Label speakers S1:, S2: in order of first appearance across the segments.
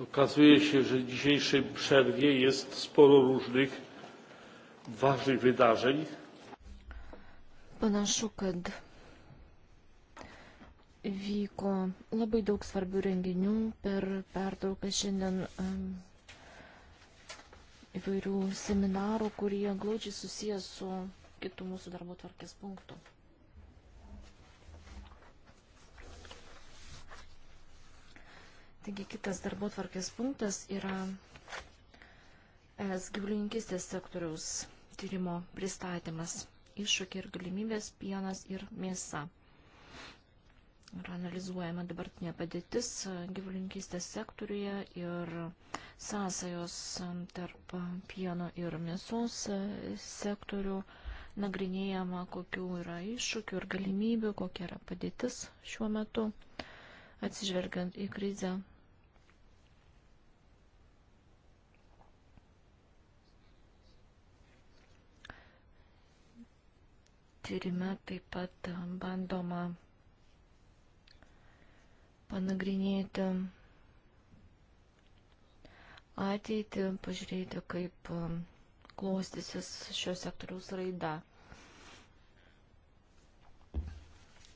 S1: Okazuje się, że w dzisiejszej przerwie jest sporo różnych ważnych wydarzeń.
S2: Panašu, kad vyko labai daug svarbių renginių per pertrauką šiandien įvairių seminarų, kurie glaudžiai susijęs su kitų mūsų darbo tvarkės punktų. Taigi kitas darbo tvarkės punktas yra ES gyvulininkistės sektoriaus tyrimo pristatymas iššūkiai ir galimybės pienas ir mėsa. Ir analizuojama dabartinė padėtis e, gyvulinkystės sektoriuje ir sąsajos e, tarp pieno ir mėsos e, sektorių. Nagrinėjama, kokių yra iššūkių ir galimybių, kokia yra padėtis šiuo metu, atsižvelgiant į krizę Tyrime taip pat bandoma panagrinėti ateitį, pažiūrėti, kaip klostysis šio sektoriaus raida.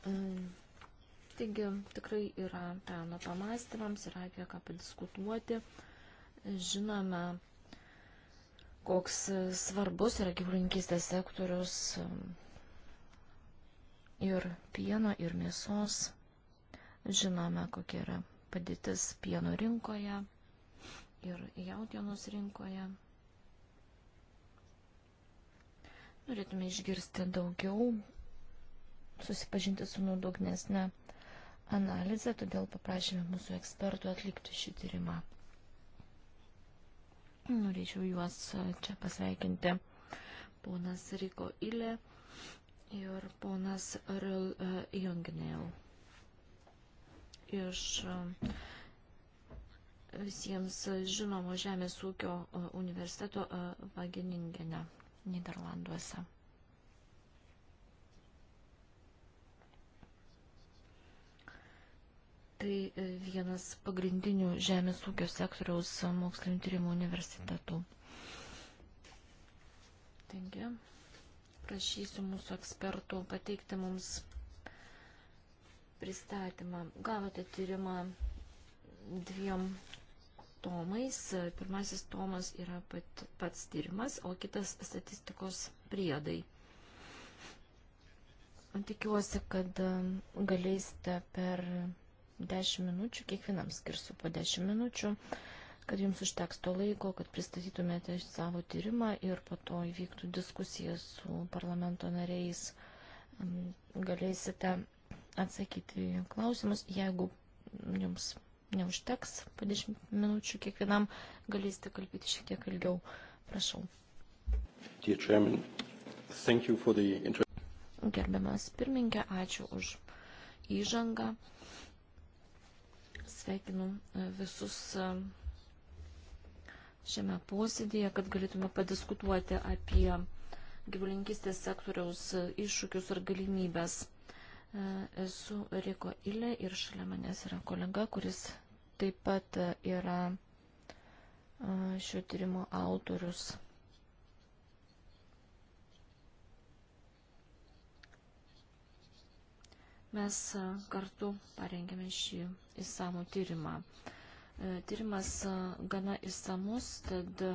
S2: Taigi tikrai yra peno pamastymams, yra apie ką padiskutuoti. Žinome, koks svarbus yra gyvulinkystės sektorius ir pieno, ir mėsos. Žinome, kokia yra padėtis pieno rinkoje ir jautienos rinkoje. Norėtume išgirsti daugiau, susipažinti su nuodugnesne analizę, todėl paprašėme mūsų ekspertų atlikti šį tyrimą. Norėčiau juos čia pasveikinti. Ponas Riko Ilė ir ponas Ril e, Jungnel iš e, visiems žinomo Žemės ūkio e, universiteto Vageningene, Niderlanduose. Tai vienas pagrindinių Žemės ūkio sektoriaus mokslinio tyrimų universitetų. Taigi paprašysiu mūsų ekspertų pateikti mums pristatymą. Gavote tyrimą dviem tomais. Pirmasis tomas yra pat, pats tyrimas, o kitas statistikos priedai. Tikiuosi, kad um, galėsite per 10 minučių, kiekvienam skirsiu po 10 minučių, uh, kad jums užteks to laiko, kad pristatytumėte savo tyrimą ir po to įvyktų diskusija su parlamento nariais. Galėsite atsakyti į klausimus. Jeigu jums neužteks po 10 minučių kiekvienam, galėsite kalbėti šiek tiek ilgiau. Prašau. Gerbiamas pirmininkė, ačiū už įžangą. Sveikinu e, visus e, šiame posėdėje, kad galėtume padiskutuoti apie gyvulinkistės sektoriaus iššūkius ir galimybės. E, esu Riko Ilė ir šalia manęs yra kolega, kuris taip pat yra e, šio tyrimo autorius. Mes kartu parengėme šį įsamų tyrimą. E, tyrimas e, gana įsamus, tad e,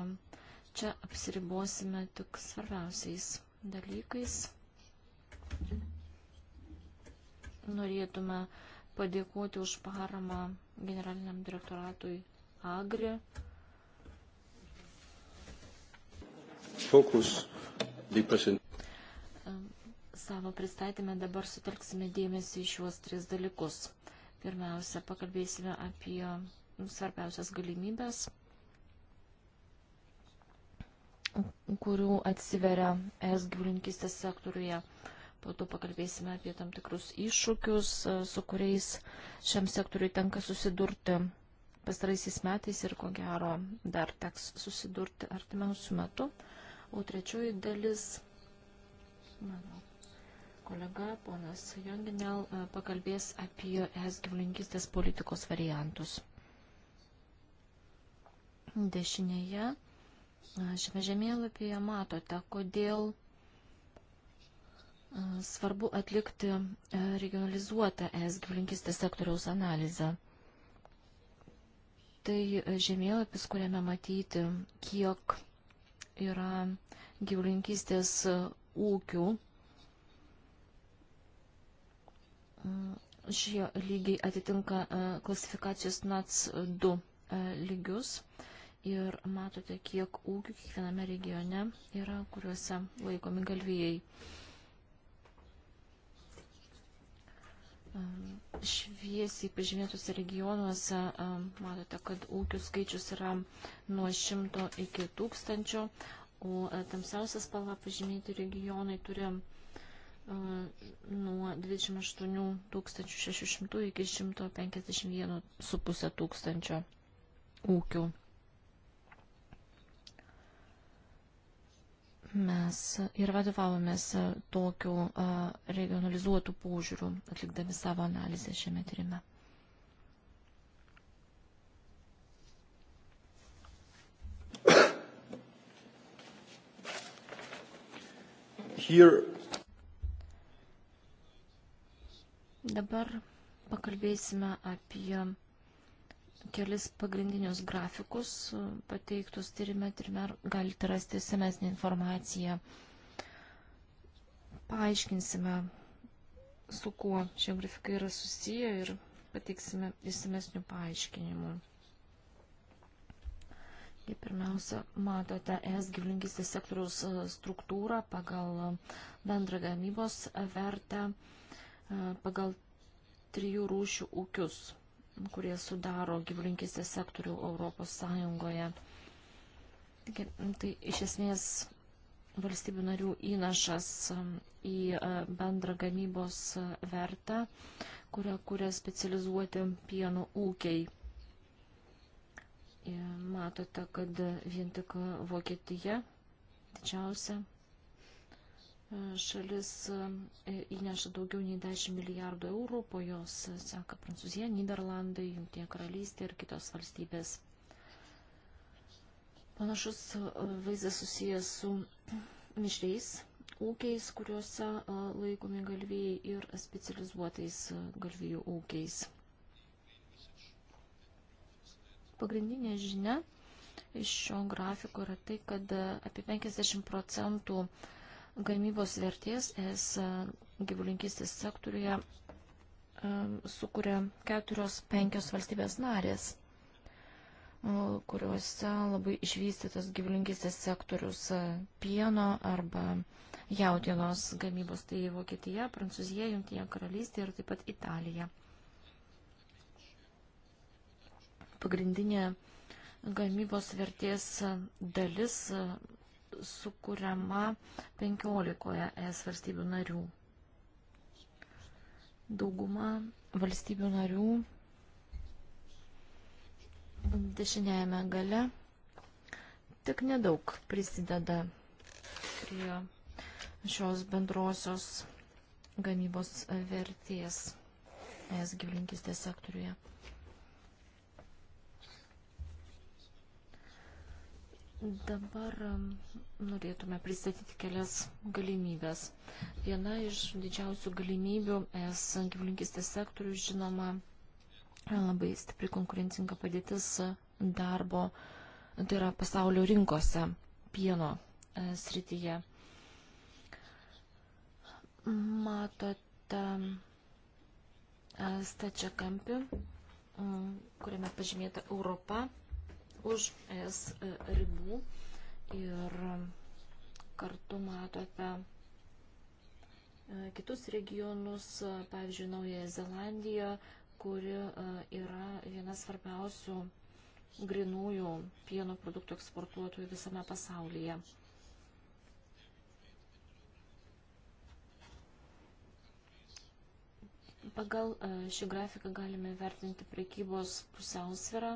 S2: čia apsiribosime tik svarbiausiais dalykais. Norėtume padėkoti už paramą generaliniam direktoratui Agri. Fokus Savo pristatymę dabar sutelksime dėmesį į šiuos tris dalykus. Pirmiausia, pakalbėsime apie svarbiausias galimybės, kurių atsiveria es gyvulinkistės sektoriuje. Po to pakalbėsime apie tam tikrus iššūkius, e, su kuriais šiam sektoriui tenka susidurti pastaraisiais metais ir ko gero dar teks susidurti artimiausių metų. O trečioji dalis, mano kolega ponas Jonginel e, pakalbės apie es gyvulinkistės politikos variantus. Dešinėje šiame žemėlapyje matote, kodėl svarbu atlikti regionalizuotą ES gyvulinkistės sektoriaus analizę. Tai žemėlapis, kuriame matyti, kiek yra gyvulinkistės ūkių. Šie lygiai atitinka klasifikacijos NATS 2 lygius ir matote, kiek ūkių kiekviename regione yra, kuriuose laikomi galvijai. Ehm, šviesiai pažymėtose regionuose ehm, matote, kad ūkių skaičius yra nuo 100 iki 1000, o e, tamsiausias spalva pažymėti regionai turi ehm, nuo 28 600 iki 151 500 ūkių. Mes ir vadovavomės tokiu regionalizuotų požiūrių, atlikdami savo analizę šiame tyrime. Here. Dabar pakalbėsime apie kelis pagrindinius grafikus e, pateiktus tyrime, tyrime galite rasti senesnį informaciją. Paaiškinsime, su kuo šie grafikai yra susiję ir pateiksime įsimesnių paaiškinimų. Kaip pirmiausia, matote ES gyvulinkistės sektoriaus e, struktūrą pagal e, bendrą gamybos vertę, pagal trijų rūšių ūkius kurie sudaro gyvulinkistės sektorių Europos Sąjungoje. Taigi, tai iš esmės valstybių narių įnašas um, į uh, bendrą gamybos uh, vertę, kurią kuria specializuoti pieno ūkiai. Ir matote, kad uh, vien tik Vokietija didžiausia šalis e, įneša daugiau nei 10 milijardų eurų, po jos seka Prancūzija, Niderlandai, Junktinė karalystė ir kitos valstybės. Panašus e, vaizdas susijęs su mišreis ūkiais, kuriuose e, laikomi galvijai ir specializuotais galvijų ūkiais. Pagrindinė žinia iš šio grafiko yra tai, kad apie 50 procentų uh, Gamybos vertės es gyvulinkistės sektoriuje sukuria keturios, penkios valstybės narės, kuriuose labai išvystytas gyvulinkistės sektorius pieno arba jautienos gamybos, tai Vokietija, Prancūzija, Jungtinė karalystė ir taip pat Italija. Pagrindinė gamybos vertės dalis sukūriama 15 es valstybių narių. Dauguma valstybių narių dešinėjame gale tik nedaug prisideda prie šios bendrosios gamybos vertės es gyvulinkistės sektoriuje. Dabar um, norėtume pristatyti kelias galimybės. Viena iš didžiausių galimybių es gyvulinkistės sektorius, žinoma, labai stipri konkurencinga padėtis darbo, tai yra pasaulio rinkose, pieno e, srityje. Matote e, stačią kampį, kuriame pažymėta Europa už ES e, ribų ir kartu matote e, kitus regionus, e, pavyzdžiui, Naująją Zelandiją, kuri yra viena svarbiausių grinųjų pieno produktų eksportuotojų visame pasaulyje. Pagal šį grafiką galime vertinti prekybos pusiausvirą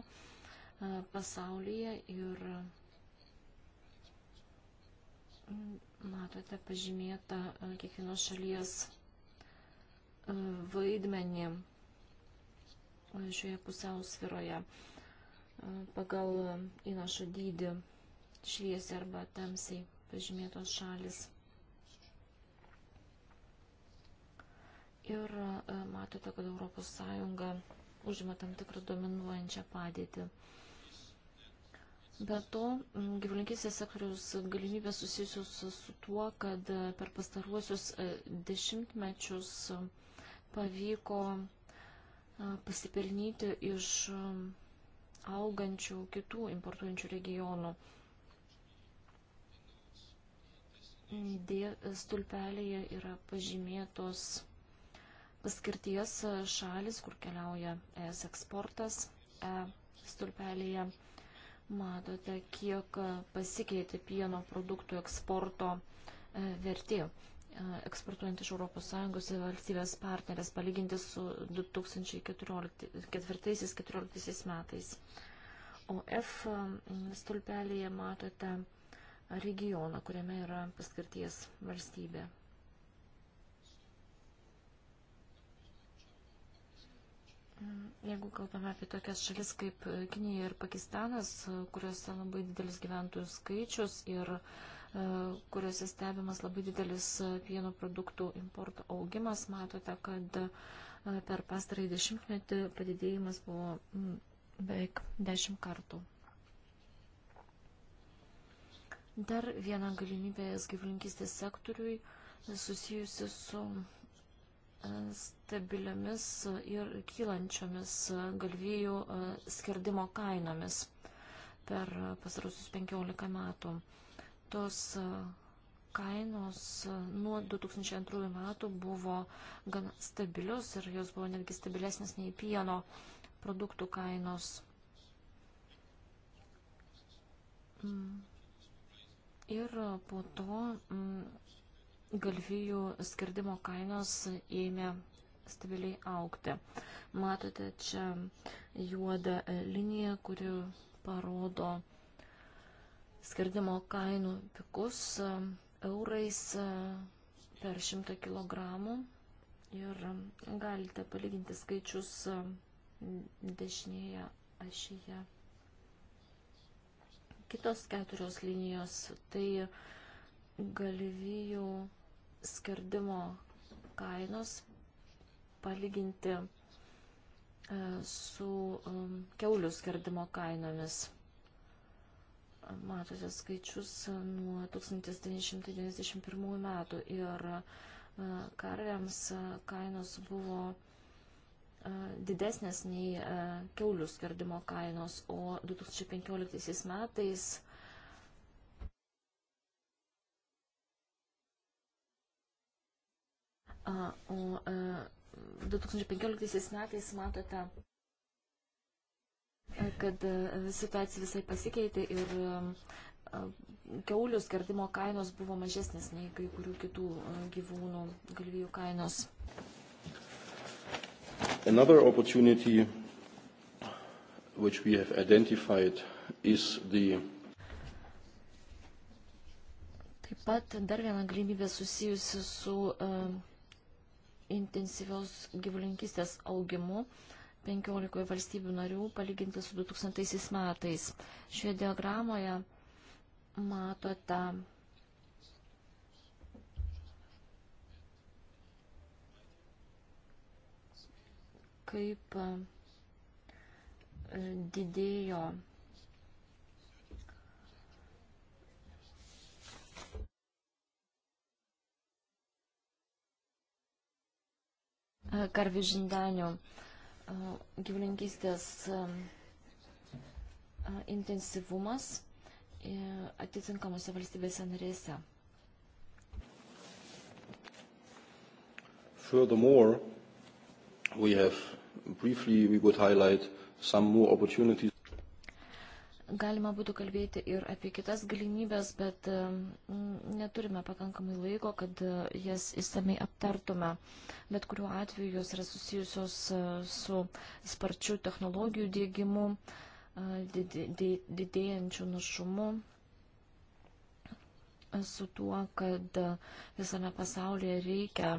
S2: pasaulyje ir mm, matote pažymėtą e, kiekvienos šalies e, vaidmenį e, šioje pusiausviroje pagal įnašo dydį šviesiai arba tamsiai pažymėtos šalis. Ir matote, kad ES užima tam tikrą dominuojančią padėtį. Be to, gyvulinkistės sektoriaus galimybės susijusios su tuo, kad e, per pastaruosius e, dešimtmečius e, pavyko pasipelnyti iš augančių kitų importuojančių regionų. Stulpelėje yra pažymėtos paskirties šalis, kur keliauja ES eksportas. E stulpelėje matote, kiek e, pasikeitė pieno produktų eksporto e, vertė e, eksportuojant iš ES ir valstybės partnerės palyginti su 2014-2014 metais. O F stulpelėje matote regioną, kuriame yra paskirties valstybė. Jeigu kalbame apie tokias šalis kaip Kinija ir Pakistanas, kuriuose labai didelis gyventojų skaičius ir e, kuriuose stebimas labai didelis e, pieno produktų importo augimas, matote, kad e, per pastarąjį dešimtmetį padidėjimas buvo beveik dešimt kartų. Dar viena galimybė gyvulinkistės sektoriui susijusi su stabiliomis ir kylančiomis galvijų e, skerdimo kainomis per pasarusius 15 metų. Tos e, kainos e, nuo 2002 metų buvo gan stabilios ir jos buvo netgi stabilesnės nei pieno produktų kainos. Mm. Ir po to mm, galvijų skerdimo kainos ėmė stabiliai aukti. Matote čia juodą liniją, kuri parodo skerdimo kainų pikus um, eurais um, per 100 kg ir um, galite palyginti skaičius dešinėje ašyje. Kitos keturios linijos tai galvijų skerdimo kainos palyginti e, su um, keulių skerdimo kainomis. Matote skaičius nuo 1991 metų ir e, karviams e, kainos buvo didesnės nei keulių skerdimo kainos, o 2015 metais O 2015 e, metais matote, e, kad e, situacija visai pasikeitė ir keulių skerdimo kainos buvo mažesnės nei kai kurių kitų gyvūnų galvijų kainos.
S3: Another opportunity which we have identified is the
S2: Taip pat dar viena galimybė susijusi su uh, intensyvios gyvulinkistės augimu 15 valstybių narių palyginti su 2000 metais. Šioje diagramoje matote kaip e, didėjo karvių žindanių gyvulinkystės intensyvumas atitinkamose valstybėse narėse.
S3: Furthermore, we have briefly, we would highlight some more opportunities
S2: Galima būtų kalbėti ir apie kitas galimybės, bet e, neturime pakankamai laiko, kad e, jas įsamei aptartume. Bet kuriuo atveju jos yra susijusios e, su sparčiu technologijų dėgymu, didėjančiu našumu, su tuo, kad visame pasaulyje reikia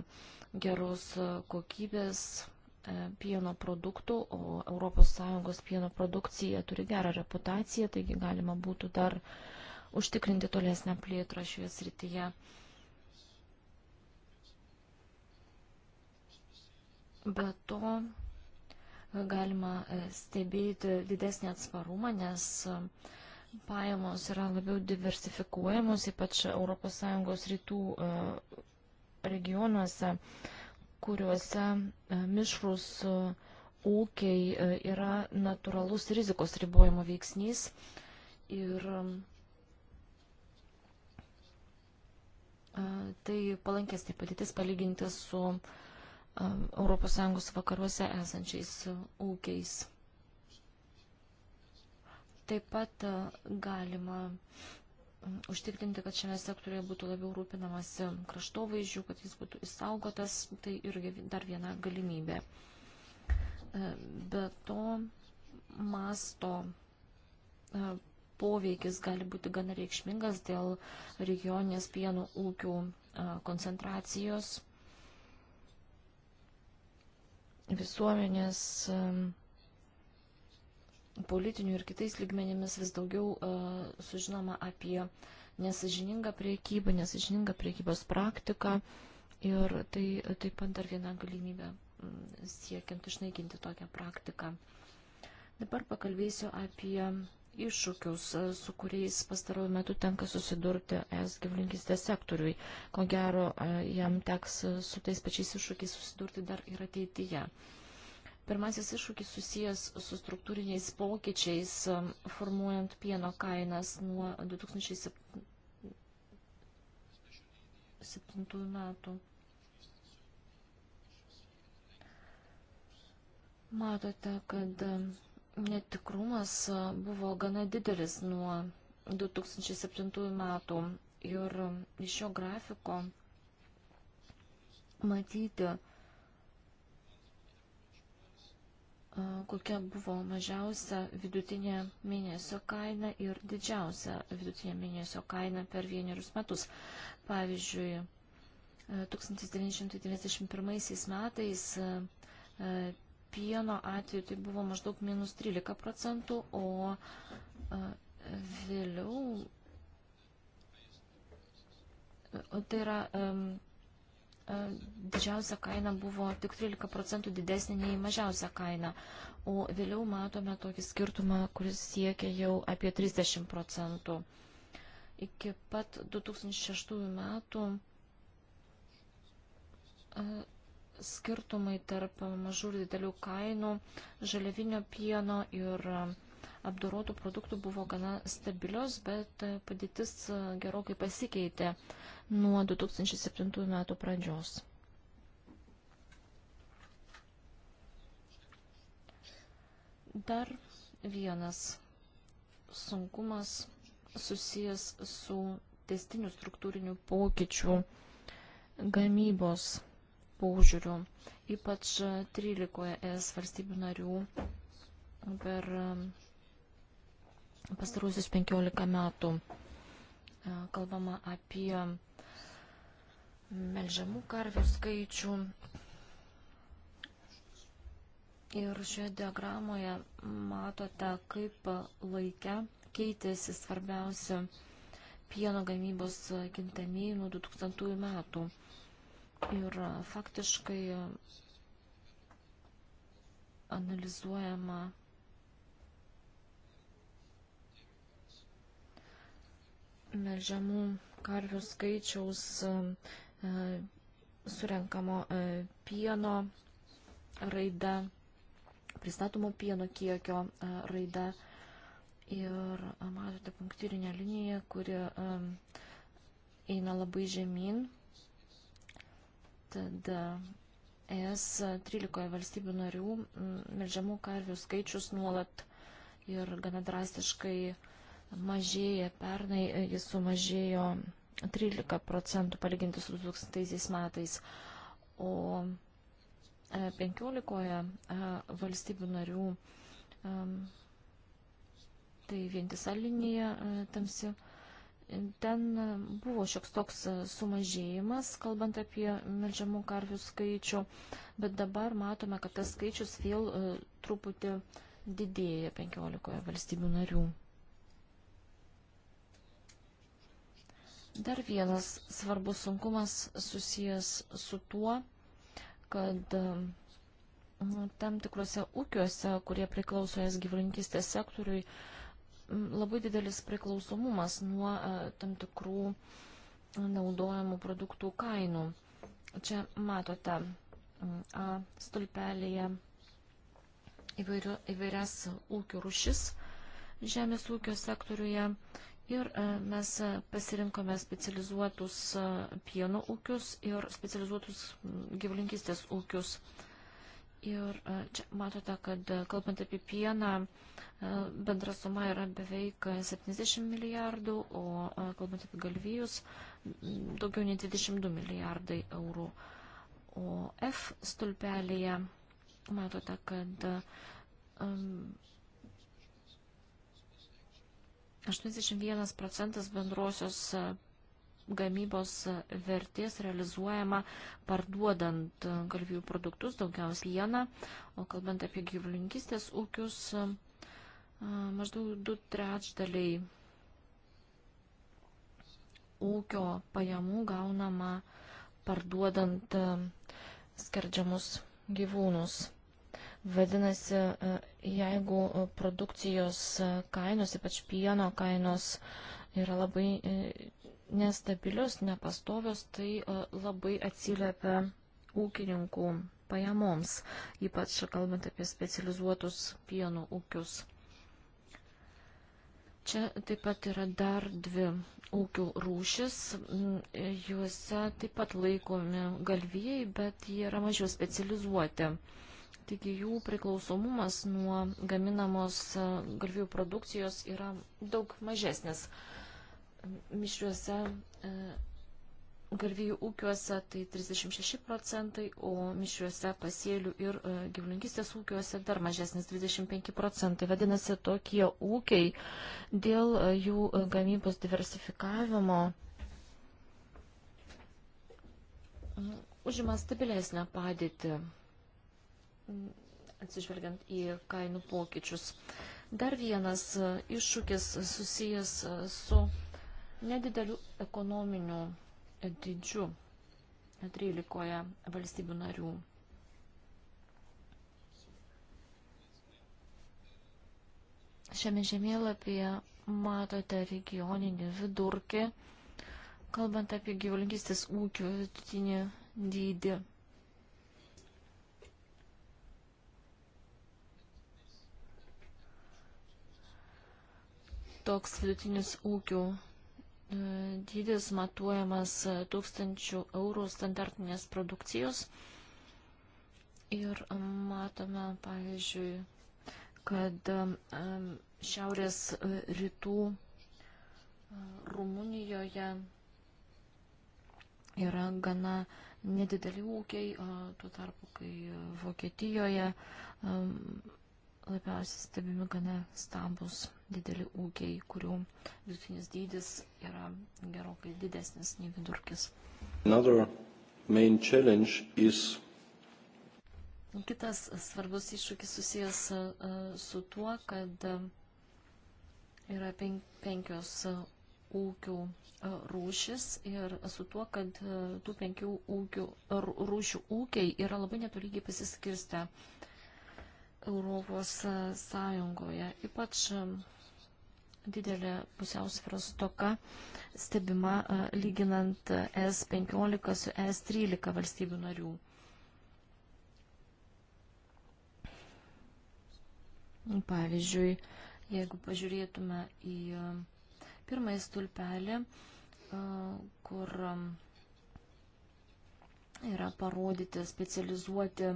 S2: geros kokybės E, pieno produktų, o ES pieno produkcija turi gerą reputaciją, taigi galima būtų dar užtikrinti tolesnę plėtrą šioje srityje. Be to galima e, stebėti didesnį atsparumą, nes e, pajamos yra labiau diversifikuojamos, ypač ES rytų regionuose. Uh, kuriuose e, mišrus e, ūkiai e, yra natūralus rizikos ribojimo veiksnys ir tai palankesnė padėtis palyginti su ES vakaruose esančiais ūkiais. Taip pat galima uh, užtikrinti, kad šiame sektoriuje būtų labiau rūpinamasi kraštovaizdžių, kad jis būtų įsaugotas, tai irgi dar viena galimybė. E, be to, masto e, poveikis gali būti gana reikšmingas dėl regioninės pieno ūkių e, koncentracijos, visuomenės politiniu ir kitais lygmenimis vis daugiau uh, sužinoma apie nesažiningą priekybą, nesažiningą priekybos praktiką ir tai taip pat dar viena galimybė mm, siekiant išnaikinti tokią praktiką. Dabar pakalbėsiu apie iššūkius, e, su kuriais pastarojų metų tenka susidurti es gyvulinkistės sektoriui. Ko gero, e, jam teks su tais pačiais iššūkiais susidurti dar ir ateityje. Uh, Pirmasis iššūkis susijęs su struktūriniais pokyčiais, um, formuojant pieno kainas nuo 2007 metų. Matote, kad um, netikrumas uh, buvo gana didelis nuo 2007 metų ir um, iš šio grafiko matyti, kokia buvo mažiausia vidutinė mėnesio kaina ir didžiausia vidutinė mėnesio kaina per vienerius metus. Pavyzdžiui, 1991 metais pieno atveju tai buvo maždaug minus 13 procentų, o vėliau Tai yra E, didžiausia kaina buvo tik 13 procentų didesnė nei mažiausia kaina, o vėliau matome tokį skirtumą, kuris siekia jau apie 30 procentų. Iki pat 2006 metų e, skirtumai tarp mažų ir didelių kainų žaliavinio pieno ir apdorotų produktų buvo gana stabilios, bet e, padėtis e, gerokai pasikeitė nuo 2007 metų pradžios. Dar vienas sunkumas susijęs su testinių struktūrinių pokyčių gamybos paužiūriu, ypač 13 e, ES valstybių narių per pastarusius 15 metų. E, kalbama apie melžiamų karvių skaičių. Ir šioje diagramoje matote, kaip laikę keitėsi svarbiausia pieno gamybos kintamieji nuo 2000 metų. Ir faktiškai analizuojama melžiamų karvių skaičiaus e, e, surenkamo e, pieno raida, pristatomo pieno kiekio raida ir matote punktyrinę liniją, kuri eina labai žemyn. Tad ES 13 valstybių narių melžiamų karvių skaičius nuolat ir gana drastiškai uh, mažėja. Pernai e, jis sumažėjo 13 procentų palyginti su 2000 metais, o 15 e, e, valstybių narių tai vientisa linija tamsi ten buvo šioks toks sumažėjimas, kalbant apie melžiamų karvių skaičių, bet dabar matome, kad tas skaičius vėl truputį didėja 15 valstybių narių. Dar vienas svarbus sunkumas susijęs su tuo, kad mm, tam tikrose ūkiuose, kurie priklauso es gyvulinkistės sektoriui, mm, labai didelis priklausomumas nuo e, tam tikrų naudojamų produktų kainų. Čia matote mm, A stulpelėje įvairias ūkių rušis žemės ūkio sektoriuje Ir e, mes e, pasirinkome specializuotus e, pieno ūkius ir specializuotus gyvulinkistės ūkius. Ir čia matote, kad kalbant apie pieną, bendra suma yra beveik 70 milijardų, o kalbant apie galvijus, daugiau nei 22 milijardai eurų. O F stulpelėje matote, kad um, 81 procentas bendrosios e, gamybos e, vertės realizuojama parduodant e, galvijų produktus, daugiausiai jeną, o kalbant apie gyvulinkistės ūkius, maždaug du trečdaliai ūkio pajamų gaunama parduodant skerdžiamus gyvūnus. Vadinasi, e, jeigu e, produkcijos e, kainos, ypač pieno kainos, yra labai nestabilios, nepastovios, tai labai atsiliepia ūkininkų pajamoms, ypač kalbant apie specializuotus pieno ūkius. Čia taip pat yra dar dvi ūkių rūšis. Mm, juose taip pat laikomi galvijai, bet jie yra mažiau specializuoti. Taigi jų priklausomumas nuo gaminamos e, galvijų produkcijos yra daug mažesnis. Mišriuose e, galvijų ūkiuose tai 36 procentai, o mišriuose pasėlių ir e, gyvulinkistės ūkiuose dar mažesnis 25 procentai. Vadinasi, tokie ūkiai dėl jų gamybos diversifikavimo užima stabilesnę padėtį atsižvelgiant į kainų pokyčius. Dar vienas e, iššūkis susijęs e, su nedideliu ekonominiu e, dydžiu 13 valstybių narių. Šiame žemėlapyje matote regioninį vidurkį, kalbant apie gyvulinkistės ūkių vidutinį dydį. Toks vidutinis ūkių e, dydis matuojamas e, tūkstančių eurų standartinės produkcijos. Ir matome, pavyzdžiui, kad e, šiaurės rytų Rumunijoje yra gana nedideli ūkiai, tuo tarpu, kai Vokietijoje labiausiai stebimi gana stambus dideli ūkiai, kurių vidutinis dydis yra gerokai didesnis nei vidurkis. Kitas svarbus iššūkis susijęs e, su tuo, kad e, yra penkios e, ūkių rūšis ir su tuo, kad tų penkių ūkių, rūšių ūkiai yra labai netolygiai pasiskirstę Europos Sąjungoje. Ypač didelė pusiausvėros toka stebima e, lyginant e, S15 su S13 valstybių narių. Pavyzdžiui, jeigu pažiūrėtume į pirmąjį stulpelį, e, kur yra parodyti specializuoti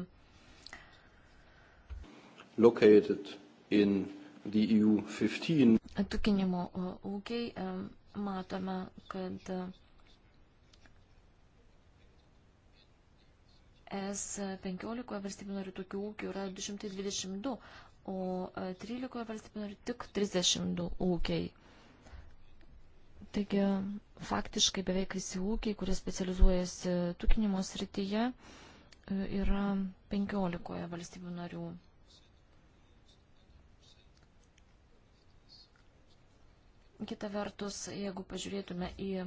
S3: located in the EU15.
S2: Atukinimo ūkiai e, matome, kad e, S15 valstybių narių tokių ūkių yra 222, o 13 e, valstybių narių tik 32 ūkiai. Taigi faktiškai beveik visi ūkiai, kurie specializuojasi tukinimo srityje, yra 15 valstybių narių. Kita vertus, jeigu pažiūrėtume į e,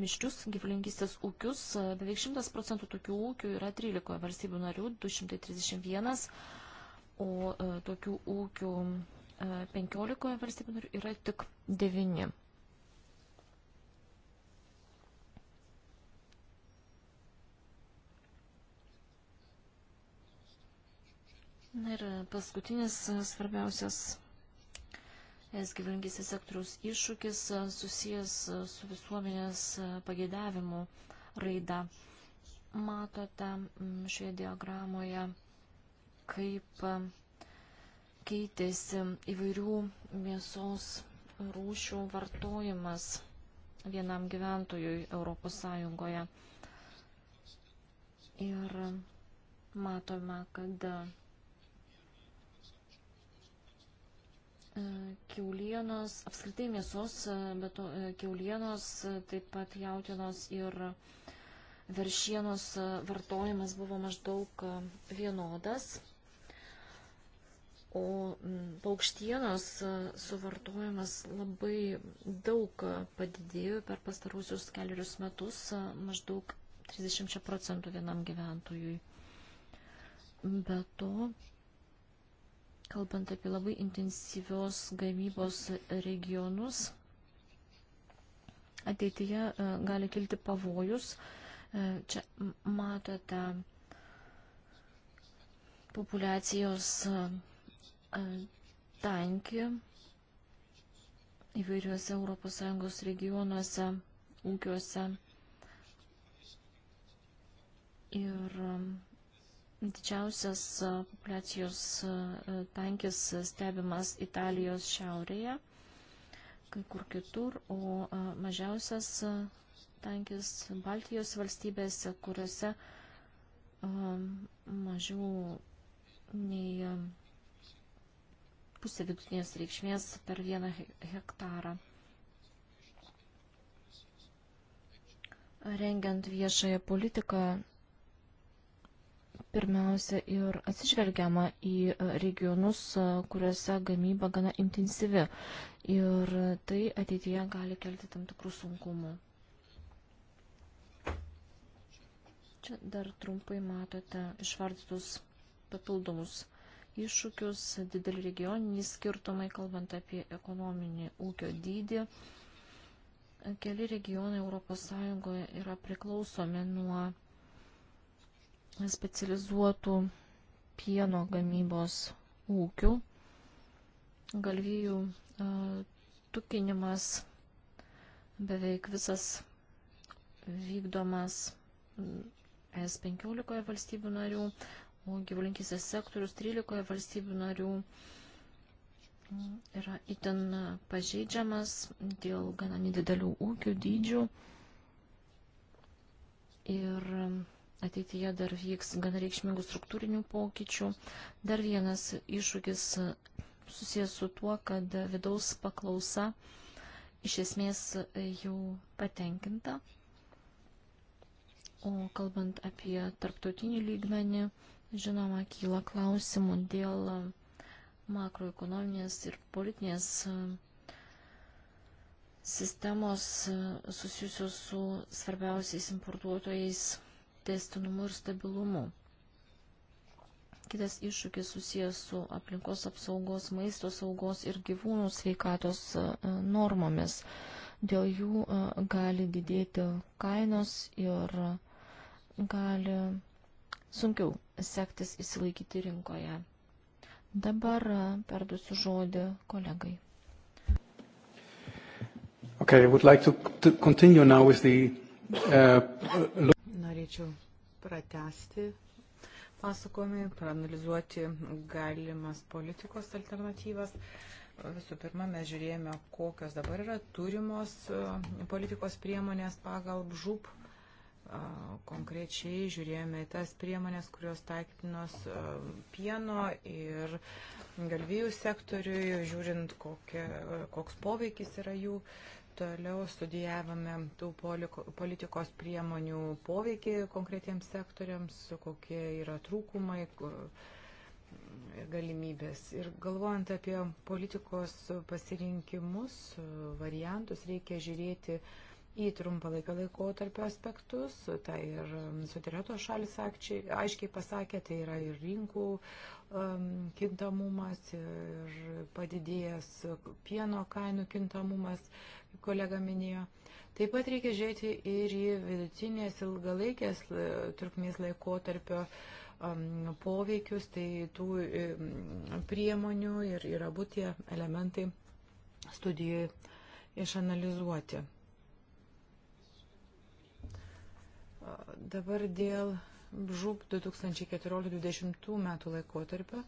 S2: miškius gyvulinkistės ūkius, e, beveik 100 procentų tokių ūkių yra 13 valstybių narių, 231, o e, tokių ūkių 15 valstybių narių yra tik 9. Na ir paskutinis svarbiausias es gyvulininkystės sektoriaus iššūkis e, susijęs e, su visuomenės e, pageidavimu raida. Matote šioje diagramoje, kaip keitėsi įvairių mėsos rūšių vartojimas vienam gyventojui Europos Sąjungoje. Ir matome, kad E, kiaulienos, apskritai mėsos, e, bet to, e, kiaulienos, taip pat jautienos ir veršienos vartojimas buvo maždaug vienodas, o paukštienos suvartojimas labai daug padidėjo per pastarusius keliarius metus, maždaug 30 procentų vienam gyventojui. Be to, kalbant apie labai intensyvios gamybos regionus, ateityje e, gali kilti pavojus. E, čia matote populiacijos e, tankį įvairiuose ES regionuose, ūkiuose. Ir Didžiausias populiacijos tankis stebimas Italijos šiaurėje, kai kur kitur, o mažiausias tankis Baltijos valstybėse, kuriuose mažiau nei pusė vidutinės reikšmės per vieną hektarą. Rengiant viešąją politiką pirmiausia ir atsižvelgiama į e, regionus, e, kuriuose gamyba gana intensyvi. Ir tai ateityje gali kelti tam tikrų sunkumų. Čia dar trumpai matote išvardytus papildomus iššūkius, dideli regioniniai skirtumai, kalbant apie ekonominį ūkio dydį. Keli regionai ES yra priklausomi nuo specializuotų pieno gamybos ūkių. Galvijų tukinimas beveik visas vykdomas S15 valstybių narių, o gyvulinkysės sektorius 13 valstybių narių yra itin pažeidžiamas dėl gana nedidelių ūkių dydžių. Ir ateityje dar vyks gana reikšmingų struktūrinių pokyčių. Dar vienas iššūkis susijęs su tuo, kad vidaus paklausa iš esmės jau patenkinta. O kalbant apie tarptautinį lygmenį, žinoma, kyla klausimų dėl makroekonominės ir politinės sistemos susijusios su svarbiausiais importuotojais testinumu ir stabilumu. Kitas iššūkis susijęs su aplinkos apsaugos, maisto saugos ir gyvūnų sveikatos e, normomis. Dėl jų e, gali didėti kainos ir gali sunkiau sektis įsilaikyti rinkoje. Dabar e, perdusiu žodį kolegai.
S3: Okay, I would like to, to continue now with the uh,
S4: norėčiau pratesti pasakojimai, praanalizuoti galimas politikos alternatyvas. Visų pirma, mes žiūrėjome, kokios dabar yra turimos e, politikos priemonės pagal žūp. Konkrečiai žiūrėjome į tas priemonės, kurios taikytinos e, pieno ir galvijų sektoriui, žiūrint, kokie, koks poveikis yra jų. Uh, toliau studijavome tų politikos priemonių poveikį konkretiems sektoriams, kokie yra trūkumai ir galimybės. Ir galvojant apie politikos pasirinkimus, variantus, reikia žiūrėti į trumpalaikio laikotarpio aspektus. Tai ir suderėto šalis aiškiai pasakė, tai yra ir rinkų Ehm, kintamumas ir padidėjęs pieno kainų kintamumas, kaip kolega minėjo. Taip pat reikia žiūrėti ir į vidutinės ilgalaikės e, trukmės laikotarpio ehm, poveikius, tai tų ehm, priemonių ir yra būtie elementai studijoje išanalizuoti. Dabar dėl žūp 2014-2020 metų laikotarpio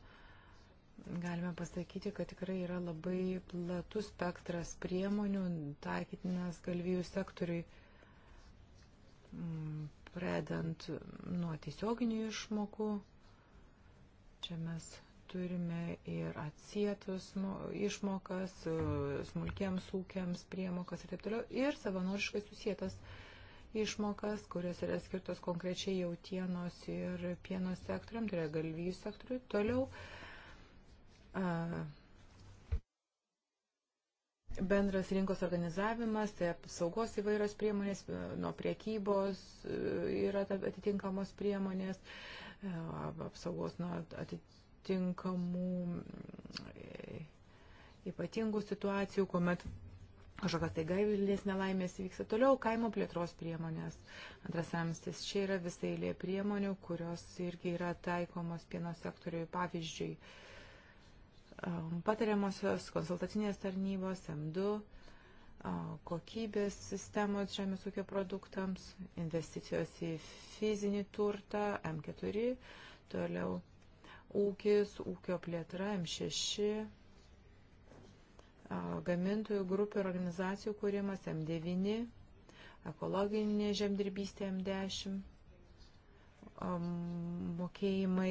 S4: galime pasakyti, kad tikrai yra labai platus spektras priemonių taikytinas galvijų sektoriui, mm, pradant nuo tiesioginių išmokų. Čia mes turime ir atsietus išmokas, smulkiems ūkiams priemokas ir taip toliau, ir savanoriškai susietas uh, išmokas, kurios yra skirtos konkrečiai jautienos ir pieno sektoriam, tai yra galvijų sektoriui. Toliau bendras rinkos organizavimas, tai apsaugos įvairios priemonės, nuo priekybos e, yra atitinkamos priemonės, e, apsaugos nuo atitinkamų e, ypatingų situacijų, kuomet kažkokios tai gaivilės nelaimės įvyksta. Toliau kaimo plėtros priemonės. Antras amstis. Čia yra visai lė priemonių, kurios irgi yra taikomos pieno sektoriui. Pavyzdžiui, um, patariamosios konsultacinės tarnybos M2 uh, kokybės sistemos žemės ūkio produktams, investicijos į fizinį turtą M4, toliau ūkis, ūkio plėtra M6, gamintojų grupių ir organizacijų kūrimas M9, ekologinė žemdirbystė M10, mokėjimai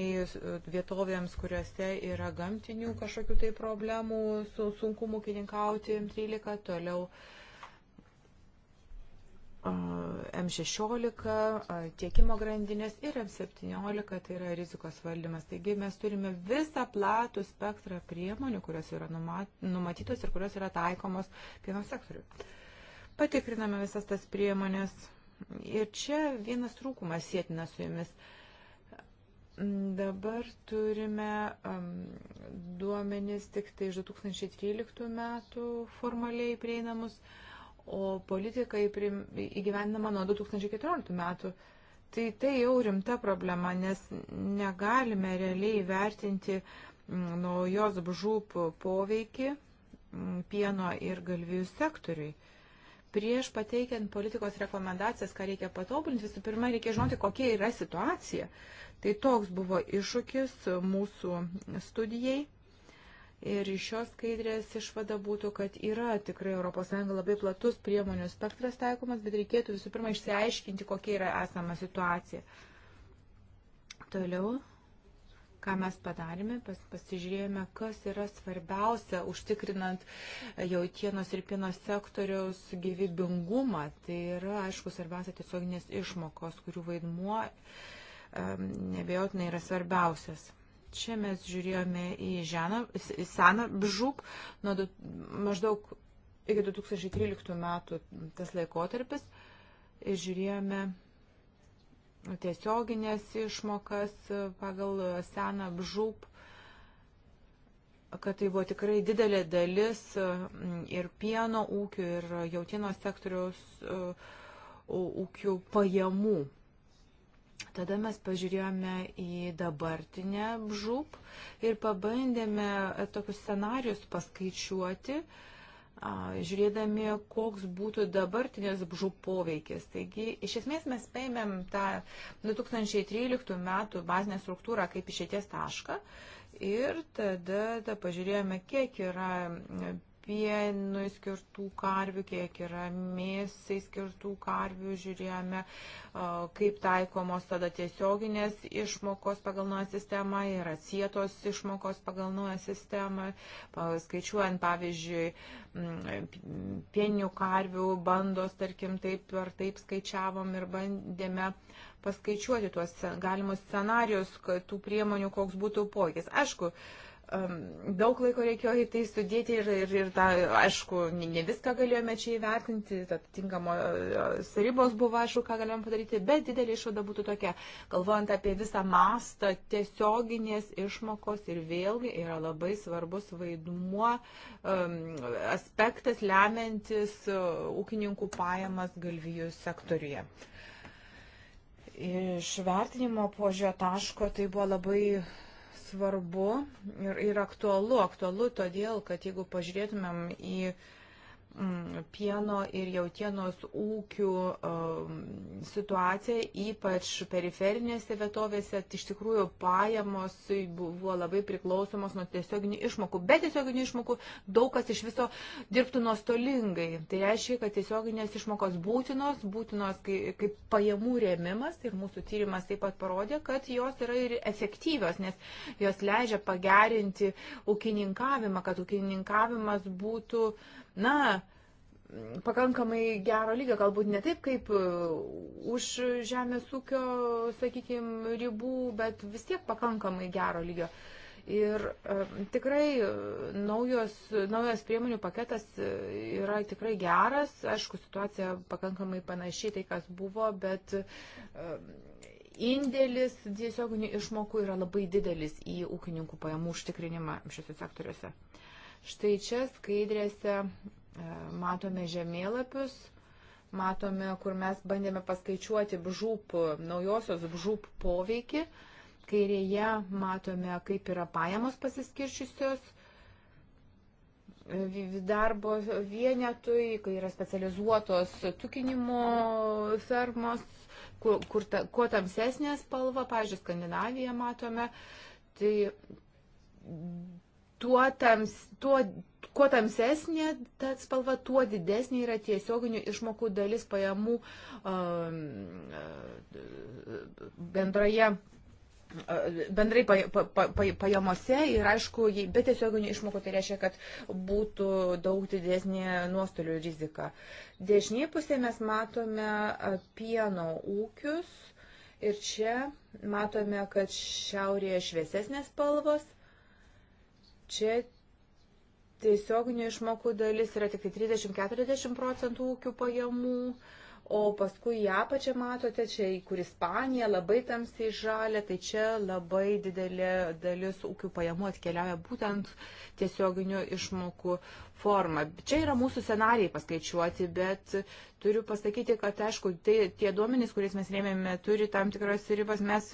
S4: vietovėms, kuriuose yra gamtinių kažkokių tai problemų, su sunkumu kininkauti M13, toliau uh, M16 tiekimo grandinės ir M17 tai yra rizikos valdymas. Taigi mes turime visą platų spektrą priemonių, kurios yra numatytos ir kurios yra taikomos pieno sektoriui. Patikriname visas tas priemonės ir čia vienas trūkumas sėtina su jumis. Dabar turime um, duomenis tik tai iš 2013 metų formaliai prieinamus. Uh, o politikai įgyvendinama nuo 2014 metų. Tai tai jau rimta problema, nes negalime realiai vertinti mm, naujos bžūp poveikį mm, pieno ir galvijų sektoriui. Prieš pateikiant politikos rekomendacijas, ką reikia patobulinti, visų pirma, reikia žinoti, kokia yra situacija. Tai toks buvo iššūkis mūsų studijai Ir iš šios skaidrės išvada būtų, kad yra tikrai ES labai platus priemonių spektras taikomas, bet reikėtų visų pirma išsiaiškinti, kokia yra esama situacija. Toliau, ką mes padarėme, pas, pasižiūrėjome, kas yra svarbiausia užtikrinant jautienos ir pieno sektoriaus gyvybingumą. Tai yra, aišku, svarbiausia tiesioginės išmokos, kurių vaidmuo um, nebejotinai yra svarbiausias. Čia mes žiūrėjome į, ženą, į seną bžūp, nuo du, maždaug iki 2013 metų tas laikotarpis, ir žiūrėjome tiesioginės išmokas pagal seną bžūp, kad tai buvo tikrai didelė dalis mm, ir pieno ūkių, ir jautienos sektoriaus e, ūkių pajamų. Tada mes pažiūrėjome į dabartinę žūp ir pabandėme e, tokius scenarius paskaičiuoti, žiūrėdami, koks būtų dabartinės žūp poveikis. Taigi, iš esmės mes paėmėm tą 2013 metų bazinę struktūrą kaip išėties tašką ir tada ta, pažiūrėjome, kiek yra pienui skirtų karvių, kiek yra mėsai skirtų karvių, žiūrėjome, kaip taikomos tada tiesioginės išmokos pagal nuo sistemą ir atsietos išmokos pagal nuo sistemą, skaičiuojant pavyzdžiui pienių karvių bandos, tarkim, taip ar taip skaičiavom ir bandėme paskaičiuoti tuos galimus scenarius, tų priemonių, koks būtų poveikis. Aišku, uh, daug laiko reikėjo į tai sudėti ir, ir, ir tą, aišku, ne viską galėjome čia įvertinti, atitinkamos e, ribos buvo, aišku, ką galėjome padaryti, bet didelė išvada būtų tokia, galvojant apie visą mastą, tiesioginės išmokos ir vėlgi yra labai svarbus vaidmuo, um, aspektas lemiantis e, ūkininkų pajamas galvijų sektoriuje. Iš vertinimo požio taško tai buvo labai svarbu ir, ir aktualu. Aktualu todėl, kad jeigu pažiūrėtumėm į uh, Mm, pieno ir jautienos ūkių um, situacija, ypač periferinėse vietovėse, iš tikrųjų pajamos buvo labai priklausomos nuo tiesioginių išmokų. Be tiesioginių išmokų daug kas iš viso dirbtų nuostolingai. Tai reiškia, kad tiesioginės išmokos būtinos, būtinos kaip, kaip pajamų rėmimas ir mūsų tyrimas taip pat parodė, kad jos yra ir efektyvios, nes jos leidžia pagerinti ūkininkavimą, kad ūkininkavimas būtų uh, na, pakankamai gero lygio, galbūt ne taip kaip e, už žemės ūkio, sakykime, ribų, bet vis tiek pakankamai gero lygio. Ir e, tikrai e, naujos, naujos priemonių paketas yra tikrai geras, aišku, situacija pakankamai panašiai tai, kas buvo, bet indėlis tiesioginių išmokų yra labai didelis į ūkininkų pajamų užtikrinimą šiuose sektoriuose. Uh, Štai čia skaidrėse e, matome žemėlapius, matome, kur mes bandėme paskaičiuoti bžūp, naujosios bžūp poveikį. Kairėje matome, kaip yra pajamos pasiskirčiusios e, darbo vienetui, kai yra specializuotos tukinimo fermos, kur, kur ta, kuo tamsesnė spalva, pavyzdžiui, Skandinaviją matome, tai tuo, tams, tuo kuo tamsesnė ta spalva, tuo didesnė yra tiesioginių išmokų dalis pajamų um, bendroje bendrai pa, pa, pa, pajamose ir aišku, be tiesioginių išmokų tai reiškia, kad būtų daug didesnė nuostolių rizika. Dešinėje pusėje mes matome pieno ūkius ir čia matome, kad šiaurėje šviesesnės spalvos, Čia tiesioginių išmokų dalis yra tik 30-40 tai procentų ūkių pajamų. O paskui ją pačią matote, čia kur Ispanija labai tamsiai žalia, tai čia labai didelė dalis ūkių pajamų atkeliauja būtent tiesioginių išmokų formą. Čia yra mūsų scenarijai paskaičiuoti, bet turiu pasakyti, kad aišku, tai, tie duomenys, kuriais mes rėmėme, turi tam tikras ribas. Mes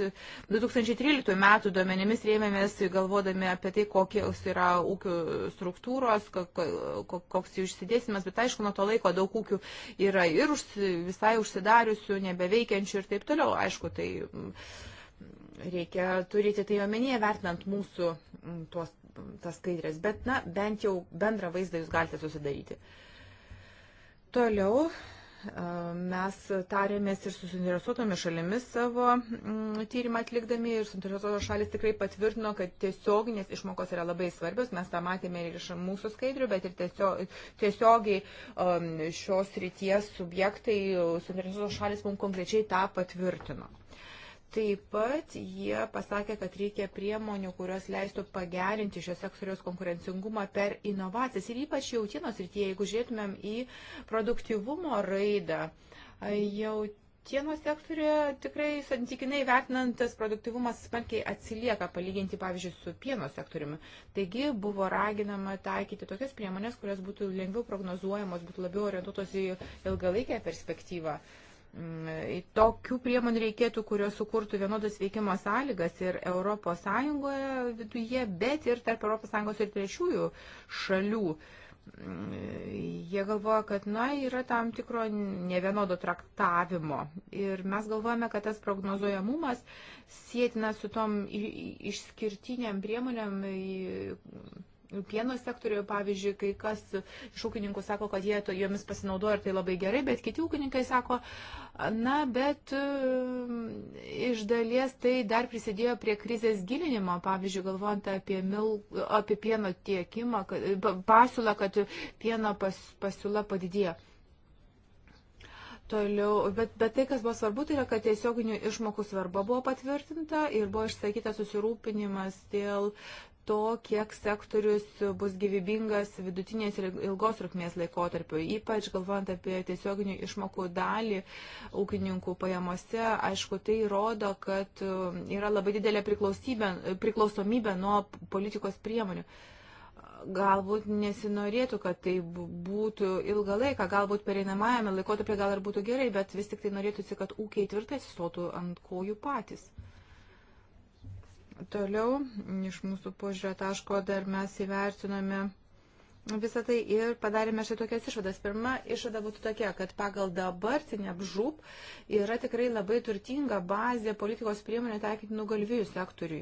S4: 2013 metų duomenimis rėmėmės galvodami apie tai, kokios yra ūkių struktūros, koks jų išsidėsimas, bet aišku, nuo to laiko daug ūkių yra ir už, visai užsidariusių, nebeveikiančių ir taip toliau. Aišku, tai mm, reikia turėti tai omenyje, vertinant mūsų Mm, tuos, tas skaidrės, bet, na, bent jau bendrą vaizdą jūs galite susidaryti. Toliau e, mes tarėmės ir su suinteresuotomis šalimis savo mm, tyrimą atlikdami ir suinteresuotos šalis tikrai patvirtino, kad tiesioginės išmokos yra labai svarbios, mes tą matėme ir iš mūsų skaidrių, bet ir tiesiog, tiesiogiai um, šios ryties subjektai, suinteresuotos šalis mums konkrečiai tą patvirtino. Taip pat jie pasakė, kad reikia priemonių, kurios leistų pagerinti šios sektoriaus konkurencingumą per inovacijas. Ir ypač jautienos rytyje, jeigu žiūrėtumėm į produktivumo raidą, jautienos sektorėje tikrai santykinai vertinantas produktivumas smarkiai atsilieka palyginti, pavyzdžiui, su pieno sektoriumi. Taigi buvo raginama taikyti tokias priemonės, kurios būtų lengviau prognozuojamos, būtų labiau orientuotos į ilgalaikę perspektyvą. Uh, Mm, tokių priemonių reikėtų, kurios sukurtų vienodas veikimo sąlygas ir ES viduje, bet ir tarp ES ir trečiųjų šalių. Mm, jie galvoja, kad na, yra tam tikro nevienodo traktavimo. Ir mes galvojame, kad tas prognozuojamumas sėtina su tom išskirtiniam priemonėm pieno sektoriuje, pavyzdžiui, kai kas iš ūkininkų sako, kad jie to, jomis pasinaudoja ir tai labai gerai, bet kiti ūkininkai sako, na, bet e, iš dalies tai dar prisidėjo prie krizės gilinimo, pavyzdžiui, galvojant apie, mil, apie pieno tiekimą, pasiūlą, kad pieno pas, pasiūla padidėjo toliau, bet, bet tai, kas buvo svarbu, tai yra, kad tiesioginių išmokų svarba buvo patvirtinta ir buvo išsakyta susirūpinimas dėl to, kiek sektorius bus gyvybingas vidutinės ir ilgos trukmės laikotarpiu, ypač galvojant apie tiesioginių išmokų dalį ūkininkų pajamose. Aišku, tai rodo, kad um, yra labai didelė priklausomybė nuo politikos priemonių. Galbūt nesinorėtų, kad tai būtų ilgą laiką, galbūt pereinamajame laikotarpyje gal ir būtų gerai, bet vis tik tai norėtųsi, kad ūkiai tvirtai sustotų ant kojų patys. Toliau iš mūsų požiūrio taško dar mes įvertinome visą tai ir padarėme štai tokias išvadas. Pirma išvada būtų tokia, kad pagal dabartinę apžūp yra tikrai labai turtinga bazė politikos priemonė taikyti nugalvėjų sektoriui.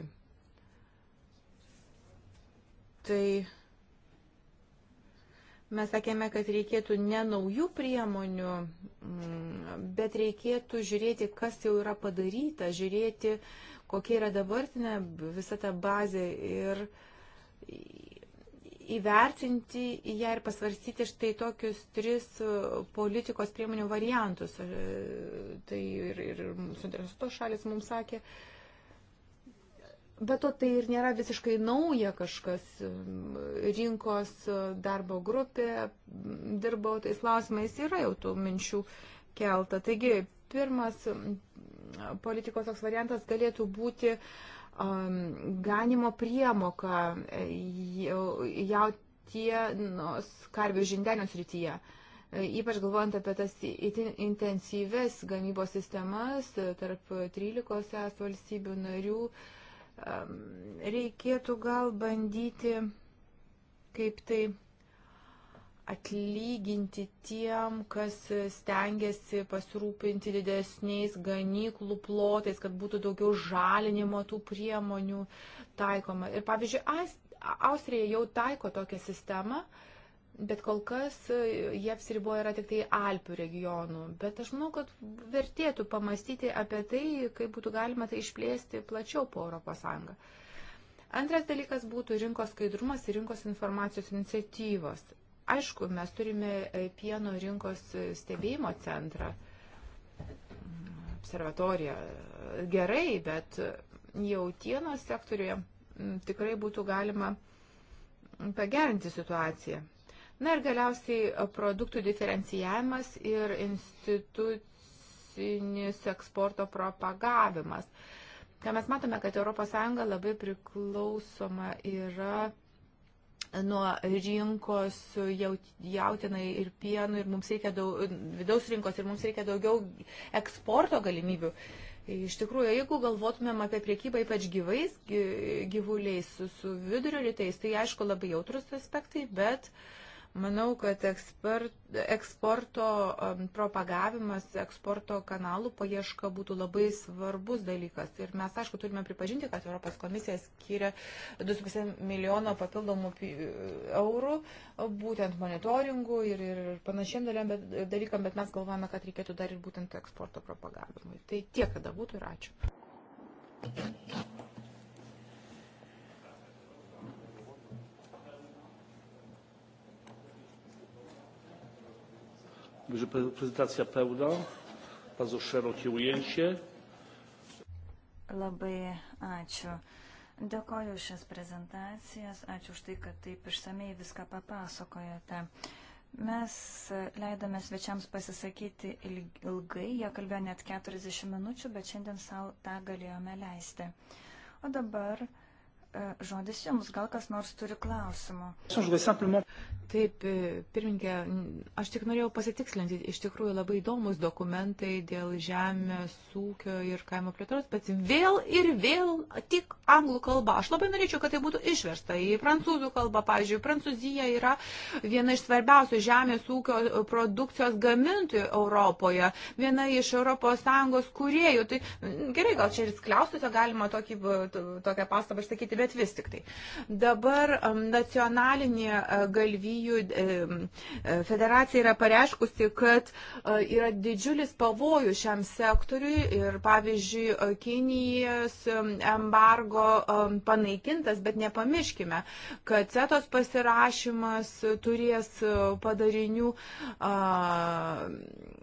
S4: Tai mes sakėme, kad reikėtų ne naujų priemonių, mm, bet reikėtų žiūrėti, kas jau yra padaryta, žiūrėti uh, kokia yra dabartinė visa ta bazė ir įvertinti ją ir pasvarstyti štai tokius tris politikos priemonių variantus. E, tai ir, ir suinteresuotos šalis mums sakė. Bet to tai ir nėra visiškai nauja kažkas. Rinkos darbo grupė dirbo tais klausimais, yra jau tų minčių kelta. Taigi, pirmas politikos toks variantas galėtų būti um, ganimo priemoka e, jautienos nu, karvių žindenio srityje e, ypač galvojant apie tas itin intensyves gamybos sistemas e, tarp 13 es valstybių narių, um, reikėtų gal bandyti kaip tai atlyginti tiem, kas stengiasi pasirūpinti didesniais ganyklų plotais, kad būtų daugiau žalinimo tų priemonių taikoma. Ir pavyzdžiui, Austrija jau taiko tokią sistemą, bet kol kas e, jie apsiriboja yra tik tai Alpių regionų. Bet aš manau, kad vertėtų pamastyti apie tai, kaip būtų galima tai išplėsti plačiau po Europos Sąjungą. Antras dalykas būtų rinkos skaidrumas ir rinkos informacijos iniciatyvos. Aišku, mes turime e, pieno rinkos e, stebėjimo centrą, observatoriją. Gerai, bet jautienos sektoriuje tikrai būtų galima pagerinti situaciją. Na ir galiausiai e, produktų diferencijavimas ir institucinis eksporto propagavimas. Ką mes matome, kad ES labai priklausoma yra nuo rinkos jautinai ir pienų ir mums reikia daug, vidaus rinkos ir mums reikia daugiau eksporto galimybių. Iš tikrųjų, jeigu galvotumėm apie priekybą ypač gyvais gyvuliais su, su vidurio rytais, tai aišku labai jautrus aspektai, bet uh, Manau, kad ekspert, eksporto um, propagavimas, eksporto kanalų paieška būtų labai svarbus dalykas. Ir mes, aišku, turime pripažinti, kad Europos komisija skiria 2,5 milijono papildomų eurų būtent monitoringų ir, ir panašiem dalykam, bet mes galvojame, kad reikėtų dar ir būtent eksporto propagavimui. Tai tiek, kada būtų ir ačiū. Thank you.
S1: Także prezentacja pełna, bardzo szerokie ujęcie.
S5: Labai ačiū. Dėkoju šias prezentacijas, ačiū už tai, kad taip išsamei viską papasakojate. Mes leidome svečiams pasisakyti ilgai, jie kalbėjo net 40 minučių, bet šiandien savo tą galėjome leisti. O dabar E, žodis jums, gal kas nors turi klausimų.
S4: Taip, e, pirmininkė, aš tik norėjau pasitikslinti, iš tikrųjų labai įdomus dokumentai dėl žemės ūkio ir kaimo plėtros, bet vėl ir vėl tik anglų kalba. Aš labai norėčiau, kad tai būtų išversta į prancūzų kalbą. Pavyzdžiui, Prancūzija yra viena iš svarbiausių žemės ūkio produkcijos gamintojų Europoje, viena iš ES kuriejų. Tai gerai, gal čia ir skliaustuose galima tokį, tokią pastabą išsakyti bet vis tik tai. Dabar um, nacionalinė uh, galvijų um, uh, federacija yra pareiškusi, kad uh, yra didžiulis pavojų šiam sektoriui ir pavyzdžiui Kinijos um, embargo panaikintas, bet nepamirškime, kad CETOS pasirašymas turės padarinių. Uh,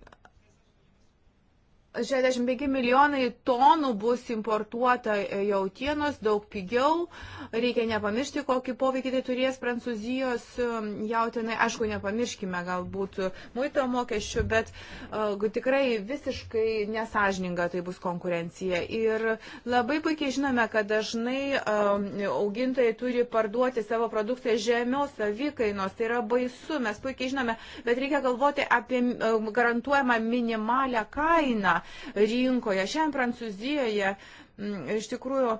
S4: 65 milijonai tonų bus importuota jautienos, daug pigiau. Reikia nepamiršti, kokį poveikį tai turės Prancūzijos um, jautinai. Aišku, nepamirškime galbūt muito mokesčių, bet uh, tikrai visiškai nesažininga tai bus konkurencija. Ir labai puikiai žinome, kad dažnai um, augintojai turi parduoti savo produktą žemiau savikainos. Tai yra baisu, mes puikiai žinome, bet reikia galvoti apie um, garantuojamą minimalę kainą pasiūlymą rinkoje. Šiandien Prancūzijoje iš tikrųjų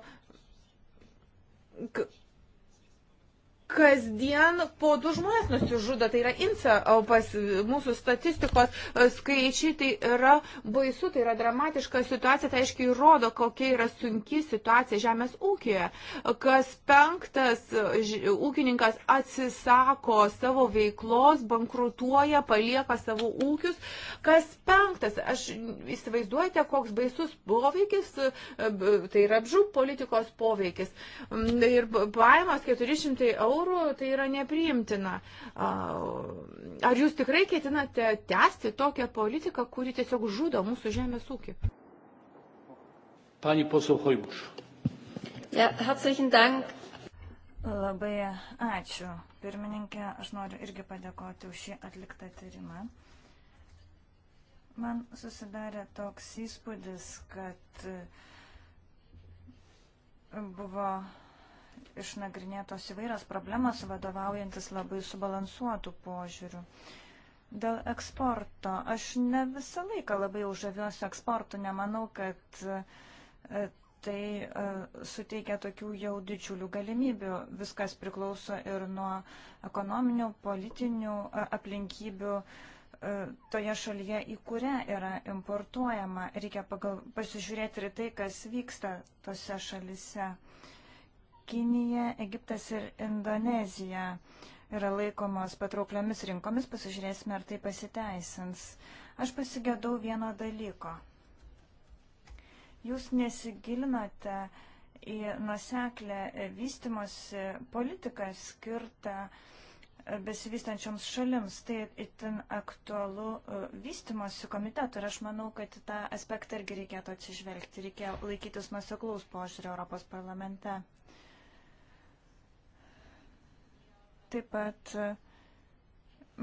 S4: kasdien po du žmonės nusižudo, tai yra inca, o pas mūsų statistikos e, skaičiai tai yra baisu, tai yra dramatiška situacija, tai aiškiai rodo, kokia yra sunki situacija žemės ūkėje. Kas penktas e, ūkininkas atsisako savo veiklos, bankrutuoja, palieka savo ūkius. Kas penktas, aš įsivaizduojate, koks baisus poveikis, e, tai yra apžų politikos poveikis. Mm, ir pajamos 400 eurų eurų, tai yra nepriimtina. Ar jūs tikrai ketinate tęsti tokią politiką, kuri tiesiog žudo mūsų žemės ūkį?
S1: Pani posau Hoibuš.
S5: Ja, herzlichen Dank. Labai ačiū. Pirmininkė, aš noriu irgi padėkoti už šį atliktą tyrimą. Man susidarė toks įspūdis, kad buvo išnagrinėtos įvairios problemas, vadovaujantis labai subalansuotų požiūrių. Dėl eksporto. Aš ne visą laiką labai užaviuosi eksportu, nemanau, kad e, tai e, suteikia tokių jau didžiulių galimybių. Viskas priklauso ir nuo ekonominių, politinių e, aplinkybių toje šalyje, į kurią yra importuojama. Reikia pagal, pasižiūrėti ir tai, kas vyksta tose šalise. Kinija, Egiptas ir Indonezija yra laikomos patraukliomis rinkomis, pasižiūrėsime, ar tai pasiteisins. Aš pasigėdau vieno dalyko. Jūs nesigilinote į nuseklę vystimosi politiką skirtą besivystančioms šalims. Tai itin aktualu e, vystimosi komitetu ir aš manau, kad tą aspektą irgi reikėtų atsižvelgti. Reikia laikytis nuseklaus požiūrį Europos parlamente. Taip pat,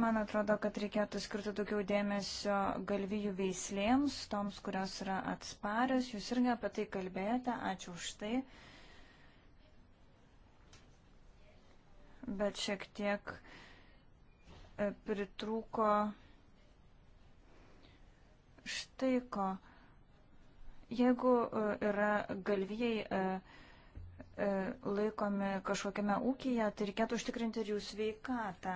S5: man atrodo, kad reikėtų skirti daugiau dėmesio galvijų veislėms, toms, kurios yra atsparios. Jūs irgi apie tai kalbėjote, ačiū už tai. Bet šiek tiek e, pritrūko štai ko. Jeigu e, yra galvijai e, E, laikomi kažkokiame ūkyje, tai reikėtų užtikrinti ir jų sveikatą.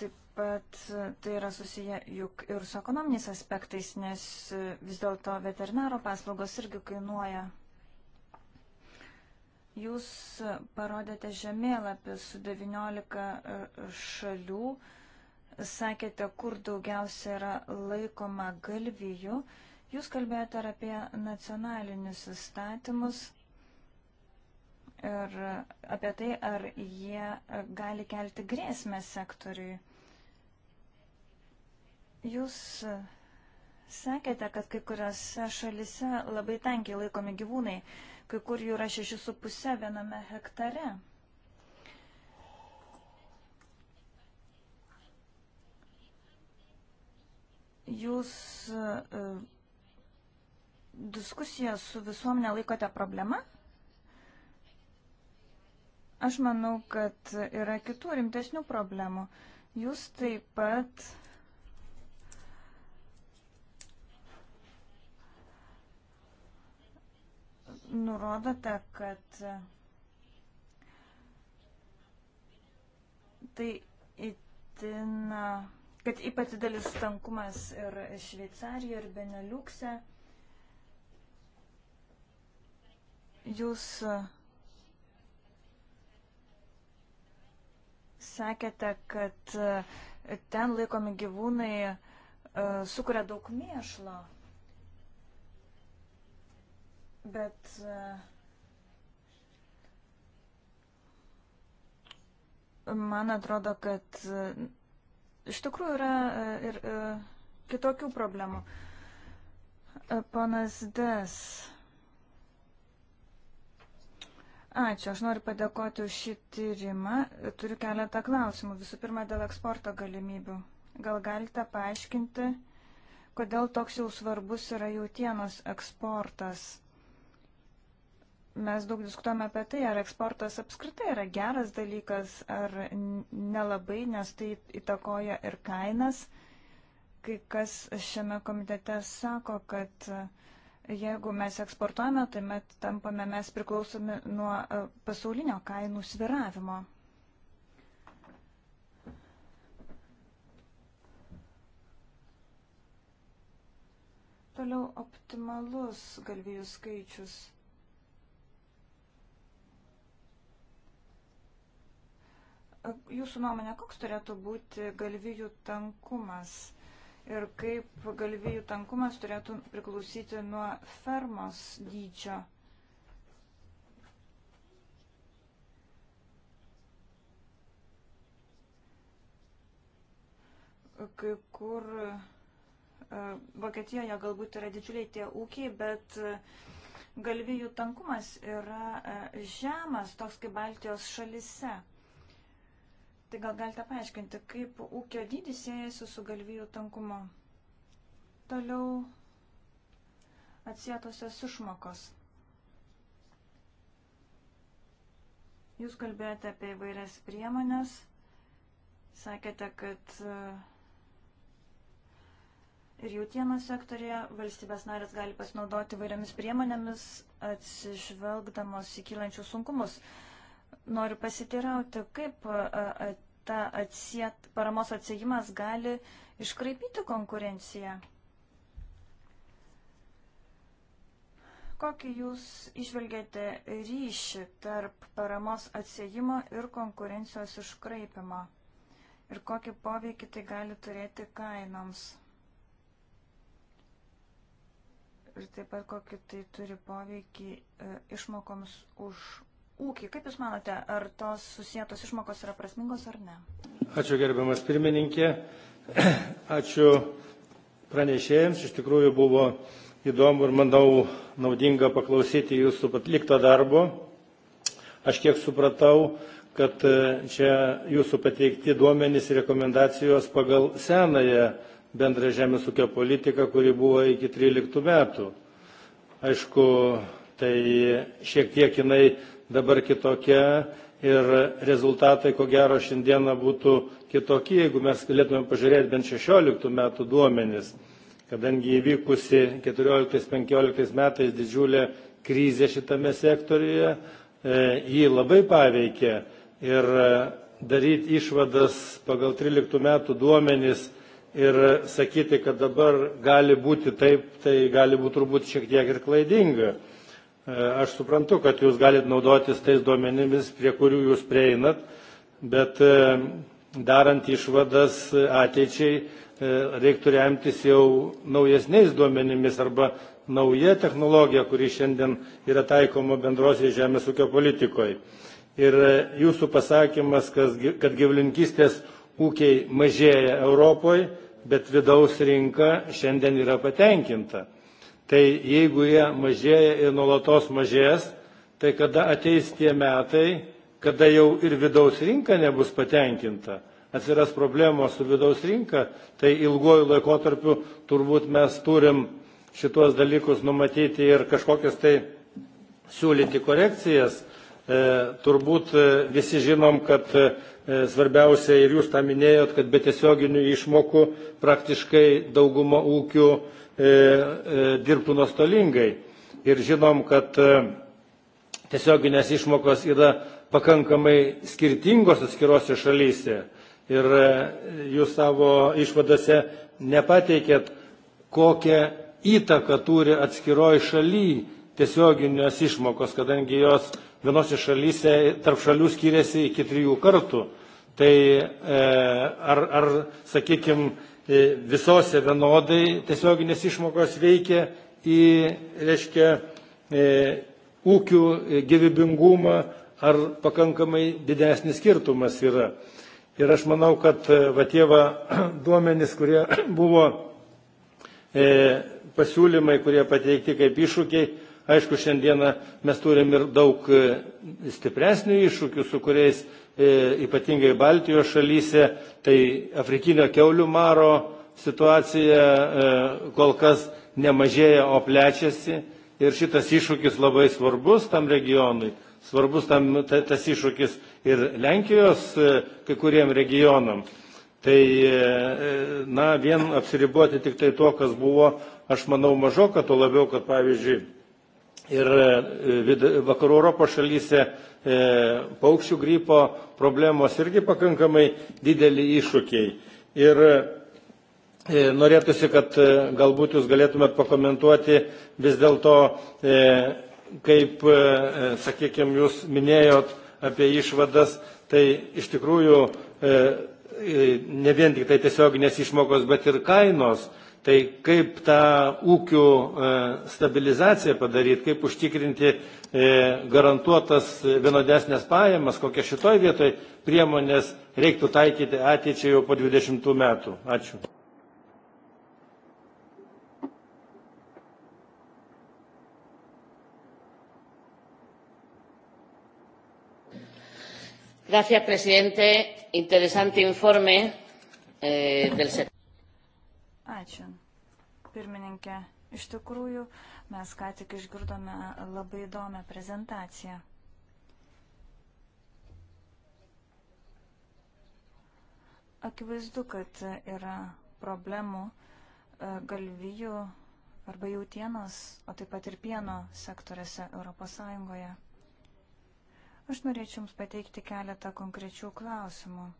S5: Taip pat e, tai yra susiję juk ir su ekonominiais aspektais, nes e, vis dėlto veterinaro paslaugos irgi kainuoja. Jūs parodėte žemėlapį su 19 šalių, sakėte, kur daugiausia yra laikoma galvijų. Jūs kalbėjote ir apie nacionalinius įstatymus ir apie tai, ar jie gali kelti grėsmę sektoriui. Jūs sakėte, kad kai kuriuose šalise labai tankiai laikomi gyvūnai, kai kur jų yra 6,5 viename hektare. Jūs e, diskusiją su visuomenė laikote problema? Aš manau, kad yra kitų rimtesnių problemų. Jūs taip pat nurodote, kad tai įtina, kad ypač didelis tankumas ir Šveicarijoje, ir Beneliukse. Jūs uh, Sakėte, kad e, ten laikomi gyvūnai e, sukuria daug mėšlo. Bet e, man atrodo, kad iš tikrųjų yra ir kitokių problemų. Ponas Des. Ačiū, aš noriu padėkoti už šį tyrimą. Turiu keletą klausimų. Visų pirma, dėl eksporto galimybių. Gal galite paaiškinti, kodėl toks jau svarbus yra jautienos eksportas? Mes daug diskutuojame apie tai, ar eksportas apskritai yra geras dalykas, ar nelabai, nes tai įtakoja ir kainas. Kai kas šiame komitete sako, kad uh, Jeigu mes eksportuojame, tai met tampame mes priklausomi nuo e, pasaulinio kainų sviravimo. Toliau optimalus galvijų skaičius. E, jūsų nuomonė, koks turėtų būti galvijų tankumas? ir kaip galvijų tankumas turėtų priklausyti nuo fermos dydžio. Kai kur e, Vokietijoje galbūt yra didžiuliai tie ūkiai, bet e, galvijų tankumas yra e, žemas, toks kaip Baltijos šalise. Tai gal galite paaiškinti, kaip ūkio dydis siejasi su galvijų tankumu. Toliau atsietosios išmokos. Jūs kalbėjote apie įvairias priemonės, sakėte, kad e, ir jautienos sektorėje valstybės narės gali pasinaudoti įvairiamis priemonėmis, atsižvelgdamos į kylančius sunkumus. Noriu pasitirauti, kaip e, ta atsiet, paramos atsijimas gali iškraipyti konkurenciją. Kokį jūs išvelgėte ryšį tarp paramos atsijimo ir konkurencijos iškraipimo? Ir kokį poveikį tai gali turėti kainoms? Ir taip pat kokį tai turi poveikį e, išmokoms už ūkį. Kaip Jūs manote, ar tos susijėtos išmokos yra prasmingos ar ne?
S3: Ačiū gerbiamas pirmininkė, ačiū pranešėjams. Iš tikrųjų buvo įdomu ir manau naudinga paklausyti Jūsų atlikto darbo. Aš kiek supratau, kad e, čia Jūsų pateikti duomenys ir rekomendacijos pagal senąją bendrą žemės ūkio politiką, kuri buvo iki 13 metų. Aišku, tai šiek tiek jinai dabar kitokia ir rezultatai ko gero šiandieną būtų kitokie, jeigu mes galėtume pažiūrėti bent 16 metų duomenis, kadangi įvykusi 14-15 metais didžiulė krizė šitame sektoriuje, e, jį labai paveikė ir e, daryti išvadas pagal 13 metų duomenis ir sakyti, kad dabar gali būti taip, tai gali būti turbūt šiek tiek ir klaidinga. E, aš suprantu, kad jūs galite naudotis tais duomenimis, prie kurių jūs prieinat, bet e, darant išvadas ateičiai e, reiktų remtis jau naujesniais duomenimis arba nauja technologija, kuri šiandien yra taikoma bendrosiai žemės ūkio politikoje. Ir jūsų pasakymas, kad gyvulinkistės ūkiai mažėja Europoje, bet vidaus rinka šiandien yra patenkinta. Tai jeigu jie mažėja ir nuolatos mažės, tai kada ateis tie metai, kada jau ir vidaus rinka nebus patenkinta, atsiras problemos su vidaus rinka, tai ilguoju laikotarpiu turbūt mes turim šitos dalykus numatyti ir kažkokias tai siūlyti korekcijas. E, turbūt e, visi žinom, kad e, svarbiausia ir jūs tą minėjot, kad be tiesioginių išmokų praktiškai dauguma ūkių E, e, dirbtų nuostolingai. Ir žinom, kad e, tiesioginės išmokos yra pakankamai skirtingos atskirose šalyse. Ir jūs savo išvadose nepateikėt, kokią įtaką turi atskiroj šaly tiesioginės išmokos, kadangi jos vienose šalyse tarp šalių skiriasi iki trijų kartų. Tai ar, ar sakykime, E, visose vienodai tiesioginės išmokos veikia į, reiškia, e, ūkių e, gyvybingumą ar pakankamai didesnis skirtumas yra. Ir aš manau, kad Vatieva duomenys, kurie buvo pasiūlymai, kurie pateikti kaip iššūkiai, aišku, šiandieną mes turim ir daug stipresnių iššūkių, su kuriais E, ypatingai Baltijos šalyse, tai Afrikinio keulių maro situacija e, kol kas nemažėja, o plečiasi. Ir šitas iššūkis labai svarbus tam regionui, svarbus tam, ta, tas iššūkis ir Lenkijos e, kai kuriem regionam. Tai, na, vien apsiriboti tik tai to, kas buvo, aš manau, mažoka, tuo labiau, kad, pavyzdžiui, ir vakarų Europos šalyse E, paukščių gripo problemos irgi pakankamai dideli iššūkiai. Ir e, norėtųsi, kad e, galbūt jūs galėtumėt pakomentuoti vis dėlto, kaip, sakykime, jūs minėjot apie išvadas, tai iš tikrųjų ne vien tik tai tiesioginės išmokos, bet ir kainos Tai kaip tą ūkių e, stabilizaciją padaryti, kaip užtikrinti e, garantuotas vienodesnės pajamas, kokia šitoj vietoj priemonės reiktų taikyti ateičiai jau po 20 metų. Ačiū.
S2: señor presidente interesante informe eh, del sector.
S5: Ačiū. Pirmininkė, iš tikrųjų, mes ką tik išgirdome labai įdomią prezentaciją. Akivaizdu, kad yra problemų e, galvijų arba jautienos, o taip pat ir pieno sektoriuose Europos Sąjungoje. Aš norėčiau Jums pateikti keletą konkrečių klausimų.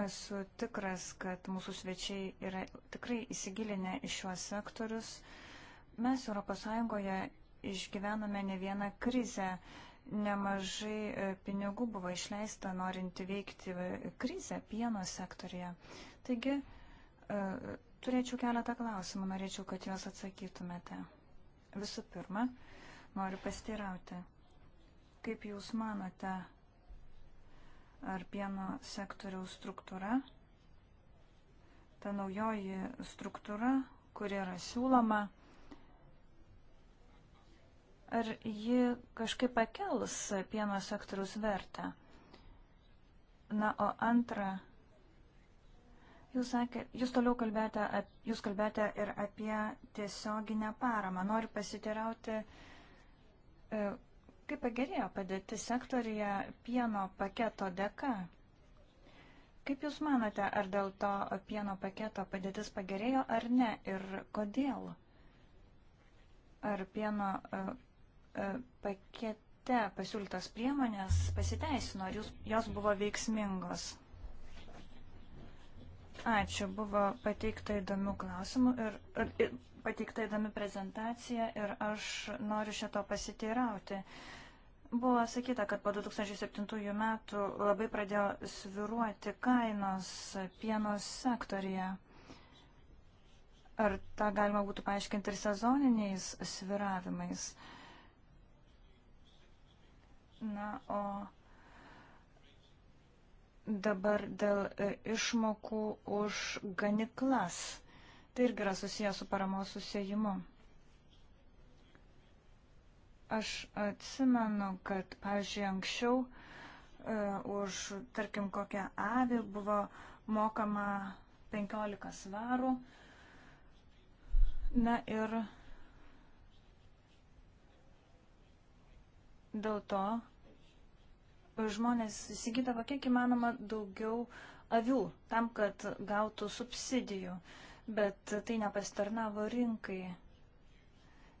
S5: Esu tikras, kad mūsų svečiai yra tikrai įsigilinę į šiuos sektorius. Mes ES išgyvenome ne vieną krizę. Nemažai e, pinigų buvo išleista norint veikti e, krizę pieno sektorija. Taigi, e, turėčiau keletą klausimų, norėčiau, kad juos atsakytumėte. Visų pirma, noriu pasteirauti. Kaip Jūs manote, ar pieno sektoriaus struktūra, ta naujoji struktūra, kuri yra siūloma, ar ji kažkaip pakels pieno sektoriaus vertę. Na, o antra, Jūs, sakė, jūs toliau kalbėjote, jūs kalbėjote ir apie tiesioginę paramą. Noriu pasitirauti, e, Kaip pagerėjo padėti sektorija pieno paketo dėka? Kaip Jūs manote, ar dėl to pieno paketo padėtis pagerėjo ar ne ir kodėl? Ar pieno uh, uh, pakete pasiūlytos priemonės pasiteisino, ar jūs, jos buvo veiksmingos? Ačiū, buvo pateikta įdomių klausimų ir, ir, ir pateikta įdomi prezentacija ir aš noriu šito pasiteirauti. Uh, Buvo sakyta, kad po 2007 metų labai pradėjo sviruoti kainos pieno sektorija. Ar tą galima būtų paaiškinti ir sezoniniais sviravimais? Na, o dabar dėl e, išmokų už ganiklas. Tai irgi yra susijęs su paramos susijimu. Aš atsimenu, kad, pavyzdžiui, anksčiau uh, už, tarkim, kokią avį buvo mokama 15 svarų. Na ir dėl to žmonės įsigydavo kiek įmanoma daugiau avių tam, kad gautų subsidijų, bet tai nepastarnavo rinkai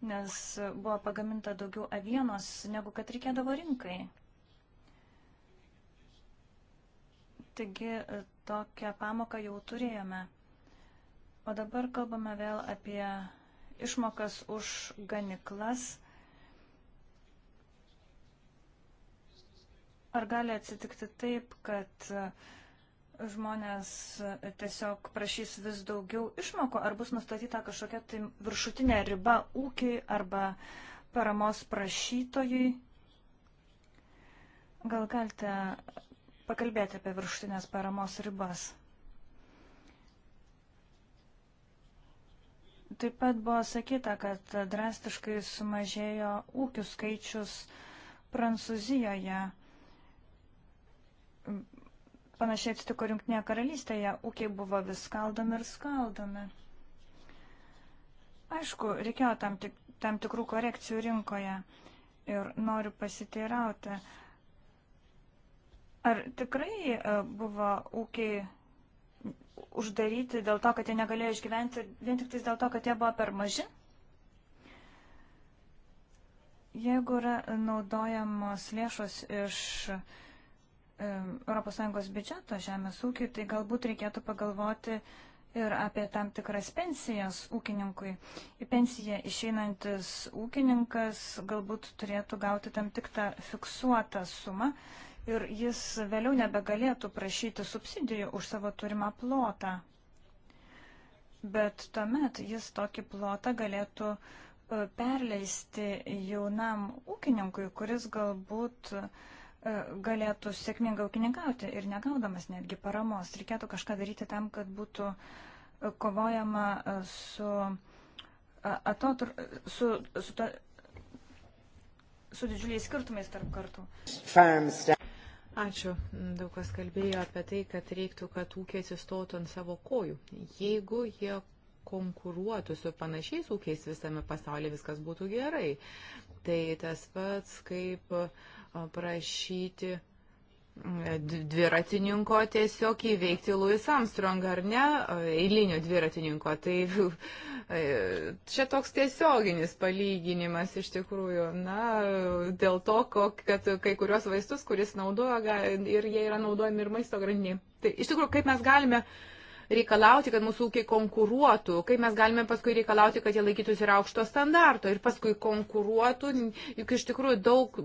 S5: nes buvo pagaminta daugiau avienos, negu kad reikėdavo rinkai. Taigi e, tokią pamoką jau turėjome. O dabar kalbame vėl apie išmokas už ganiklas. Ar gali atsitikti taip, kad uh, žmonės e, tiesiog prašys vis daugiau išmokų, ar bus nustatyta kažkokia tai viršutinė riba ūkiai arba paramos prašytojui. Gal galite pakalbėti apie viršutinės paramos ribas? Taip pat buvo sakyta, kad drastiškai sumažėjo ūkių skaičius Prancūzijoje Panašiai atsitiko Junktinėje karalystėje, ūkiai buvo vis skaldomi ir skaldomi. Aišku, reikėjo tam, tik, tam tikrų korekcijų rinkoje ir noriu pasiteirauti, ar tikrai e, buvo ūkiai uždaryti dėl to, kad jie negalėjo išgyventi, vien tik dėl to, kad jie buvo per maži? Jeigu yra naudojamos lėšos iš uh, ES biudžeto žemės ūkiui, tai galbūt reikėtų pagalvoti ir apie tam tikras pensijas ūkininkui. Į pensiją išeinantis ūkininkas galbūt turėtų gauti tam tiktą fiksuotą sumą ir jis vėliau nebegalėtų prašyti subsidijų už savo turimą plotą. Bet tuomet jis tokį plotą galėtų e, perleisti jaunam ūkininkui, kuris galbūt uh, E, galėtų sėkmingai ūkininkauti ir negaudamas netgi paramos. Reikėtų kažką daryti tam, kad būtų e, kovojama e, su, atotr, su, su, to, su didžiuliais skirtumais tarp kartų. Ačiū.
S4: Daug kas kalbėjo apie tai, kad reiktų, kad ūkiai atsistotų ant savo kojų. Jeigu jie konkuruotų su panašiais ūkiais visame pasaulyje, viskas būtų gerai. Tai tas pats kaip uh, prašyti e, dviratininko tiesiog įveikti Louis Armstrong, ar ne, eilinio dviratininko. Tai e, čia toks tiesioginis palyginimas iš tikrųjų. Na, dėl to, kad kai kurios vaistus, kuris naudoja, ir jie yra naudojami ir maisto grandiniai. Tai iš tikrųjų, kaip mes galime uh, reikalauti, kad mūsų ūkiai konkuruotų, kaip mes galime paskui reikalauti, kad jie laikytųsi ir aukšto standarto ir paskui konkuruotų, juk iš tikrųjų daug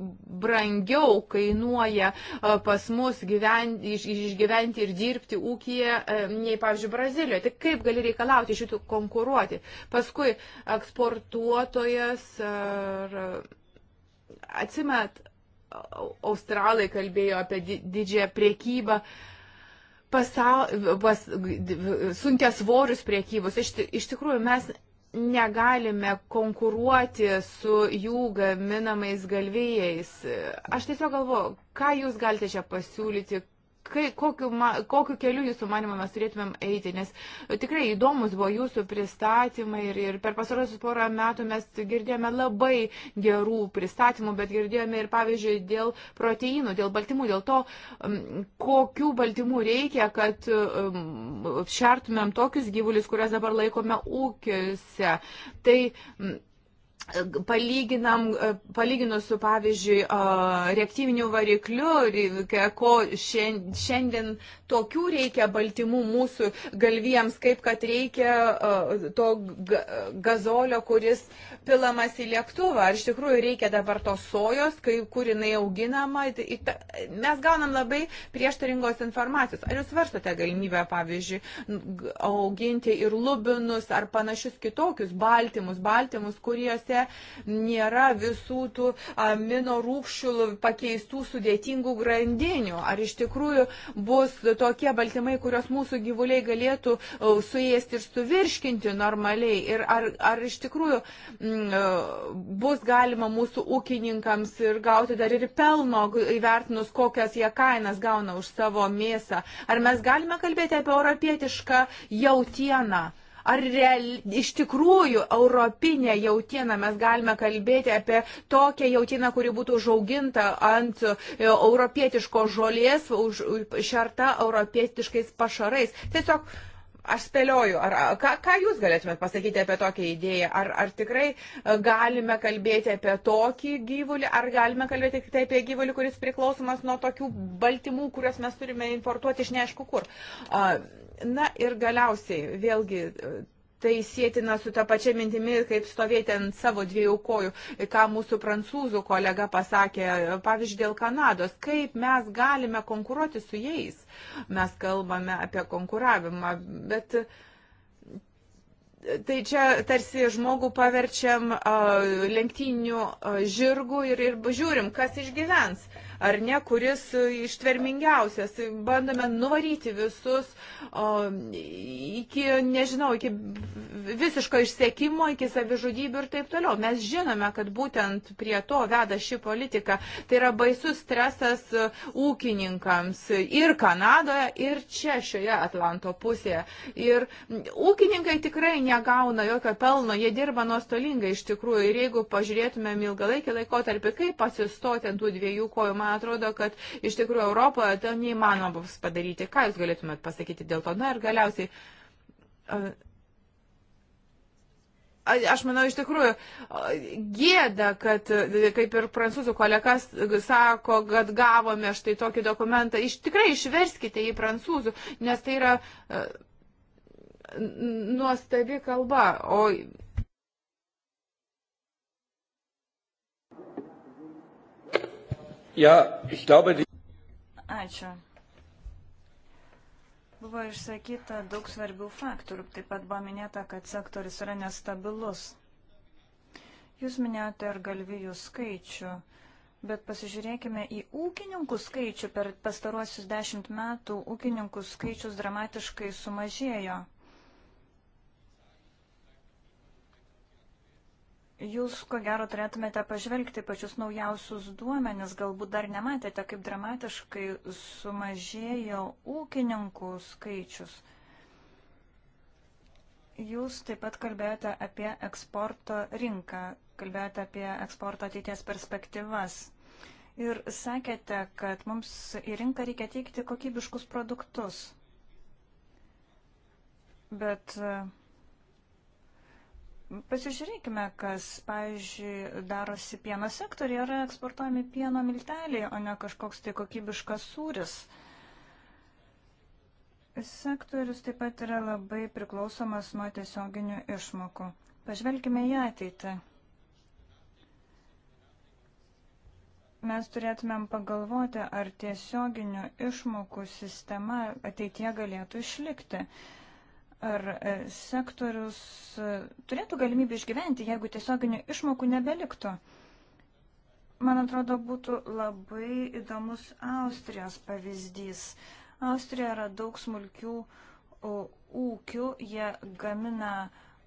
S4: brangiau kainuoja e, pas mus gyventi, iš, išgyventi ir dirbti ūkiją, e, nei, pavyzdžiui, Brazilijoje. Tai kaip gali reikalauti iš jų konkuruoti? Paskui eksportuotojas e, ar atsimet, australai kalbėjo apie didžiąją priekybą. Uh, pasau, pas, sunkia svorius priekybos. Iš, iš tikrųjų, mes negalime konkuruoti su jų gaminamais galvėjais. Aš tiesiog galvoju, ką jūs galite čia pasiūlyti, kai, kokiu, ma, kokiu keliu jūsų manimo mes turėtumėm eiti, nes tikrai įdomus buvo jūsų pristatymai ir, ir per pasarosius porą metų mes girdėjome labai gerų pristatymų, bet girdėjome ir pavyzdžiui dėl proteinų, dėl baltymų, dėl to, kokių baltymų reikia, kad šertumėm tokius gyvulius, kurias dabar laikome ūkiuose. Tai Palyginam, palyginus su, pavyzdžiui, reaktyviniu varikliu, ko šiandien Tokių reikia baltymų mūsų galvijams, kaip kad reikia uh, to gazolio, kuris pilamas į lėktuvą. Ar iš tikrųjų reikia dabar tos sojos, kai, kur jinai auginama. Mes gaunam labai prieštaringos informacijos. Ar jūs svarstote galimybę, pavyzdžiui, auginti ir lubinus ar panašius kitokius baltymus, baltymus, kuriuose nėra visų tų amino rūkščių pakeistų sudėtingų grandinių. Ar iš tikrųjų bus tokie baltymai, kuriuos mūsų gyvuliai galėtų e, suėsti ir suvirškinti normaliai. Ir ar, ar iš tikrųjų m, mm, e, bus galima mūsų ūkininkams ir gauti dar ir pelno, įvertinus, kokias jie kainas gauna už savo mėsą. Ar mes galime kalbėti apie europietišką jautieną? Ar real, iš tikrųjų europinė jautiena mes galime kalbėti apie tokią jautieną, kuri būtų užauginta ant e, europietiško žolės, šarta europietiškais pašarais. Tiesiog Aš spėlioju, ar, ką, ką jūs galėtumėt pasakyti apie tokią idėją? Ar, ar tikrai e, galime kalbėti apie tokį gyvulį, ar galime kalbėti tik tai apie gyvulį, kuris priklausomas nuo tokių baltymų, kuriuos mes turime importuoti iš neaišku kur? Na ir galiausiai, vėlgi, tai sėtina su ta pačia mintimi, kaip stovėti ant savo dviejų kojų, ką mūsų prancūzų kolega pasakė, pavyzdžiui, dėl Kanados, kaip mes galime konkuruoti su jais. Mes kalbame apie konkuravimą, bet tai čia tarsi žmogų paverčiam uh, lenktynių uh, žirgų ir, ir žiūrim, kas išgyvens ar ne, kuris ištvermingiausias. Bandome nuvaryti visus o, iki, nežinau, iki visiško išsiekimo, iki savižudybių ir taip toliau. Mes žinome, kad būtent prie to veda ši politika. Tai yra baisus stresas ūkininkams ir Kanadoje, ir čia šioje Atlanto pusėje. Ir ūkininkai tikrai negauna jokio pelno, jie dirba nuostolingai iš tikrųjų. Ir jeigu pažiūrėtumėm ilgalaikį laikotarpį, kaip pasistoti ant tų dviejų kojų, man atrodo, kad iš tikrųjų Europoje to neįmanoma bus padaryti. Ką jūs galėtumėt pasakyti dėl to? Na ir galiausiai. Aš manau, iš tikrųjų, gėda, kad, kaip ir prancūzų kolegas sako, kad gavome štai tokį dokumentą, iš, tikrai išverskite į prancūzų, nes tai yra nuostabi kalba. O
S1: Ja, ich glaube, die...
S5: Ačiū. Buvo išsakyta daug svarbių faktorių. Taip pat buvo minėta, kad sektoris yra nestabilus. Jūs minėjote ir galvijų skaičių, bet pasižiūrėkime į ūkininkų skaičių. Per pastaruosius dešimt metų ūkininkų skaičius dramatiškai sumažėjo. Jūs, ko gero, turėtumėte pažvelgti pačius naujausius duomenis, galbūt dar nematėte, kaip dramatiškai sumažėjo ūkininkų skaičius. Jūs taip pat kalbėjote apie eksporto rinką, kalbėjote apie eksporto ateities perspektyvas. Ir sakėte, kad mums į rinką reikia teikti kokybiškus produktus. Bet uh, Pasižiūrėkime, kas, pavyzdžiui, darosi pieno sektoriuje, yra eksportuojami pieno milteliai, o ne kažkoks tai kokybiškas sūris. Sektorius taip pat yra labai priklausomas nuo tiesioginių išmokų. Pažvelkime į ateitį. Mes turėtumėm pagalvoti, ar tiesioginių išmokų sistema ateitie galėtų išlikti. Uh, ar e, sektorius e, turėtų galimybę išgyventi, jeigu tiesioginių išmokų nebeliktų. Man atrodo, būtų labai įdomus Austrijos pavyzdys. Austrija yra daug smulkių ūkių, jie gamina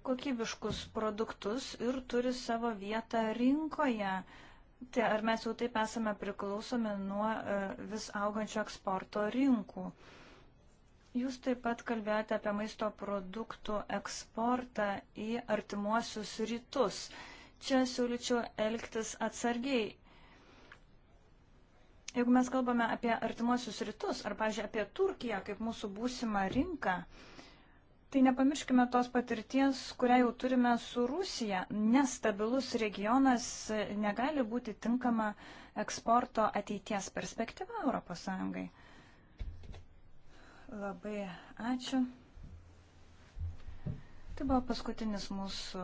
S5: kokybiškus produktus ir turi savo vietą rinkoje. Tai ar mes jau taip esame priklausomi nuo e, vis augančio eksporto rinkų? Uh, Jūs taip pat kalbėjote apie maisto produktų eksportą į artimuosius rytus. Čia siūlyčiau elgtis atsargiai. Jeigu mes kalbame apie artimuosius rytus, ar, pažiūrėjau, apie Turkiją kaip mūsų būsimą rinką, tai nepamirškime tos patirties, kurią jau turime su Rusija. Nestabilus regionas negali būti tinkama eksporto ateities perspektyva Europos Sąjungai. Labai ačiū. Tai buvo paskutinis mūsų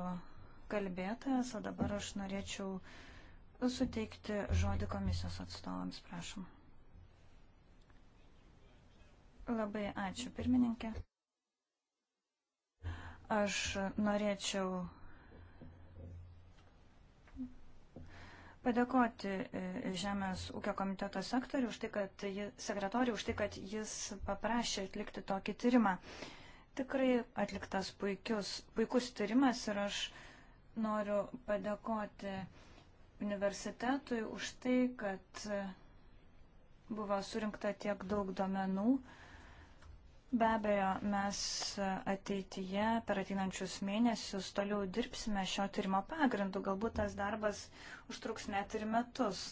S5: kalbėtojas, o dabar aš norėčiau suteikti žodį komisijos atstovams, prašom. Labai ačiū, pirmininkė. Aš norėčiau padėkoti e, Žemės ūkio komiteto sektoriu už tai, kad sekretoriu už tai, kad jis paprašė atlikti tokį tyrimą. Tikrai atliktas puikius, puikus tyrimas ir aš noriu padėkoti universitetui už tai, kad buvo surinkta tiek daug domenų. Uh, Be abejo, mes ateityje per ateinančius mėnesius toliau dirbsime šio tyrimo pagrindu. Galbūt tas darbas užtruks net ir metus.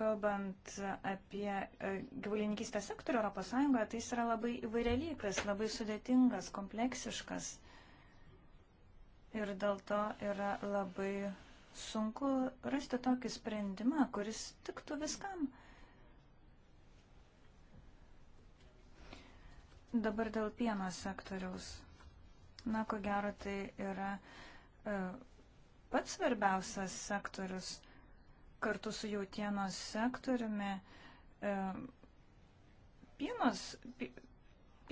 S5: Kalbant apie e, gyvulininkystės sektorių ES, tai jis yra labai įvairialykas, labai sudėtingas, kompleksiškas. Ir dėl to yra labai sunku rasti tokį sprendimą, kuris tiktų viskam. Dabar dėl pieno sektoriaus. Na, ko gero, tai yra e, pats svarbiausias sektorius kartu su jautienos sektoriumi. E, pienos,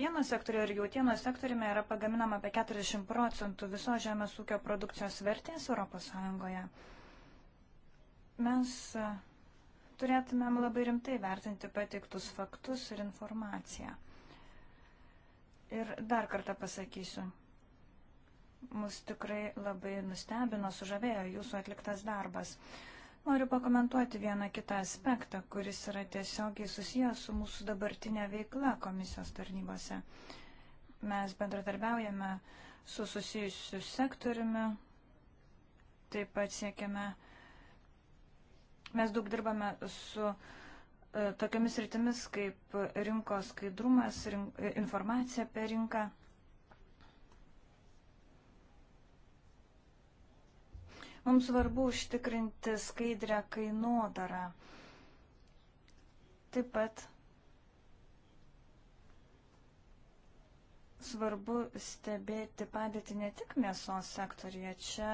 S5: pieno sektoriuje ir jautienos sektoriumi yra pagaminama apie 40 procentų viso žemės ūkio produkcijos vertės ES. Mes e, turėtumėm labai rimtai vertinti pateiktus faktus ir informaciją. Ir dar kartą pasakysiu, mus tikrai labai nustebino, sužavėjo jūsų atliktas darbas. Noriu pakomentuoti vieną kitą aspektą, kuris yra tiesiogiai susijęs su mūsų dabartinė veikla komisijos tarnybose. Mes bendradarbiaujame su susijusiu sektoriumi, taip pat siekiame, mes daug dirbame su uh, E, tokiamis rytimis kaip rinkos skaidrumas, rink, e, informacija apie rinką. Mums svarbu užtikrinti skaidrę kainodarą. Taip pat svarbu stebėti padėti ne tik mėsos sektorija. Čia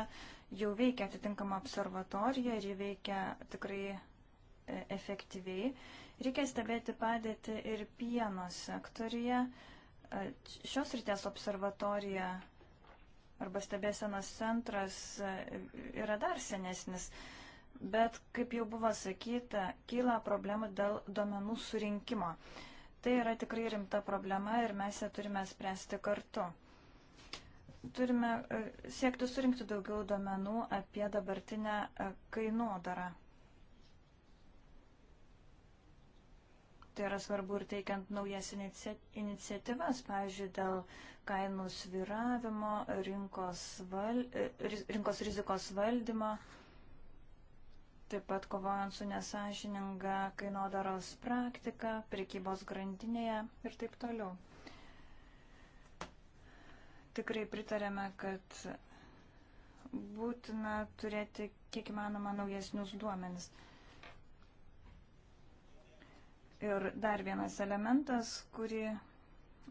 S5: jau veikia atitinkama observatorija ir ji veikia tikrai E, efektyviai. Reikia stebėti padėti ir pieno sektorija. E, šios ryties observatorija arba stebėsenos centras e, yra dar senesnis, bet, kaip jau buvo sakyta, kyla problemų dėl duomenų surinkimo. Tai yra tikrai rimta problema ir mes ją turime spręsti kartu. Turime siekti surinkti daugiau duomenų apie dabartinę kainodarą. Tai yra svarbu ir teikiant naujas iniciatyvas, pavyzdžiui, dėl kainų sviravimo, rinkos, val, rinkos rizikos valdymo, taip pat kovojant su nesažininga kainodaros praktika, prekybos grandinėje ir taip toliau. Tikrai pritarėme, kad būtina turėti kiek įmanoma naujesnius duomenis. Ir dar vienas elementas, kurį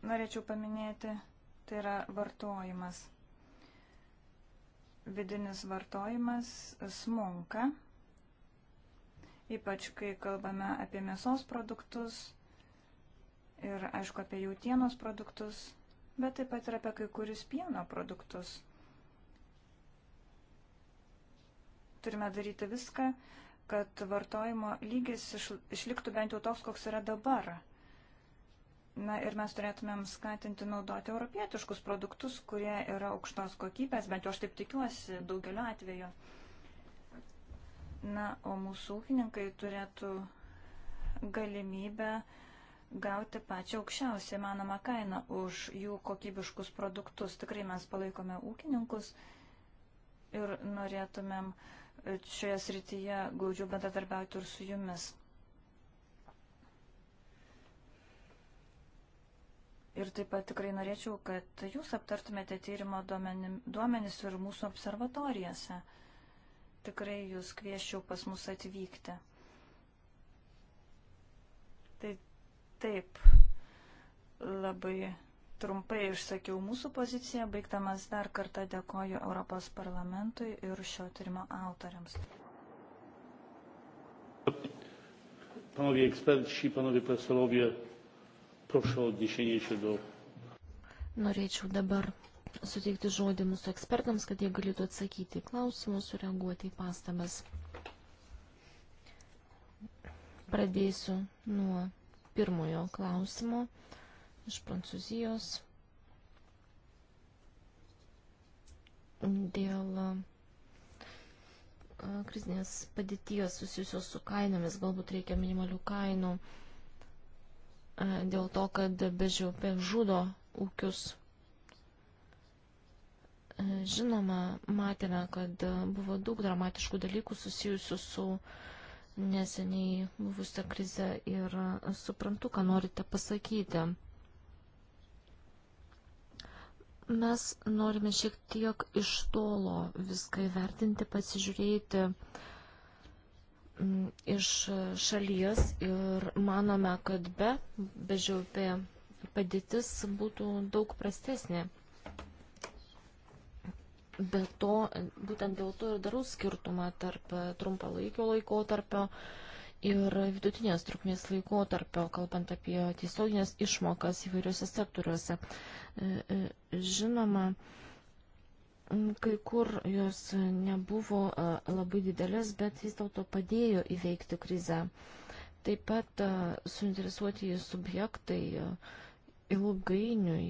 S5: norėčiau paminėti, tai yra vartojimas. Vidinis vartojimas smunka, ypač kai kalbame apie mėsos produktus ir, aišku, apie jautienos produktus, bet taip pat ir apie kai kurius pieno produktus. Turime daryti viską, kad vartojimo lygis išliktų bent jau toks, koks yra dabar. Na ir mes turėtumėm skatinti naudoti europietiškus produktus, kurie yra aukštos kokybės, bent jau aš taip tikiuosi daugeliu atveju. Na, o mūsų ūkininkai turėtų galimybę gauti pačią aukščiausią įmanomą kainą už jų kokybiškus produktus. Tikrai mes palaikome ūkininkus ir norėtumėm uh, šioje srityje glaudžiau bendradarbiauti ir su jumis. Ir taip pat tikrai norėčiau, kad jūs aptartumėte tyrimo duomenis ir mūsų observatorijose. Tikrai jūs kvieščiau pas mus atvykti. Tai taip, labai trumpai išsakiau mūsų poziciją, baigdamas dar kartą dėkoju Europos parlamentui ir šio tyrimo autoriams.
S1: Panowie eksperci, panowie profesorowie, proszę o odniesienie się do.
S2: Norėčiau dabar suteikti žodį mūsų ekspertams, kad jie galėtų atsakyti klausimus, sureaguoti į pastabas. Pradėsiu nuo pirmojo klausimo iš Prancūzijos dėl krizinės padėties susijusios su kainomis, galbūt reikia minimalių kainų, dėl to, kad bežiaupė žudo ūkius. Žinoma, matėme, kad buvo daug dramatiškų dalykų susijusių su neseniai buvusią krizę ir suprantu, ką norite pasakyti. Mes norime šiek tiek iš tolo viską įvertinti, pasižiūrėti mm, iš šalies ir manome, kad be bežiaupė padėtis būtų daug prastesnė. Be to, būtent dėl to ir darau skirtumą tarp trumpalaikio laikotarpio laiko ir vidutinės trukmės laikotarpio, kalbant apie tiesioginės išmokas įvairiuose sektoriuose. E, e, žinoma, kai kur jos nebuvo e, labai didelės, bet vis dėlto padėjo įveikti krizę. Taip pat suinteresuoti subjektai ilgainiui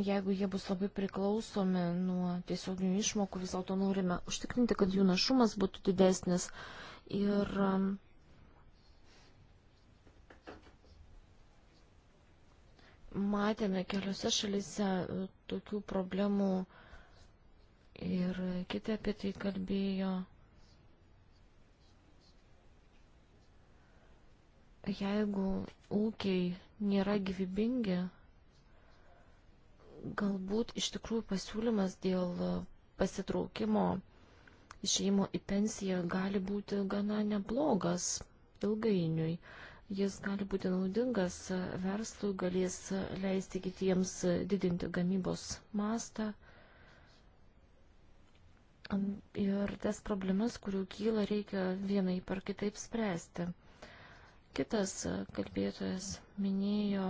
S2: jeigu jie bus labai priklausomi nuo tiesioginių išmokų, vis dėlto norime užtikrinti, kad jų našumas būtų didesnis. Ir um, matėme keliose šalise e, tokių problemų ir kiti apie tai kalbėjo. Jeigu ūkiai nėra gyvybingi, Galbūt iš tikrųjų pasiūlymas dėl e, pasitraukimo išėjimo į pensiją gali būti gana neblogas ilgainiui. Jis gali būti naudingas e, verslui, galės e, leisti kitiems didinti gamybos mastą. Ir tas problemas, kurių kyla, reikia vienai par kitaip spręsti. Kitas kalbėtojas minėjo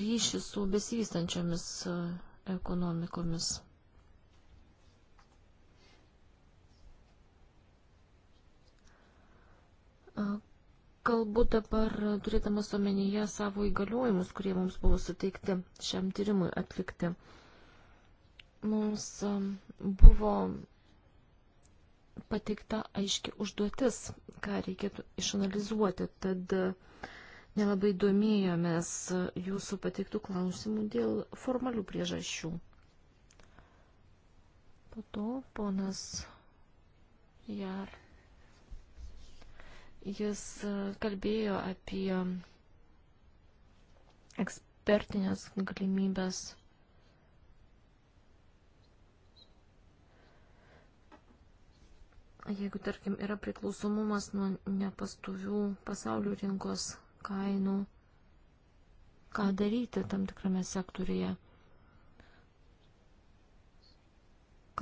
S2: ryšį su besivystančiomis e, ekonomikomis. Kalbu dabar turėdamas omenyje savo įgaliojimus, kurie mums buvo suteikti šiam tyrimui atlikti. Mums buvo pateikta aiški užduotis, ką reikėtų išanalizuoti. Tad uh, nelabai domėjomės jūsų pateiktų klausimų dėl formalių priežasčių. Po to ponas Jar. Jis kalbėjo apie ekspertinės galimybės. Jeigu, tarkim, yra priklausomumas nuo nepastovių pasaulio rinkos kainų, ką daryti tam tikrame sektoriuje.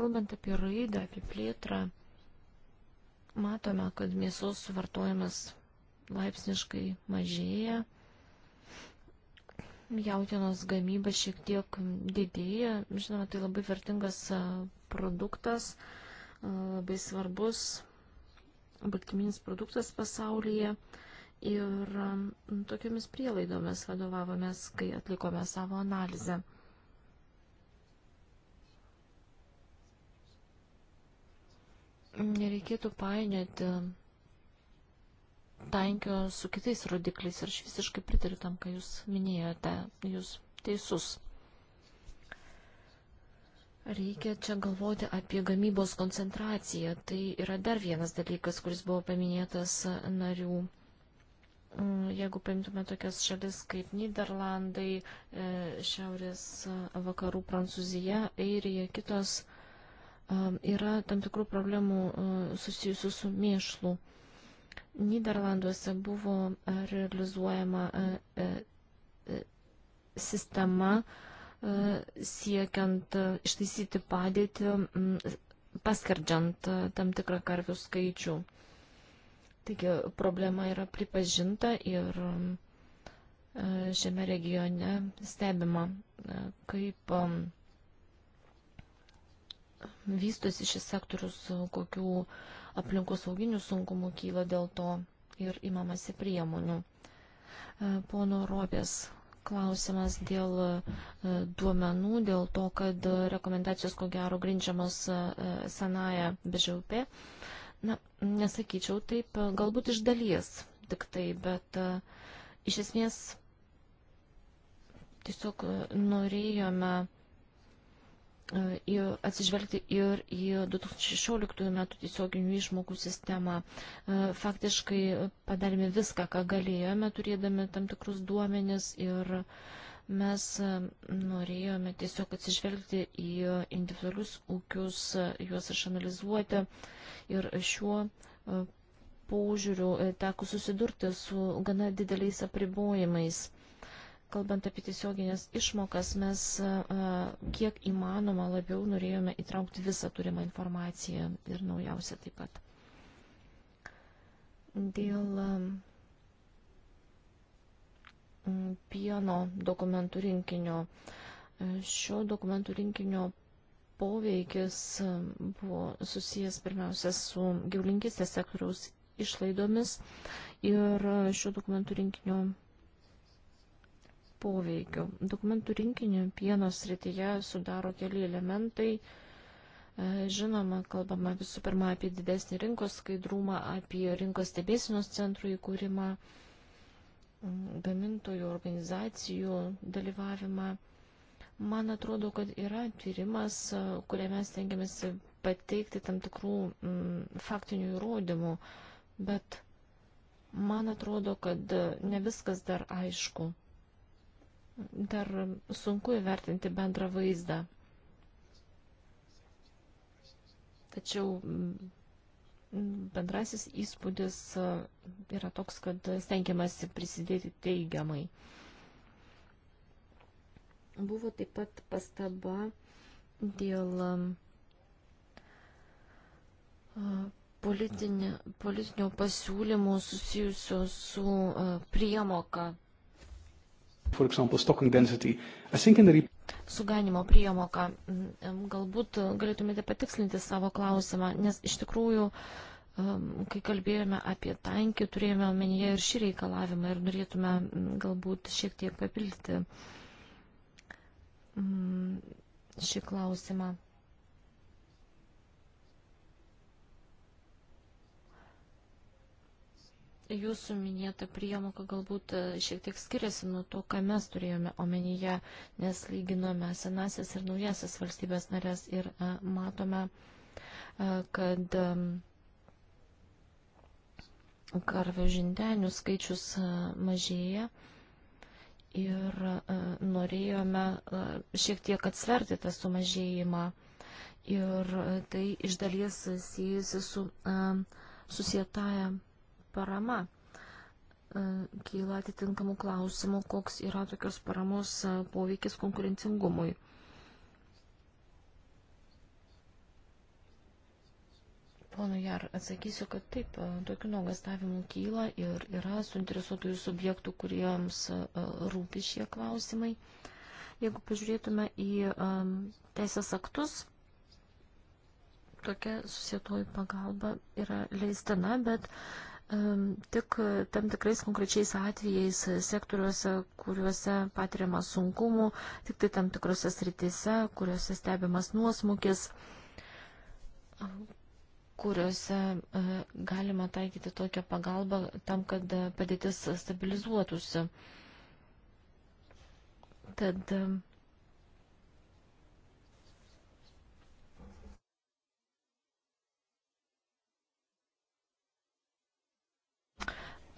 S2: Kalbant apie raidą, apie plėtrą, matome, kad mėsos suvartojimas laipsniškai mažėja, jautienos gamyba šiek tiek didėja, žinoma, tai labai vertingas produktas, labai svarbus baltyminis produktas pasaulyje. Ir um, tokiamis prielaidomis vadovavomės, kai atlikome savo analizę. Nereikėtų painioti tankio su kitais rodikliais ir aš visiškai pritariu tam, ką jūs minėjote. Jūs teisus. Reikia čia galvoti apie gamybos koncentraciją. Tai yra dar vienas dalykas, kuris buvo paminėtas narių Mm, jeigu paimtume tokias šalis kaip Niderlandai, e, Šiaurės e, vakarų Prancūzija, Airija, kitos, e, yra tam tikrų problemų susijusių su mėšlu. Niderlanduose buvo realizuojama sistema siekiant ištaisyti padėtį, paskardžiant tam tikrą karvių skaičių. Taigi problema yra pripažinta ir e, šiame regione stebima, e, kaip e, vystosi šis sektorius, kokių aplinkos sauginių sunkumų kyla dėl to ir imamasi priemonių. Pono Ropės klausimas dėl duomenų, dėl to, kad rekomendacijos ko gero grindžiamos senaja bežiaupė. Na, nesakyčiau taip, galbūt iš dalies tik tai, bet e, iš esmės tiesiog e, norėjome e, atsižvelgti ir į 2016 metų tiesioginių išmokų sistemą. Faktiškai padarėme viską, ką galėjome, turėdami tam tikrus duomenis ir Mes e, norėjome tiesiog atsižvelgti į individualius ūkius, juos išanalizuoti ir šiuo e, požiūriu e, teko susidurti su gana dideliais apribojimais. Kalbant apie tiesioginės išmokas, mes kiek įmanoma labiau norėjome įtraukti visą turimą informaciją ir naujausią taip pat. Dėl pieno dokumentų rinkinio. Šio dokumentų rinkinio poveikis buvo susijęs pirmiausia su gyvulinkistės sektoriaus išlaidomis ir šio dokumentų rinkinio poveikiu. Dokumentų rinkinio pieno srityje sudaro keli elementai. Žinoma, kalbama visų pirma apie didesnį rinkos skaidrumą, apie rinkos stebėsinos centrų įkūrimą gamintojų organizacijų dalyvavimą. Man atrodo, kad yra tyrimas, kuriame stengiamės pateikti tam tikrų m, mm, faktinių įrodymų, bet man atrodo, kad ne viskas dar aišku. Dar sunku įvertinti bendrą vaizdą. Tačiau mm, bendrasis įspūdis e, yra toks, kad stengiamasi prisidėti teigiamai. Buvo taip pat pastaba dėl e, politinė, politinio pasiūlymų susijusio su e, priemoka.
S1: For example, stocking density. I think in the
S2: suganimo priemoka. Mm, galbūt galėtumėte patikslinti savo klausimą, nes iš tikrųjų, um, kai kalbėjome apie tankį, turėjome omenyje ir šį reikalavimą ir norėtume mm, galbūt šiek tiek papildyti mm, šį klausimą. jūsų minėta priemoka galbūt e, šiek tiek skiriasi nuo to, ką mes turėjome omenyje, nes lyginome senasias ir naujasias valstybės narės ir e, matome, e, kad karvių žindenių skaičius mažėja ir norėjome šiek tiek atsverti tą sumažėjimą. Ir tai iš dalies siejasi su susietąją parama. E, kyla atitinkamų klausimų, koks yra tokios paramos e, poveikis konkurencingumui. Pono Jar, atsakysiu, kad taip, e, tokių nuogastavimų kyla ir yra suinteresuotųjų subjektų, kuriems rūpi šie klausimai. Jeigu pažiūrėtume į teisės aktus, tokia susietoji pagalba yra leistina, bet Tik e, tam tikrais konkrečiais atvejais e, sektoriuose, kuriuose patiriama sunkumų, tik tai tam tikrose sritise, kuriuose stebimas nuosmukis, kuriuose e, galima taikyti tokią pagalbą tam, kad padėtis stabilizuotųsi. Tad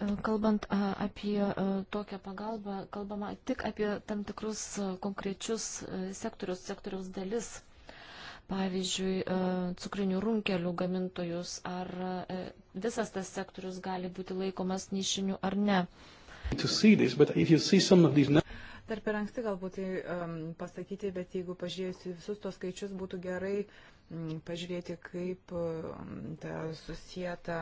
S2: E, kalbant apie e, tokią pagalbą, kalbama tik apie tam tikrus e, konkrečius sektorius, sektoriaus dalis, pavyzdžiui, cukrinių runkelių gamintojus, ar visas tas sektorius gali būti laikomas nišiniu ar ne.
S1: Nu-
S2: Dar per anksti galbūt tai um, pasakyti, bet jeigu pažiūrėjus visus
S4: tos skaičius, būtų gerai uh, pažiūrėti, kaip ta susijęta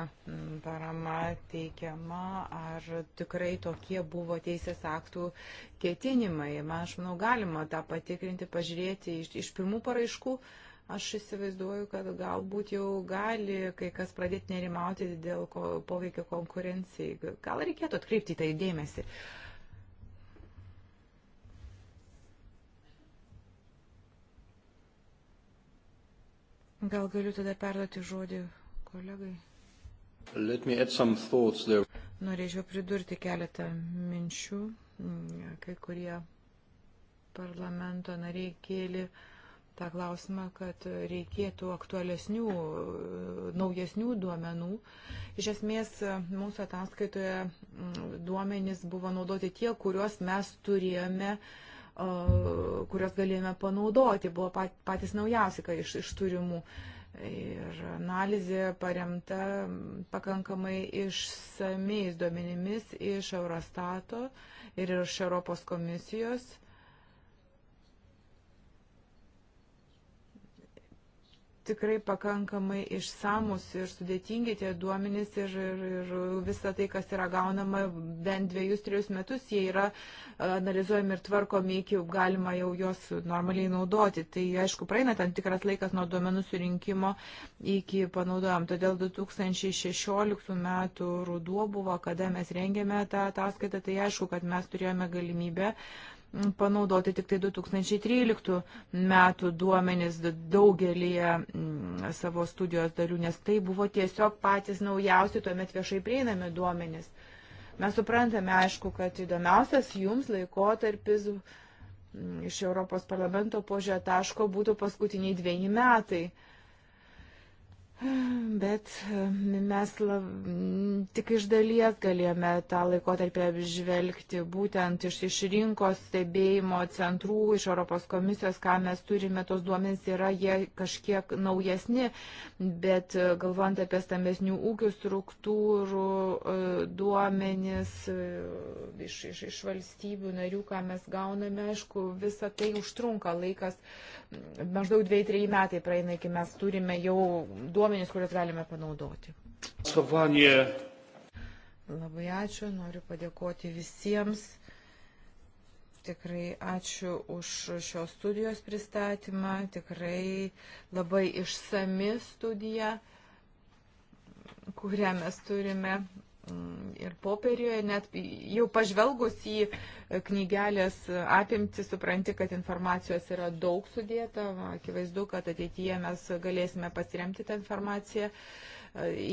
S4: parama teikiama, ar tikrai tokie buvo teisės aktų ketinimai. Man, aš manau, galima tą patikrinti, pažiūrėti iš, iš pirmų paraiškų aš įsivaizduoju, kad galbūt jau gali kai kas pradėti nerimauti dėl ko, poveikio konkurencijai. Gal reikėtų atkreipti į tai dėmesį. Uh, Gal galiu tada perduoti žodį kolegai? Norėčiau pridurti keletą minčių. Kai kurie parlamento nariai kėlė tą klausimą, kad reikėtų aktualesnių, naujesnių duomenų. Iš esmės, mūsų ataskaitoje duomenys buvo naudoti tie, kuriuos mes turėjome uh, kurios galėjome panaudoti, buvo patys naujausi iš, iš turimų. Ir analizė paremta pakankamai išsamiais duomenimis iš Eurostato ir iš Europos komisijos tikrai pakankamai išsamus ir sudėtingi tie duomenys ir, ir, ir visa tai, kas yra gaunama bent dviejus, trejus metus, jie yra e, analizuojami ir tvarkomi, iki galima jau juos normaliai naudoti. Tai aišku, praeina tam tikras laikas nuo duomenų surinkimo iki panaudojam. Todėl 2016 metų ruduo buvo, kada mes rengėme tą ataskaitą, tai aišku, kad mes turėjome galimybę uh, panaudoti tik tai 2013 metų duomenis daugelį mm, savo studijos dalių, nes tai buvo tiesiog patys naujausi tuomet viešai prieinami duomenis. Mes suprantame, aišku, kad įdomiausias jums laikotarpis mm, iš Europos parlamento požiūrė taško būtų paskutiniai dviejai metai. Bet e, mes lab, tik iš dalies galėjome tą laikotarpį apžvelgti būtent iš, iš rinkos stebėjimo centrų, iš Europos komisijos, ką mes turime, tos duomenys yra, jie kažkiek naujesni, bet e, galvant apie stambesnių ūkių struktūrų e, duomenys iš, iš, iš valstybių narių, ką mes gauname, aišku, visa tai užtrunka laikas maždaug 2-3 metai praeina, iki mes turime jau duomenys, kuriuos galime panaudoti.
S1: Savanie.
S4: Labai ačiū, noriu padėkoti visiems. Tikrai ačiū už šios studijos pristatymą, tikrai labai išsami studija, kurią mes turime ir popieriuje, net jau pažvelgus į knygelės apimti, supranti, kad informacijos yra daug sudėta, akivaizdu, kad ateityje mes galėsime pasiremti tą informaciją,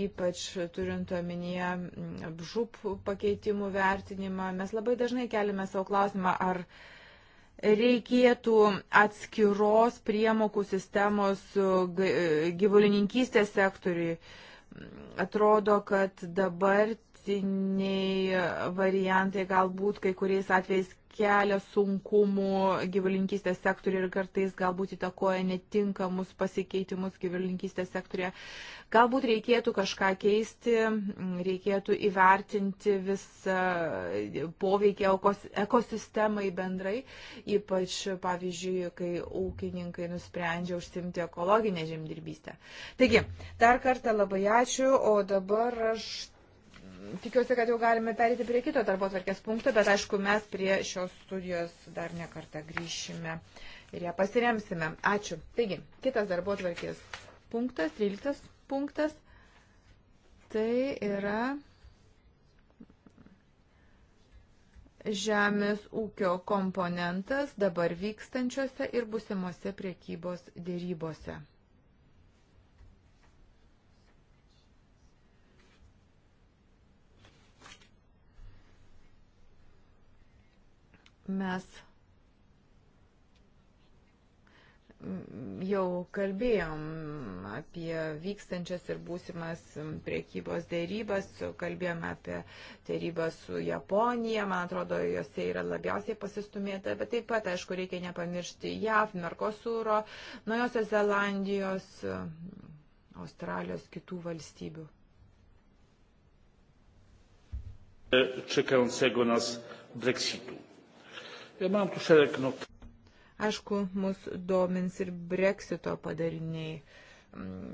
S4: ypač turint omenyje mm, žūp pakeitimų vertinimą. Mes labai dažnai keliame savo klausimą, ar reikėtų atskiros priemokų sistemos gyvulininkystės sektoriui atrodo, kad dabartiniai variantai galbūt kai kuriais atvejais kelia sunkumų gyvulinkystės sektoriui ir kartais galbūt įtakoja netinkamus pasikeitimus gyvulinkystės sektorėje. Galbūt reikėtų kažką keisti, reikėtų įvertinti visą poveikį ekosistemai bendrai, ypač pavyzdžiui, kai ūkininkai nusprendžia užsimti ekologinę žemdirbystę. Taigi, dar kartą labai ačiū, o dabar aš tikiuosi, kad jau galime perėti prie kito darbo atvarkės punkto, bet aišku, mes prie šios studijos dar nekartą grįšime ir ją pasiremsime. Ačiū. Taigi, kitas darbo atvarkės punktas, 13 punktas, tai yra. žemės ūkio komponentas dabar vykstančiose ir busimuose priekybos dėrybose. Mes jau kalbėjom apie vykstančias ir būsimas priekybos dėrybas, kalbėjome apie dėrybą su Japonija, man atrodo, jose yra labiausiai pasistumėta, bet taip pat, aišku, reikia nepamiršti JAV, Merkosūro, Naujosios Zelandijos, Australijos, kitų valstybių.
S1: Čekającego nas Brexitu.
S4: Aišku, mus domins ir breksito padariniai. Mm,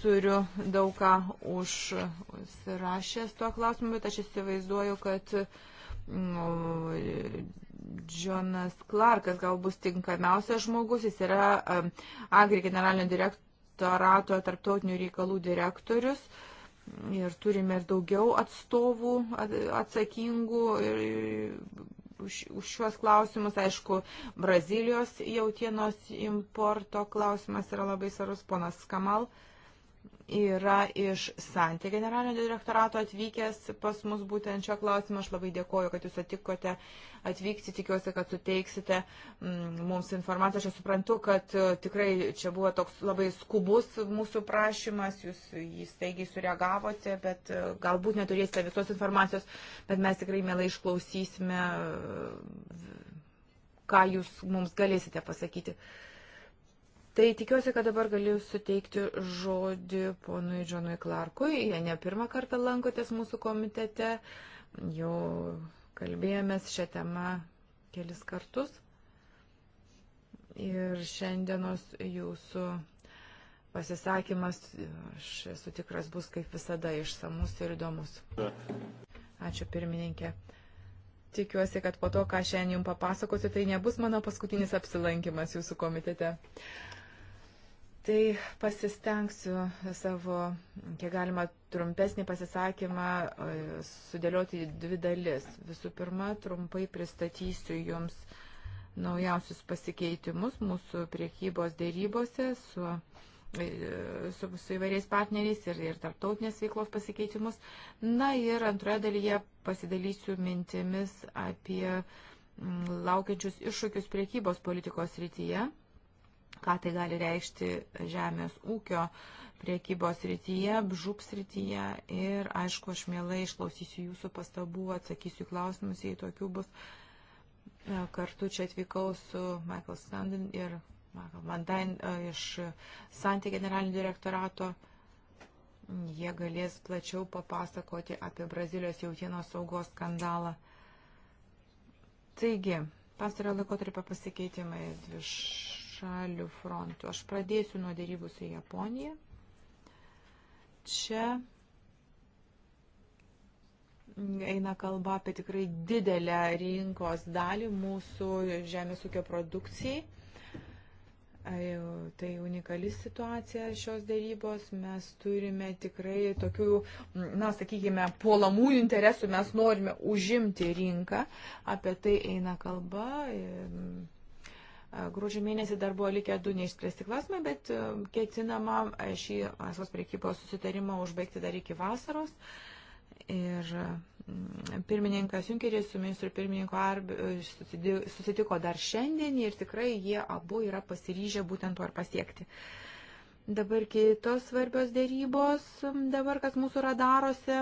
S4: turiu daug ką užsirašęs tuo klausimu, bet aš įsivaizduoju, kad nu, Džonas Clarkas gal bus tinkamiausias žmogus. Jis yra um, Agri generalinio direktorato tarptautinių reikalų direktorius ir turime ir daugiau atstovų atsakingų už, už šiuos klausimus. Aišku, Brazilijos jautienos importo klausimas yra labai svarus, ponas Kamal. Uh, yra iš Santė generalinio direktorato atvykęs pas mus būtent šio klausimą. Aš labai dėkoju, kad jūs atikote atvykti. Tikiuosi, kad suteiksite mm, mums informaciją. Aš suprantu, kad e, tikrai čia buvo toks labai skubus mūsų prašymas. Jūs jį staigiai sureagavote, bet e, galbūt neturėsite visos informacijos, bet mes tikrai mielai išklausysime, e, ką jūs mums galėsite pasakyti. Tai tikiuosi, kad dabar galiu suteikti žodį ponui Džonui Klarkui. Jie ne pirmą kartą lankotės mūsų komitete. Jau kalbėjomės šią temą kelis kartus. Ir šiandienos jūsų pasisakymas, aš esu tikras, bus kaip visada išsamus ir įdomus. Ačiū pirmininkė. Tikiuosi, kad po to, ką šiandien jums papasakosiu, tai nebus mano paskutinis apsilankimas jūsų komitete. Uh, Tai pasistengsiu savo, kiek galima, trumpesnį pasisakymą e, sudėlioti į dvi dalis. Visų pirma, trumpai pristatysiu Jums naujausius pasikeitimus mūsų priekybos dėrybose su, e, su, su įvairiais partneriais ir, ir tarptautinės veiklos pasikeitimus. Na ir antroje dalyje pasidalysiu mintimis apie mm, laukiančius iššūkius priekybos politikos rytyje ką tai gali reikšti žemės ūkio priekybos rytyje, bžup srityje ir aišku, aš mielai išklausysiu jūsų pastabų, atsakysiu klausimus, jei tokių bus. E, kartu čia atvykau su Michael Standen ir Michael Mandain e, iš Santė generalinio direktorato. Jie galės plačiau papasakoti apie Brazilijos jautienos saugos skandalą. Taigi, pastarojo laikotarpio pasikeitimai dviš šalių frontų. Aš pradėsiu nuo dėrybų su Japonija. Čia eina kalba apie tikrai didelę rinkos dalį mūsų žemės ūkio produkcijai. Tai unikali situacija šios dėrybos. Mes turime tikrai tokių, na, sakykime, puolamųjų interesų, mes norime užimti rinką. Apie tai eina kalba. Ir Gruodžio mėnesį dar buvo likę du neišspręsti klausimai, bet ketinama šį laisvos priekybos susitarimą užbaigti dar iki vasaros. Ir mm, pirmininkas Junkeris su ministru pirmininku Arbi susitiko dar šiandien ir tikrai jie abu yra pasiryžę būtent to ir pasiekti. Dabar kitos svarbios dėrybos, dabar kas mūsų radarose,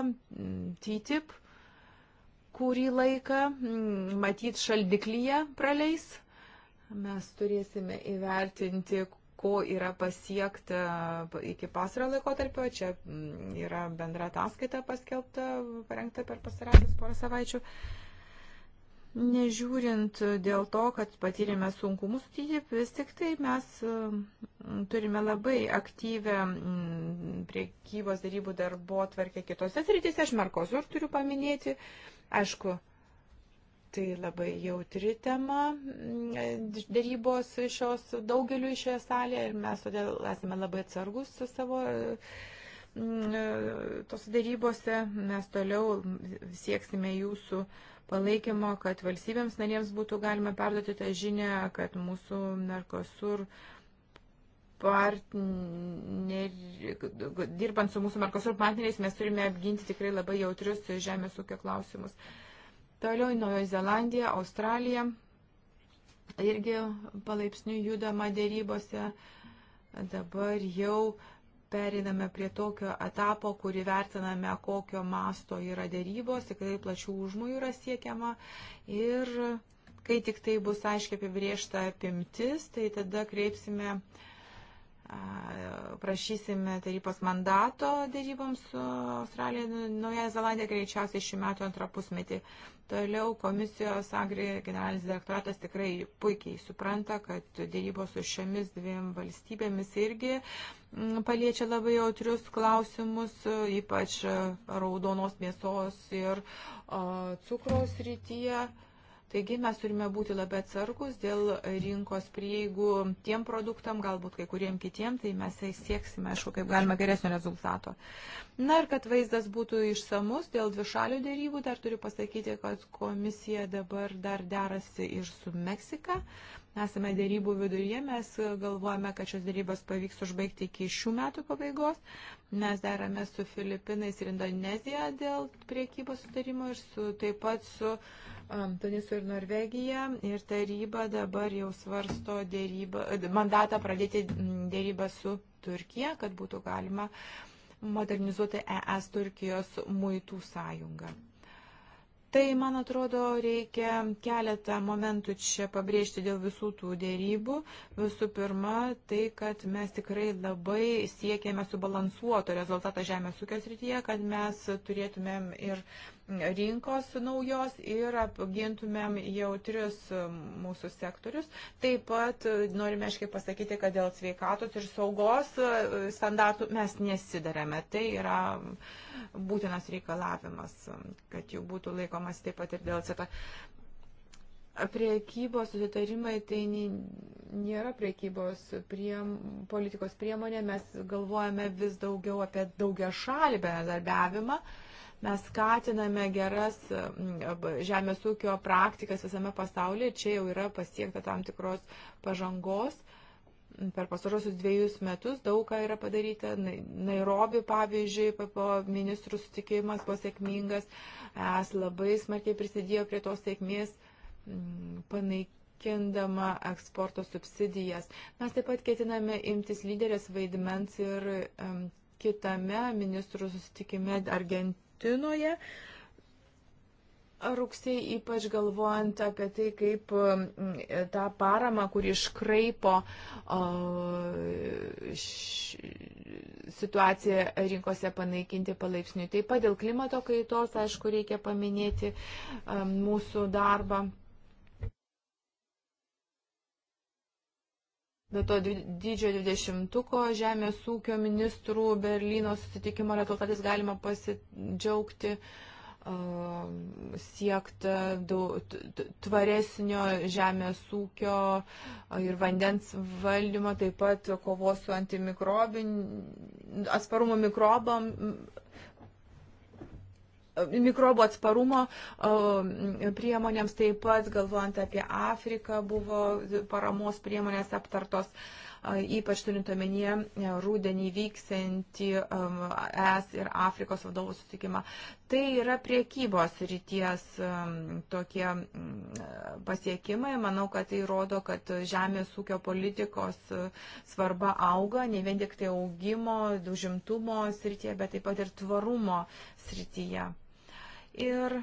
S4: TTIP, kurį laiką matyt šaldiklyje praleis mes turėsime įvertinti, ko yra pasiekta iki pasaro laikotarpio. Čia mm, yra bendra ataskaita paskelbta, parengta per pasaradius porą savaičių. Nežiūrint dėl to, kad patyrėme sunkumus, tai vis tik tai mes mm, turime labai aktyvę mm, priekybos darybų darbo tvarkę kitose srityse. Aš Merkosur turiu paminėti. Aišku, Tai labai jautri tema mm, dėrybos šios daugeliu šioje salėje ir mes todėl esame labai atsargus su savo mm, tos dėrybose. Mes toliau sieksime jūsų palaikymo, kad valstybėms narėms būtų galima perduoti tą žinę, kad mūsų Mercosur partneriai, dirbant su mūsų Mercosur partneriais, mes turime apginti tikrai labai jautrius žemės ūkio klausimus. Uh, Toliau Naujoji Zelandija, Australija irgi palaipsniui judama dėrybose. Dabar jau periname prie tokio etapo, kurį vertiname, kokio masto yra dėrybos, tikrai plačių užmojų yra siekiama. Ir kai tik tai bus aiškiai apibriešta apimtis, tai tada kreipsime uh, prašysime tarybos mandato dėryboms su Australija, Nauja Zelandija greičiausiai šių metų antrą pusmetį. Toliau komisijos agri generalinis direktoratas tikrai puikiai supranta, kad dėrybos su šiomis dviem valstybėmis irgi mm, paliečia labai jautrius klausimus, ypač raudonos mėsos ir cukraus rytyje. Taigi mes turime būti labai atsargus dėl rinkos prieigų tiem produktam, galbūt kai kuriem kitiem, tai mes tai sieksime, aišku, kaip galima geresnio rezultato. Na ir kad vaizdas būtų išsamus dėl dvišalių dėrybų, dar turiu pasakyti, kad komisija dabar dar derasi ir su Meksika esame dėrybų viduryje, mes galvojame, kad šios dėrybos pavyks užbaigti iki šių metų pabaigos. Mes darome su Filipinais ir Indonezija dėl priekybos sutarimo ir su, taip pat su um, Tunisu ir Norvegija. Ir taryba dabar jau svarsto dėrybą, mandatą pradėti mm, dėrybą su Turkija, kad būtų galima modernizuoti ES Turkijos muitų sąjungą. Tai, man atrodo, reikia keletą momentų čia pabrėžti dėl visų tų dėrybų. Visų pirma, tai, kad mes tikrai labai siekėme subalansuoto rezultatą žemės ūkio srityje, kad mes turėtumėm ir rinkos naujos ir apgintumėm jautrius um, mūsų sektorius. Taip pat uh, norime aiškiai pasakyti, kad dėl sveikatos ir saugos uh, standartų mes nesidarėme. Tai yra um, būtinas reikalavimas, um, kad jų būtų laikomas taip pat ir dėl CETA. Priekybos susitarimai tai nėra priekybos priem, politikos priemonė, mes galvojame vis daugiau apie daugia šalį bendradarbiavimą. Uh, Mes skatiname geras mm, žemės ūkio praktikas visame pasaulyje. Čia jau yra pasiekta tam tikros pažangos. Per pastarosius dviejus metus daug ką yra padaryta. Nairobi, pavyzdžiui, PPO ministrų sutikimas buvo sėkmingas. Es labai smarkiai prisidėjo prie tos sėkmės mm, panaik naikindama eksporto subsidijas. Mes taip pat ketiname imtis lyderės vaidmens ir um, kitame ministrų susitikime Argentinos rutinoje. Rūksiai ypač galvojant apie tai, kaip tą paramą, kur iškraipo situaciją rinkose panaikinti palaipsniui. Taip pat dėl klimato kaitos, aišku, reikia paminėti mūsų darbą Be to didžiojo dvidešimtuko žemės ūkio ministrų Berlyno susitikimo rezultatais galima pasidžiaugti siekta tvaresnio žemės ūkio ir vandens valdymo, taip pat kovos su antimikrobin, atsparumo mikrobam mikrobų atsparumo priemonėms, taip pat galvojant apie Afriką buvo paramos priemonės aptartos, ypač turint omenyje e, rūdienį vyksiantį ES ir Afrikos vadovų sutikimą. Tai yra priekybos ryties tokie pasiekimai. Manau, kad tai rodo, kad žemės ūkio politikos svarba auga, ne vien tik tai augimo, užimtumo srityje, bet taip pat ir tvarumo srityje. Ir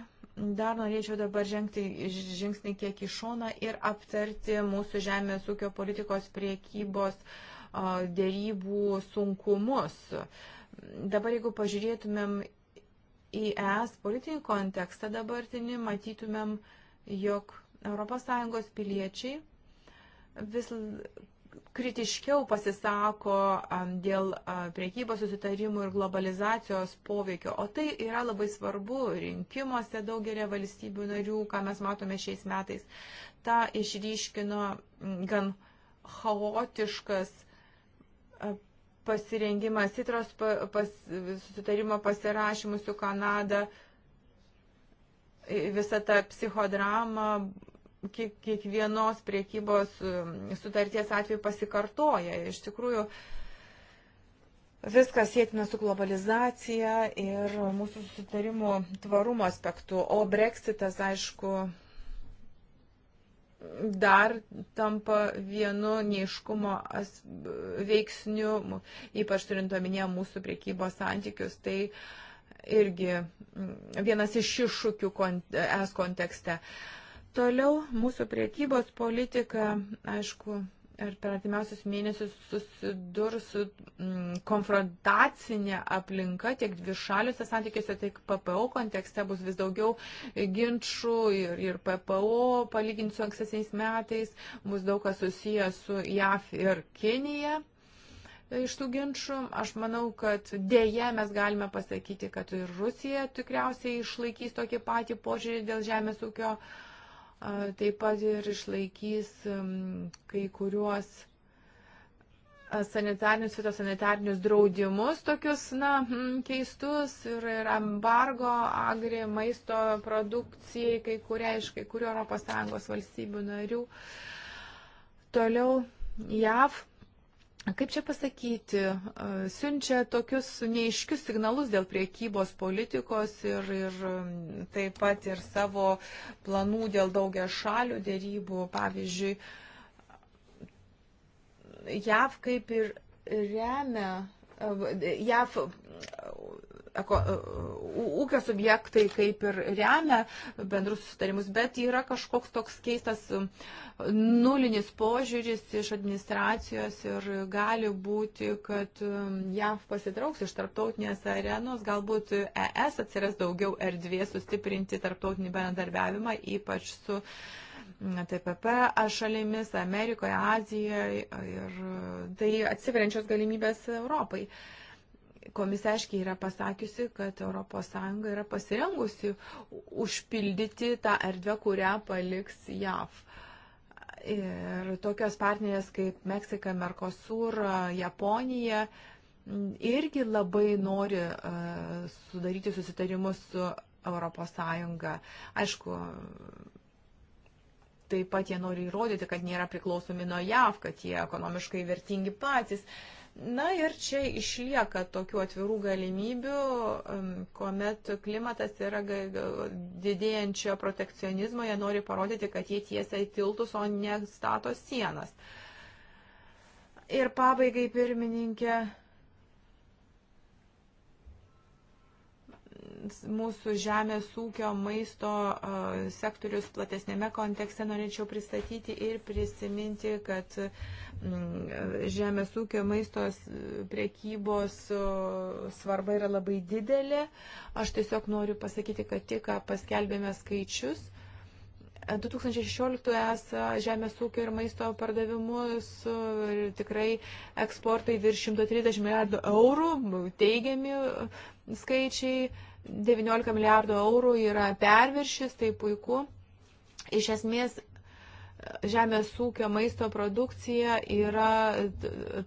S4: dar norėčiau dabar žengti žingsnį kiek į šoną ir aptarti mūsų žemės ūkio politikos priekybos dėrybų sunkumus. Dabar jeigu pažiūrėtumėm į ES politinį kontekstą dabartinį, matytumėm, jog ES piliečiai vis kritiškiau pasisako dėl priekybos susitarimų ir globalizacijos poveikio, o tai yra labai svarbu rinkimuose daugelė valstybių narių, ką mes matome šiais metais. Ta išryškino gan chaotiškas pasirengimas citros pas, susitarimo pasirašymų su Kanada, visa ta psichodrama kiekvienos priekybos um, sutarties atveju pasikartoja. Iš tikrųjų, viskas sėtina su globalizacija ir mūsų susitarimų tvarumo aspektu. O breksitas, aišku, dar tampa vienu neiškumo veiksniu, ypač turint omenyje mūsų priekybos santykius. Tai, uh, irgi mm, vienas iš iššūkių es kontekste. Uh, Toliau mūsų priekybos politika, aišku, ir per artimiausius mėnesius susidurs su mm, konfrontacinė aplinka tiek dvišaliuose santykiuose, tiek PPO kontekste bus vis daugiau ginčių ir, ir PPO palyginti su ankstesiais metais, bus daug kas susijęs su JAF ir Kinija. Iš tų ginčių aš manau, kad dėje mes galime pasakyti, kad ir Rusija tikriausiai išlaikys tokį patį požiūrį dėl žemės ūkio uh, taip pat ir išlaikys kai kuriuos sanitarinius, fitosanitarinius draudimus, tokius, na, keistus ir, ir embargo agri maisto produkcijai, kai kuria iš kai kurių ES valstybių narių. Toliau JAV kaip čia pasakyti, e, siunčia tokius neiškius signalus dėl priekybos politikos ir, ir taip pat ir savo planų dėl daugia šalių dėrybų. Pavyzdžiui, JAV kaip ir remia. E, JAV eko, ūkio subjektai kaip ir remia bendrus sutarimus, bet yra kažkoks toks keistas um, nulinis požiūris iš administracijos ir gali būti, kad um, JAV pasitrauks iš tarptautinės arenos, galbūt ES atsiras daugiau erdvės sustiprinti tarptautinį bendradarbiavimą, ypač su mm, TPP šalimis, Amerikoje, Azijoje ir um, tai atsiveriančios galimybės Europai. Uh, Komisija aiškiai yra pasakiusi, kad ES yra pasirengusi užpildyti tą erdvę, kurią paliks JAV. Ir tokios partnerės kaip Meksika, Mercosur, Japonija irgi labai nori e, sudaryti susitarimus su ES. Aišku, taip pat jie nori įrodyti, kad nėra priklausomi nuo JAV, kad jie ekonomiškai vertingi patys. Uh, Na ir čia išlieka tokių atvirų galimybių, kuomet klimatas yra didėjančio protekcionizmo, jie nori parodyti, kad jie tiesia į tiltus, o ne stato sienas. Ir pabaigai pirmininkė mūsų žemės ūkio maisto sektorius platesnėme kontekste norėčiau pristatyti ir prisiminti, kad mm, žemės ūkio maisto priekybos svarba yra labai didelė. Aš tiesiog noriu pasakyti, kad tik paskelbėme skaičius. 2016 e, es žemės ūkio ir maisto pardavimus ir tikrai eksportai virš 130 milijardų eurų, teigiami skaičiai. 19 milijardų eurų yra perviršis, tai puiku. Iš esmės, žemės ūkio maisto produkcija yra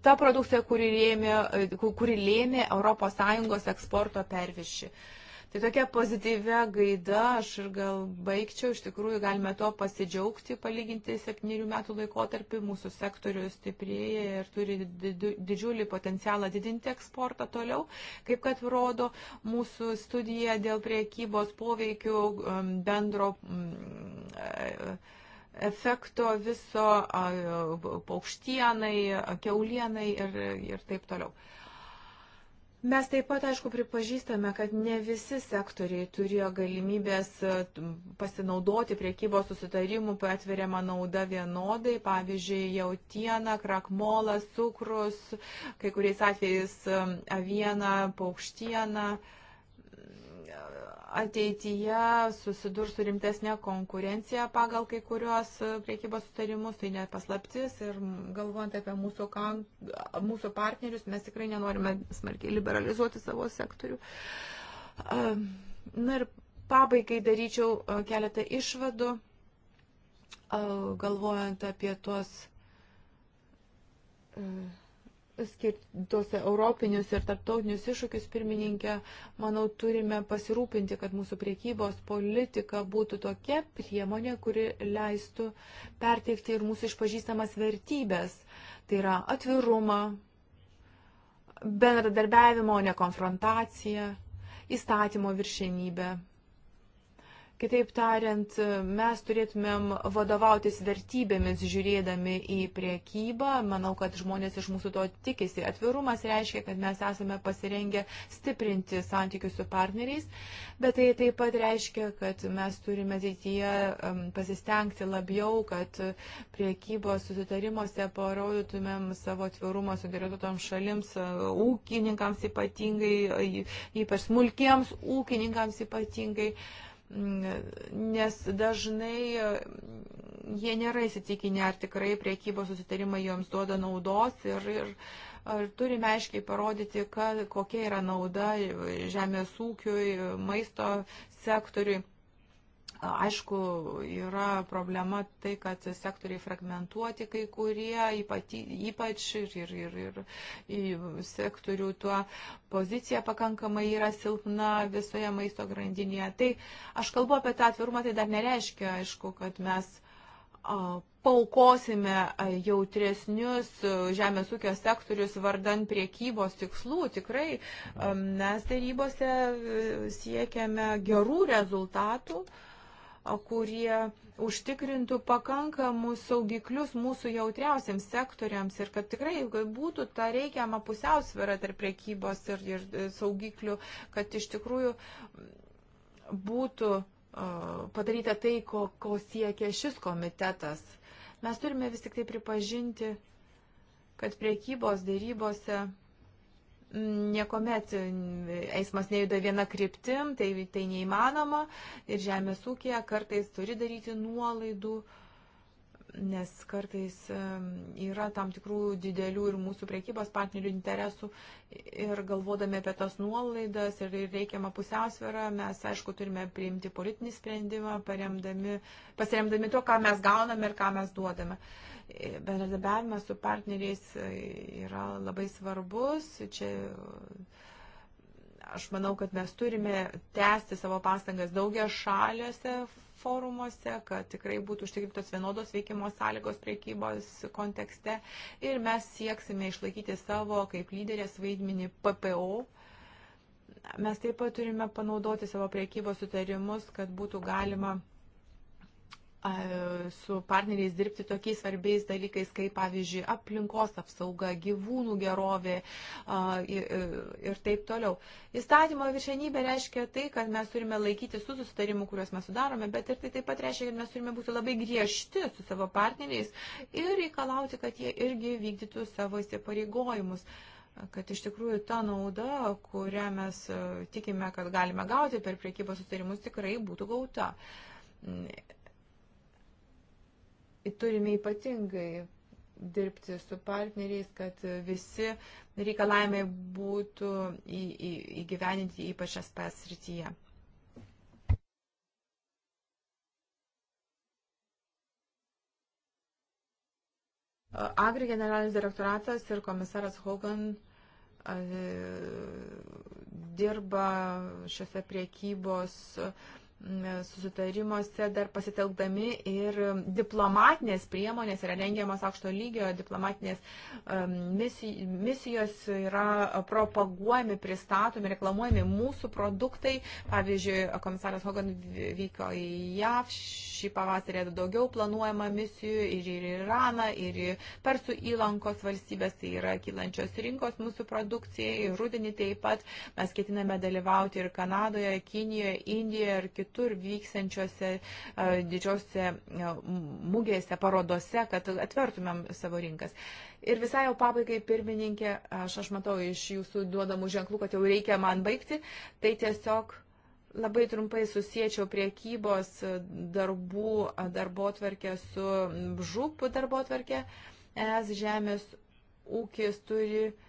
S4: ta produkcija, kuri lėmė, kuri lėmė ES eksporto perviršį. Tai tokia pozityvia gaida aš ir gal baigčiau, iš tikrųjų galime to pasidžiaugti, palyginti septynių metų laikotarpį, mūsų sektorius stiprėja ir turi didžiulį potencialą didinti eksportą toliau, kaip kad rodo mūsų studija dėl priekybos poveikių um, bendro mm, e, efekto viso paukštienai, keulienai ir, ir taip toliau. Mes taip pat, aišku, pripažįstame, kad ne visi sektoriai turėjo galimybės e, pasinaudoti priekybos susitarimų atveriamą naudą vienodai. Pavyzdžiui, jautiena, krakmolas, cukrus, kai kuriais atvejais e, aviena, paukštiena. Uh, ateityje susidurs su rimtesnė konkurencija pagal kai kuriuos e, priekybos sutarimus, tai nepaslaptis ir galvojant apie mūsų, kan, mūsų partnerius, mes tikrai nenorime smarkiai liberalizuoti savo sektorių. E, na ir pabaigai daryčiau e, keletą išvadų, galvojant apie tuos. Uh skirtose europinius ir tarptautinius iššūkius, pirmininkė, manau, turime pasirūpinti, kad mūsų priekybos politika būtų tokia priemonė, kuri leistų perteikti ir mūsų išpažįstamas vertybės. Tai yra atvirumą, bendradarbiavimo, nekonfrontaciją, įstatymo viršenybę Kitaip tariant, mes turėtumėm vadovautis vertybėmis žiūrėdami į priekybą. Manau, kad žmonės iš mūsų to tikisi. Atvirumas reiškia, kad mes esame pasirengę stiprinti santykius su partneriais, bet tai taip pat reiškia, kad mes turime ateityje pasistengti labiau, kad priekybos susitarimuose parodytumėm savo atvirumą suderėtotom šalims, e, ūkininkams ypatingai, e, ypač smulkiems ūkininkams ypatingai. Uh, nes dažnai e, jie nėra įsitikinę, ar tikrai priekybos susitarimai joms duoda naudos ir, ir ar turime aiškiai parodyti, kad, kokia yra nauda žemės ūkiui, maisto sektoriui. Aišku, yra problema tai, kad sektoriai fragmentuoti kai kurie, ypati, ypač ir, ir, ir, ir sektorių tuo pozicija pakankamai yra silpna visoje maisto grandinėje. Tai aš kalbu apie tą atvirumą, tai dar nereiškia, aišku, kad mes paukosime jautresnius žemės ūkio sektorius vardan priekybos tikslų. Tikrai mes darybose siekiame gerų rezultatų. Uh, kurie užtikrintų pakankamus saugiklius mūsų jautriausiams sektoriams ir kad tikrai būtų ta reikiama pusiausvėra tarp priekybos ir, ir e, saugiklių, kad iš tikrųjų būtų e, padaryta tai, ko, ko siekia šis komitetas. Mes turime vis tik tai pripažinti, kad priekybos dėrybose niekuomet eismas nejuda viena kryptim, tai, tai neįmanoma ir žemės ūkija kartais turi daryti nuolaidų. Uh, nes kartais yra tam tikrų didelių ir mūsų priekybos partnerių interesų ir galvodami apie tas nuolaidas ir reikiamą pusiausvyrą, mes, aišku, turime priimti politinį sprendimą, pasiremdami to, ką mes gauname ir ką mes duodame. Bendradarbiavimas su partneriais yra labai svarbus. Čia aš manau, kad mes turime tęsti savo pastangas daugia šaliuose forumuose, kad tikrai būtų užtikrintos vienodos veikimo sąlygos priekybos kontekste. Ir mes sieksime išlaikyti savo kaip lyderės vaidmenį PPO. Mes taip pat turime panaudoti savo priekybos sutarimus, kad būtų galima. Mm su partneriais dirbti tokiais svarbiais dalykais, kaip pavyzdžiui aplinkos apsauga, gyvūnų gerovė ir taip toliau. Įstatymo viršenybė reiškia tai, kad mes turime laikyti su susitarimu, kuriuos mes sudarome, bet ir tai taip pat reiškia, kad mes turime būti labai griežti su savo partneriais ir reikalauti, kad jie irgi vykdytų savo įsipareigojimus kad iš tikrųjų ta nauda, kurią mes e, tikime, kad galime gauti per priekybos sutarimus, tikrai būtų gauta turime ypatingai dirbti su partneriais, kad visi reikalavimai būtų į, į, įgyveninti ypač SPS rytyje. Agri generalinis direktoratas ir komisaras Hogan dirba šiuose priekybos uh, E, susitarimuose dar pasitelkdami ir diplomatinės priemonės, yra rengiamas aukšto lygio diplomatinės e, misijos, yra propaguojami, pristatomi, reklamuojami mūsų produktai. Pavyzdžiui, komisaras Hogan vyko į JAV, šį pavasarį daugiau planuojama misijų ir į Iraną, ir į Persų įlankos valstybės, tai yra kylančios rinkos mūsų produkcijai, rudenį taip pat mes ketiname dalyvauti ir Kanadoje, Kinijoje, Indijoje ir kitur kitur vyksančiose didžiose mugėse, parodose, kad atvertumėm savo rinkas. Ir visai jau pabaigai, pirmininkė, aš, aš matau iš jūsų duodamų ženklų, kad jau reikia man baigti, tai tiesiog labai trumpai susiečiau priekybos darbų darbo atverkę su žūp darbo atverkę. Es žemės ūkis turi uh,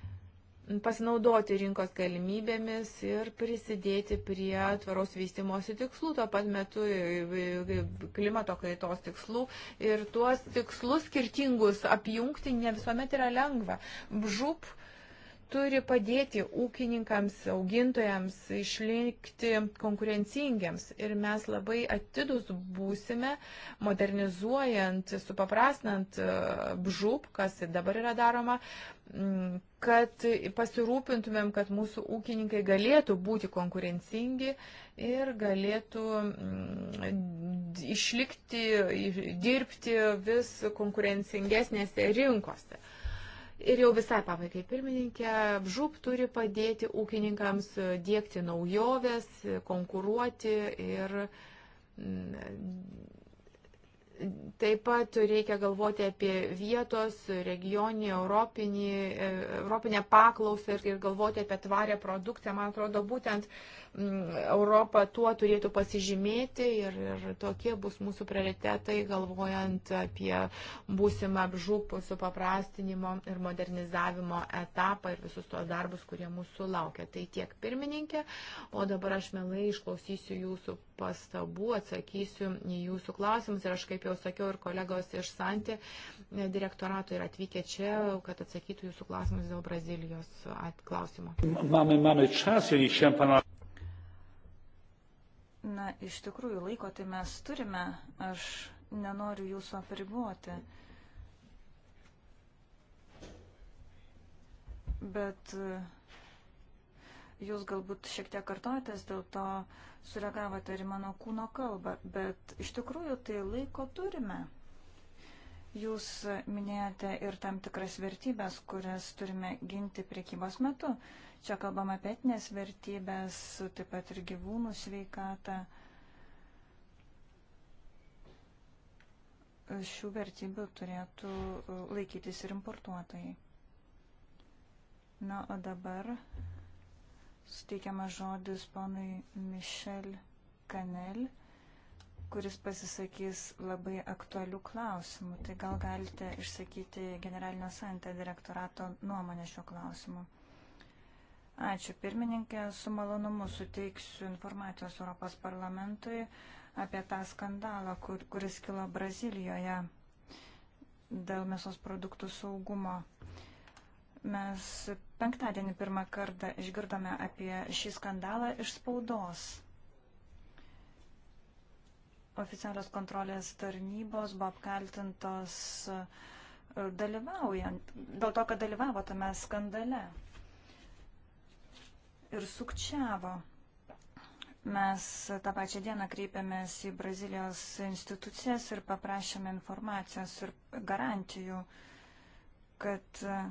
S4: pasinaudoti rinkos galimybėmis ir prisidėti prie tvaros vystimosi tikslų, tuo pat metu klimato kaitos tikslų ir tuos tikslus skirtingus apjungti ne visuomet yra lengva. Bžup, uh, turi padėti ūkininkams, augintojams išlikti konkurencingiams. Ir mes labai atidus būsime, modernizuojant, supaprastinant e, bžūp, kas dabar yra daroma, kad pasirūpintumėm, kad mūsų ūkininkai galėtų būti konkurencingi ir galėtų išlikti, dirbti vis konkurencingesnėse rinkose. Ir jau visai pabaigai pirmininkė, žūp turi padėti ūkininkams dėkti naujoves, konkuruoti ir mm, Taip pat reikia galvoti apie vietos, regioninį, europinį, e, europinę paklausą ir, ir galvoti apie tvarę produkciją. Man atrodo, būtent mm, Europa tuo turėtų pasižymėti ir, ir tokie bus mūsų prioritetai, galvojant apie būsimą apžūpų supaprastinimo ir modernizavimo etapą ir visus tos darbus, kurie mūsų laukia. Tai tiek pirmininkė, o dabar aš melai išklausysiu jūsų pastabų, atsakysiu į jūsų klausimus ir aš, kaip jau sakiau, ir kolegos iš Santė e, direktorato yra atvykę čia, kad atsakytų jūsų klausimus
S5: dėl Brazilijos klausimo. Mame, mame čas, Na, iš tikrųjų, laiko tai mes turime, aš nenoriu jūsų apriboti. Bet uh, Jūs galbūt šiek tiek kartojatės, dėl to sureagavote ir mano kūno kalbą, bet iš tikrųjų tai laiko turime. Jūs minėjote ir tam tikras vertybės, kurias turime ginti priekybos metu. Čia kalbama apie etinės vertybės, taip pat ir gyvūnų sveikatą. Šių vertybių turėtų laikytis ir importuotojai. Na, o dabar suteikiamas žodis ponui Mišel Kanel, kuris pasisakys labai aktualių klausimų. Tai gal galite išsakyti generalinio santė direktorato nuomonę šiuo klausimu. Ačiū pirmininkė, su malonumu suteiksiu informacijos Europos parlamentui apie tą skandalą, kur, kuris kilo Brazilijoje dėl mėsos produktų saugumo. Mes penktadienį pirmą kartą išgirdome apie šį skandalą iš spaudos. Oficialios kontrolės tarnybos buvo apkaltintos e, dalyvaujant, dėl to, kad dalyvavo tame skandale ir sukčiavo. Mes tą pačią dieną kreipėmės į Brazilijos institucijas ir paprašėme informacijos ir garantijų, kad uh,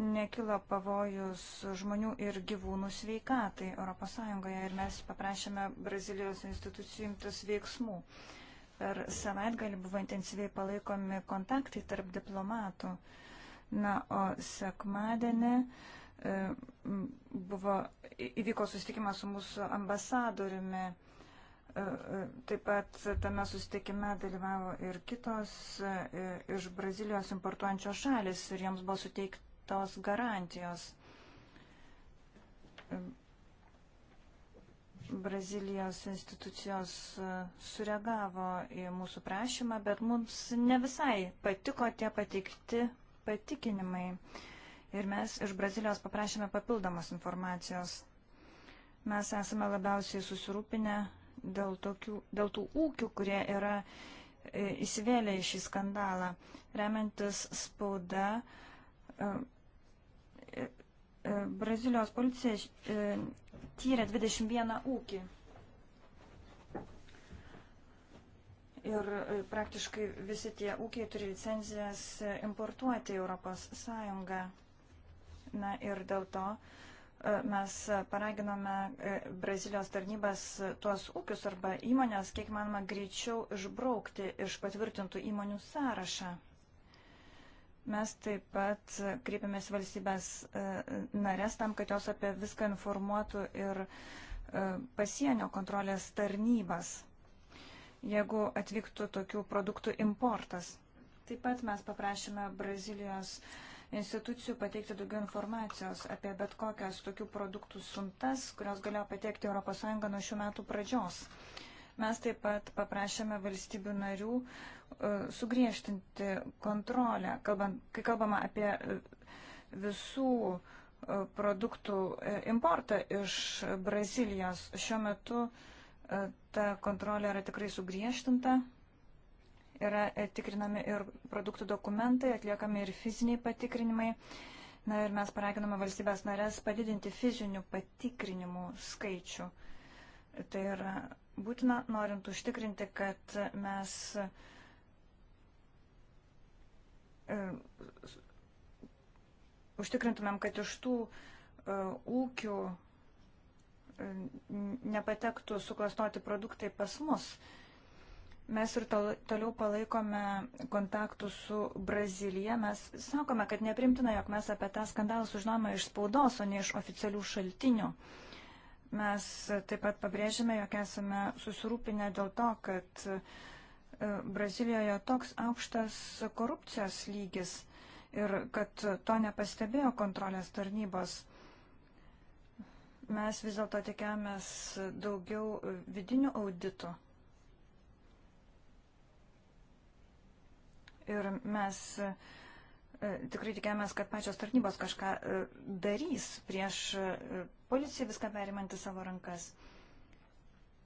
S5: nekilo pavojus žmonių ir gyvūnų sveikatai ES ir mes paprašėme Brazilijos institucijų imtis veiksmų. Per savaitgalį buvo intensyviai palaikomi kontaktai tarp diplomatų. Na, o sekmadienį e, buvo, įvyko susitikimas su mūsų ambasadoriumi. E, e, taip pat tame susitikime dalyvavo ir kitos e, iš Brazilijos importuojančios šalis ir jiems buvo suteikti tos garantijos. Brazilijos institucijos sureagavo į mūsų prašymą, bet mums ne visai patiko tie pateikti patikinimai. Ir mes iš Brazilijos paprašėme papildomos informacijos. Mes esame labiausiai susirūpinę dėl, tokių, dėl tų ūkių, kurie yra e, įsivėlę į šį skandalą. Remiantis spauda, uh, E, e, Brazilijos policija e, tyrė 21 ūkį. Ir praktiškai visi tie ūkiai turi licenzijas importuoti Europos Sąjungą. Na ir dėl to mes paraginome Brazilijos tarnybas tuos ūkius arba įmonės, kiek manoma, greičiau išbraukti iš patvirtintų įmonių sąrašą. Mes taip pat kreipiamės valstybės e, narės tam, kad jos apie viską informuotų ir e, pasienio kontrolės tarnybas, jeigu atvyktų tokių produktų importas. Taip pat mes paprašėme Brazilijos institucijų pateikti daugiau informacijos apie bet kokias tokių produktų siuntas, kurios galėjo patekti ES nuo šių metų pradžios. Uh, Mes taip pat paprašėme valstybių narių e, sugriežtinti kontrolę, kalbant, kai kalbama apie e, visų e, produktų importą iš Brazilijos. Šiuo metu ta kontrolė yra tikrai sugriežtinta, yra tikrinami ir produktų dokumentai, atliekami ir fiziniai patikrinimai. Na ir mes paraginame valstybės narės padidinti fizinių patikrinimų skaičių. Tai yra būtina, norint užtikrinti, kad mes e, užtikrintumėm, kad iš tų e, ūkių e, nepatektų suklastoti produktai pas mus. Mes ir toliau palaikome kontaktų su Brazilija. Mes sakome, kad neprimtina, jog mes apie tą skandalą sužinome iš spaudos, o ne iš oficialių šaltinių. Uh, Mes taip pat pabrėžime, jog esame susirūpinę dėl to, kad e, Brazilijoje toks aukštas korupcijos lygis ir kad to nepastebėjo kontrolės tarnybos. Mes vis dėlto tikėjomės daugiau vidinių auditų. Ir mes e, tikrai tikėjomės, kad pačios tarnybos kažką e, darys prieš policija viską perimanti savo rankas.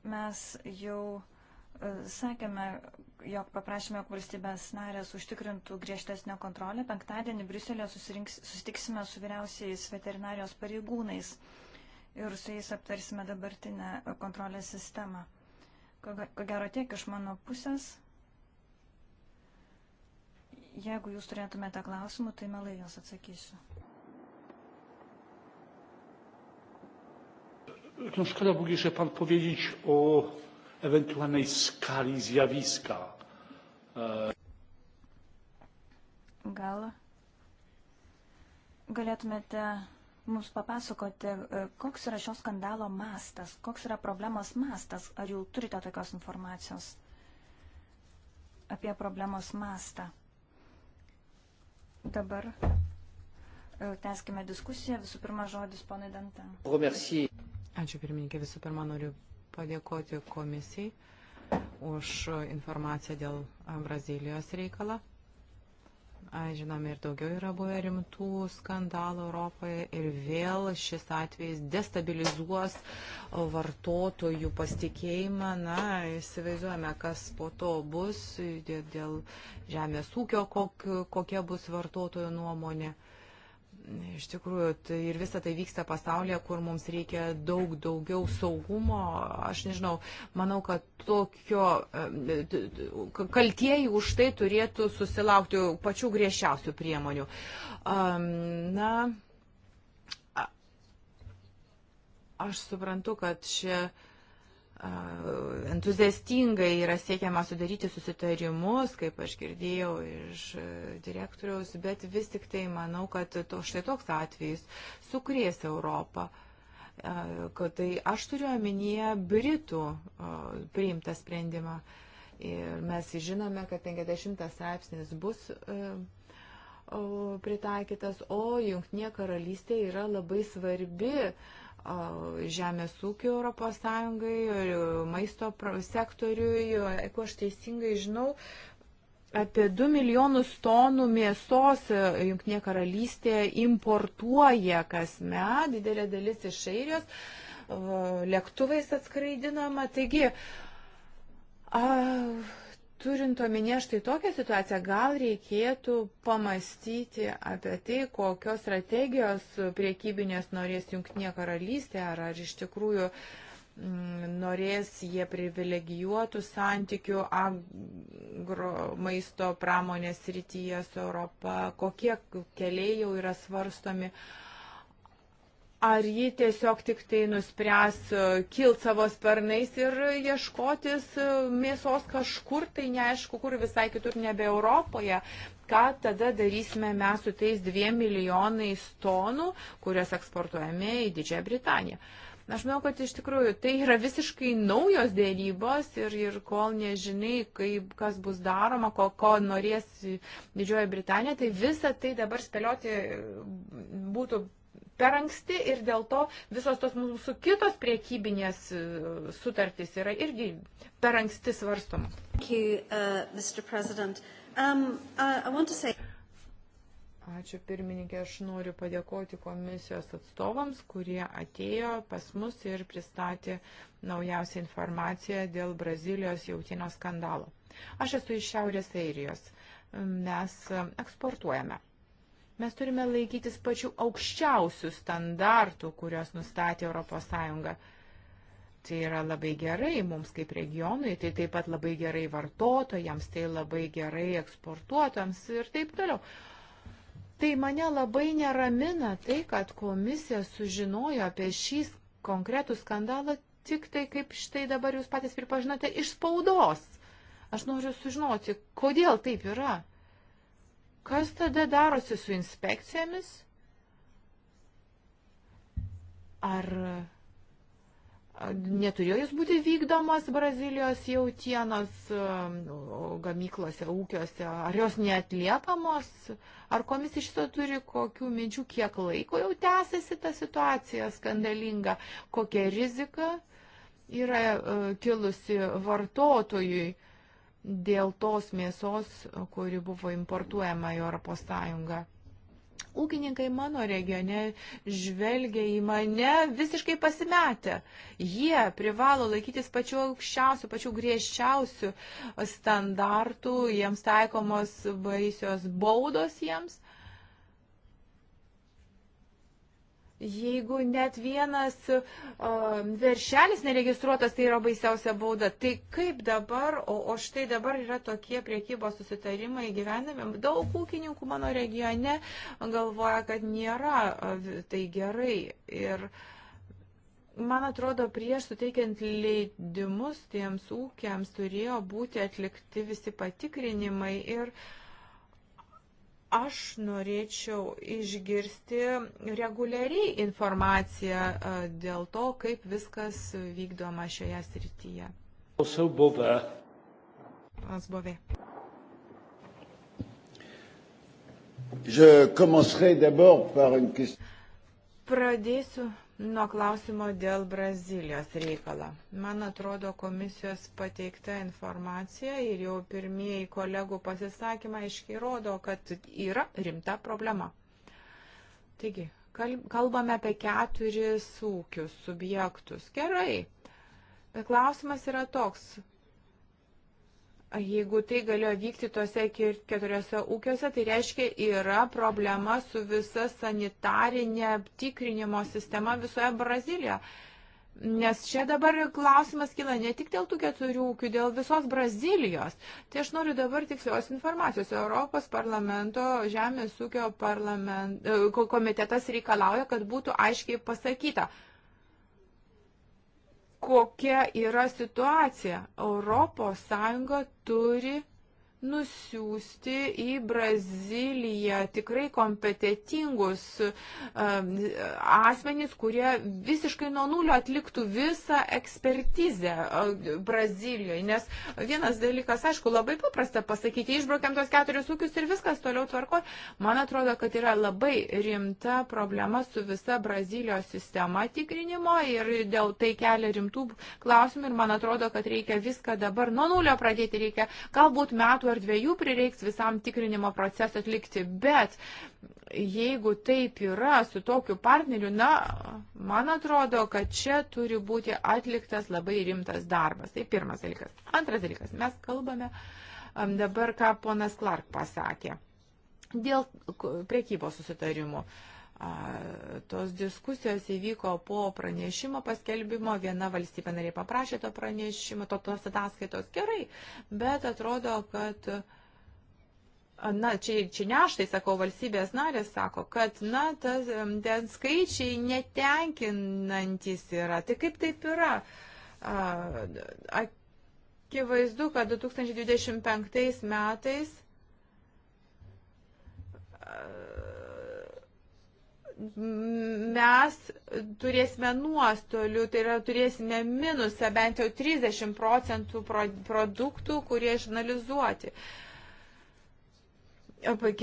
S5: Mes jau e, sakėme, jog paprašėme, jog valstybės narės užtikrintų griežtesnę kontrolę. Penktadienį Briuselėje susitiksime su vyriausiais veterinarijos pareigūnais ir su jais aptarsime dabartinę kontrolės sistemą. Ko gero tiek iš mano pusės. Jeigu jūs turėtumėte klausimų, tai melai jos atsakysiu.
S1: no szkoda byłoby jeszcze pan powiedzieć o ewentualnej skali zjawiska. E-
S5: Gal galėtumėte mums papasakoti, e, koks yra šio skandalo mastas, koks yra problemos mastas, ar jau turite tokios informacijos apie problemos mastą. Dabar e, teskime diskusiją. Visų pirma, žodis ponai Dantam.
S4: Ačiū pirmininkė. Visų pirma, noriu padėkoti komisijai už informaciją dėl Brazilijos reikalą. Žinome, ir daugiau yra buvę rimtų skandalų Europoje ir vėl šis atvejis destabilizuos vartotojų pasitikėjimą. Na, įsivaizduojame, kas po to bus dėl žemės ūkio, kokia bus vartotojų nuomonė. Iš tikrųjų, tai ir visa tai vyksta pasaulyje, kur mums reikia daug daugiau saugumo. Aš nežinau, manau, kad tokio e, kaltieji už tai turėtų susilaukti pačių griežčiausių priemonių. Na, aš suprantu, kad čia. Ši entuziastingai yra siekiama sudaryti susitarimus, kaip aš girdėjau iš e, direktoriaus, bet vis tik tai manau, kad to, štai toks atvejis sukrės Europą. Kad tai aš turiu omenyje Britų priimtą sprendimą. Ir mes žinome, kad 50 straipsnis bus e, pritaikytas, o Junktinė karalystė yra labai svarbi uh, žemės ūkio Europos Sąjungai, maisto sektoriui, jeigu aš teisingai žinau, apie 2 milijonus tonų mėsos e, Junktinė karalystė importuoja kasme, didelė dalis iš Airijos, e, lėktuvais atskraidinama. Taigi, a, turint omenyje štai tokią situaciją, gal reikėtų pamastyti apie tai, kokios strategijos priekybinės norės Junktinė karalystė, ar, ar iš tikrųjų m, mm, norės jie privilegijuotų santykių agro maisto pramonės rytyje su Europa, kokie keliai jau yra svarstomi. Uh, ar ji tiesiog tik tai nuspręs e, kilt savo sparnais ir ieškotis e, mėsos kažkur, tai neaišku, kur visai kitur nebe Europoje. Ką tada darysime mes su tais dviem milijonais tonų, kurias eksportuojame į Didžiąją Britaniją? Aš manau, kad iš tikrųjų tai yra visiškai naujos dėrybos ir, ir kol nežinai, kaip, kas bus daroma, ko, ko norės Didžioji Britanija, tai visą tai dabar spėlioti būtų per anksti ir dėl to visos tos mūsų kitos priekybinės e, sutartys yra irgi per anksti svarstomos. Uh,
S5: um,
S4: Ačiū pirmininkė, aš noriu padėkoti komisijos atstovams, kurie atėjo pas mus ir pristatė naujausią informaciją dėl Brazilijos jautinio skandalo. Aš esu iš Šiaurės Airijos. Mes e, eksportuojame Mes turime laikytis pačių aukščiausių standartų, kurios nustatė ES. Tai yra labai gerai mums kaip regionui, tai taip pat labai gerai vartotojams, tai labai gerai eksportuotojams ir taip toliau. Tai mane labai neramina tai, kad komisija sužinojo apie šį konkretų skandalą tik tai, kaip štai dabar jūs patys pripažinote, iš spaudos. Aš noriu sužinoti, kodėl taip yra. Kas tada darosi su inspekcijomis? Ar neturėjo jis būti vykdomas Brazilijos jautienos gamyklose, ūkiuose? Ar jos neatliekamos? Ar komisija šito turi kokių minčių, kiek laiko jau tęsiasi ta situacija skandalinga? Kokia rizika yra kilusi vartotojui? dėl tos mėsos, kuri buvo importuojama į ES. Ūkininkai mano regione žvelgia į mane visiškai pasimetę. Jie privalo laikytis pačių aukščiausių, pačių griežčiausių standartų, jiems taikomos baisios baudos jiems. Jeigu net vienas o, veršelis neregistruotas, tai yra baisiausia bauda. Tai kaip dabar, o, o štai dabar yra tokie priekybos susitarimai gyvenami. Daug ūkininkų mano regione galvoja, kad nėra tai gerai. Ir man atrodo, prieš suteikiant leidimus tiems ūkiams turėjo būti atlikti visi patikrinimai. Ir, uh, Aš norėčiau išgirsti reguliariai informaciją e, dėl to, kaip viskas vykdoma šioje srityje.
S1: Also buvę. Pans Bovė. Je commencerai d'abord par
S4: une question. Pradėsiu Nuo klausimo dėl Brazilijos reikalo. Man atrodo, komisijos pateikta informacija ir jau pirmieji kolegų pasisakymai aiškiai rodo, kad yra rimta problema. Taigi, kalbame apie keturis ūkius, subjektus. Gerai. Bet klausimas yra toks, Jeigu tai galėjo vykti tose keturiose ūkiuose, tai reiškia yra problema su visa sanitarinė tikrinimo sistema visoje Brazilijoje. Nes čia dabar klausimas kyla ne tik dėl tų keturių ūkių, dėl visos Brazilijos. Tai aš noriu dabar tikslios informacijos. Europos parlamento žemės ūkio parlament, komitetas reikalauja, kad būtų aiškiai pasakyta, kokia yra situacija. Europos Sąjunga turi nusiųsti į Braziliją tikrai kompetitingus um, asmenys, kurie visiškai nuo nulio atliktų visą ekspertizę uh, Brazilijoje. Nes vienas dalykas, aišku, labai paprasta pasakyti, išbraukiam tos keturis ūkius ir viskas toliau tvarko. Man atrodo, kad yra labai rimta problema su visa Brazilijos sistema tikrinimo ir dėl tai kelia rimtų klausimų ir man atrodo, kad reikia viską dabar nuo nulio pradėti, reikia galbūt metų ar ar dviejų prireiks visam tikrinimo procesui atlikti, bet jeigu taip yra su tokiu partneriu, na, man atrodo, kad čia turi būti atliktas labai rimtas darbas. Tai pirmas dalykas. Antras dalykas, mes kalbame dabar, ką ponas Clark pasakė dėl priekybos susitarimų. Uh, Tos diskusijos įvyko po pranešimo paskelbimo, viena valstybė nariai paprašė to pranešimo, to tos ataskaitos gerai, bet atrodo, kad, na, čia, čia ne aš tai sakau, valstybės narės sako, kad, na, tas, ten skaičiai netenkinantis yra. Tai kaip taip yra? Akivaizdu, kad 2025 metais mes turėsime nuostolių, tai yra turėsime minusą bent jau 30 procentų produktų, kurie išanalizuoti.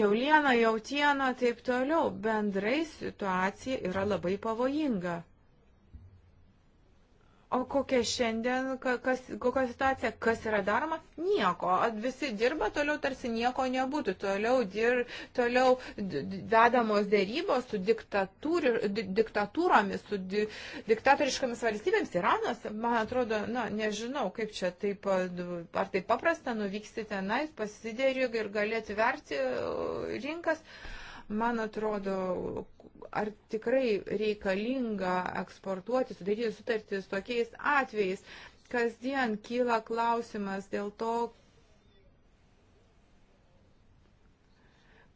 S4: Kiauliena, jautiena, taip toliau. Bendrai situacija yra labai pavojinga. O kokia šiandien, kas, kokia situacija, kas yra daroma? Nieko. Visi dirba, toliau tarsi nieko nebūtų. Toliau, dir, toliau vedamos dėrybos su diktatūromis, su di, diktatoriškomis valstybėms. Iranas, man atrodo, na, nežinau, kaip čia taip, ar taip paprasta, nuvyksti tenais, pasidėriu ir gali atverti rinkas. Uh, Man atrodo, ar tikrai reikalinga eksportuoti, sudaryti sutartis tokiais atvejais. Kasdien kyla klausimas dėl to,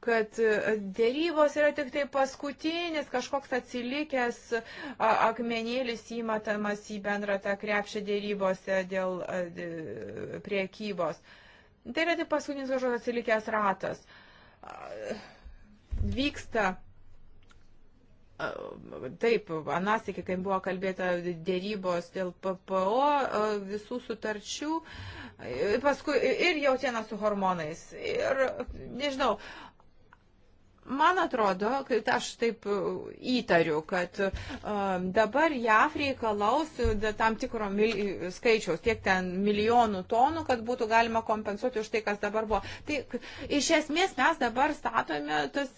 S4: kad dėrybos yra tik tai paskutinis kažkoks atsilikęs akmenėlis įmatamas į bendrą tą krepšį dėrybose dėl priekybos. Tai yra tik paskutinis kažkoks atsilikęs ratas vyksta Taip, anas iki, kai buvo kalbėta dėrybos dėl PPO visų sutarčių, paskui ir jautiena su hormonais. Ir, nežinau, Man atrodo, kad aš taip e, įtariu, kad e, dabar JAF reikalaus e, tam tikro mil, skaičiaus, tiek ten milijonų tonų, kad būtų galima kompensuoti už tai, kas dabar buvo. Tai iš esmės mes dabar statome tas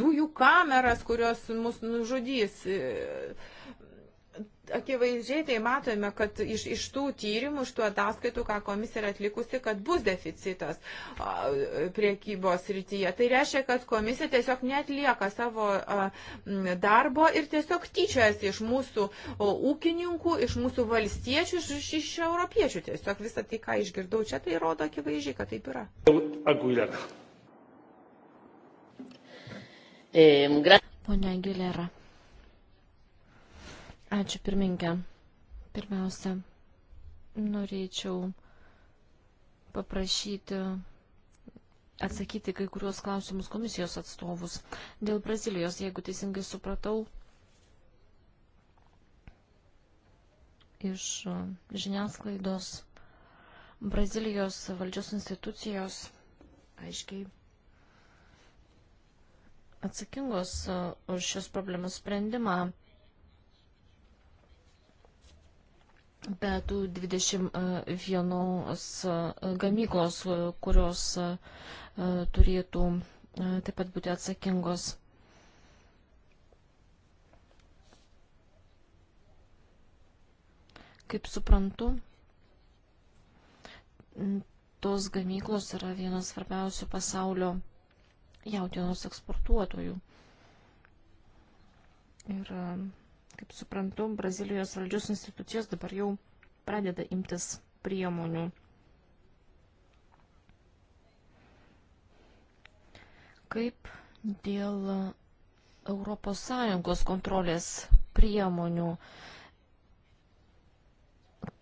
S4: dujų kameras, kurios mus nužudys akivaizdžiai tai matome, kad iš, iš tų tyrimų, iš tų ataskaitų, ką komisija yra atlikusi, kad bus deficitas a, priekybos rytyje. Tai reiškia, kad komisija tiesiog netlieka savo a, darbo ir tiesiog tyčiojasi iš mūsų o, ūkininkų, iš mūsų valstiečių, iš, iš, iš europiečių. Tiesiog visą tai, ką išgirdau čia, tai rodo akivaizdžiai, kad taip yra.
S2: Pone Agilera. Ačiū pirmininkė. Pirmiausia, norėčiau paprašyti atsakyti kai kuriuos klausimus komisijos atstovus. Dėl Brazilijos, jeigu teisingai supratau, iš žiniasklaidos Brazilijos valdžios institucijos aiškiai atsakingos uh, už šios problemos sprendimą be tų 21 e, gamyklos, e, kurios e, turėtų taip pat būti atsakingos. Kaip suprantu, tos gamyklos yra vienas svarbiausių pasaulio jautienos eksportuotojų. Ir Kaip suprantu, Brazilijos valdžios institucijos dabar jau pradeda imtis priemonių. Kaip dėl ES kontrolės priemonių,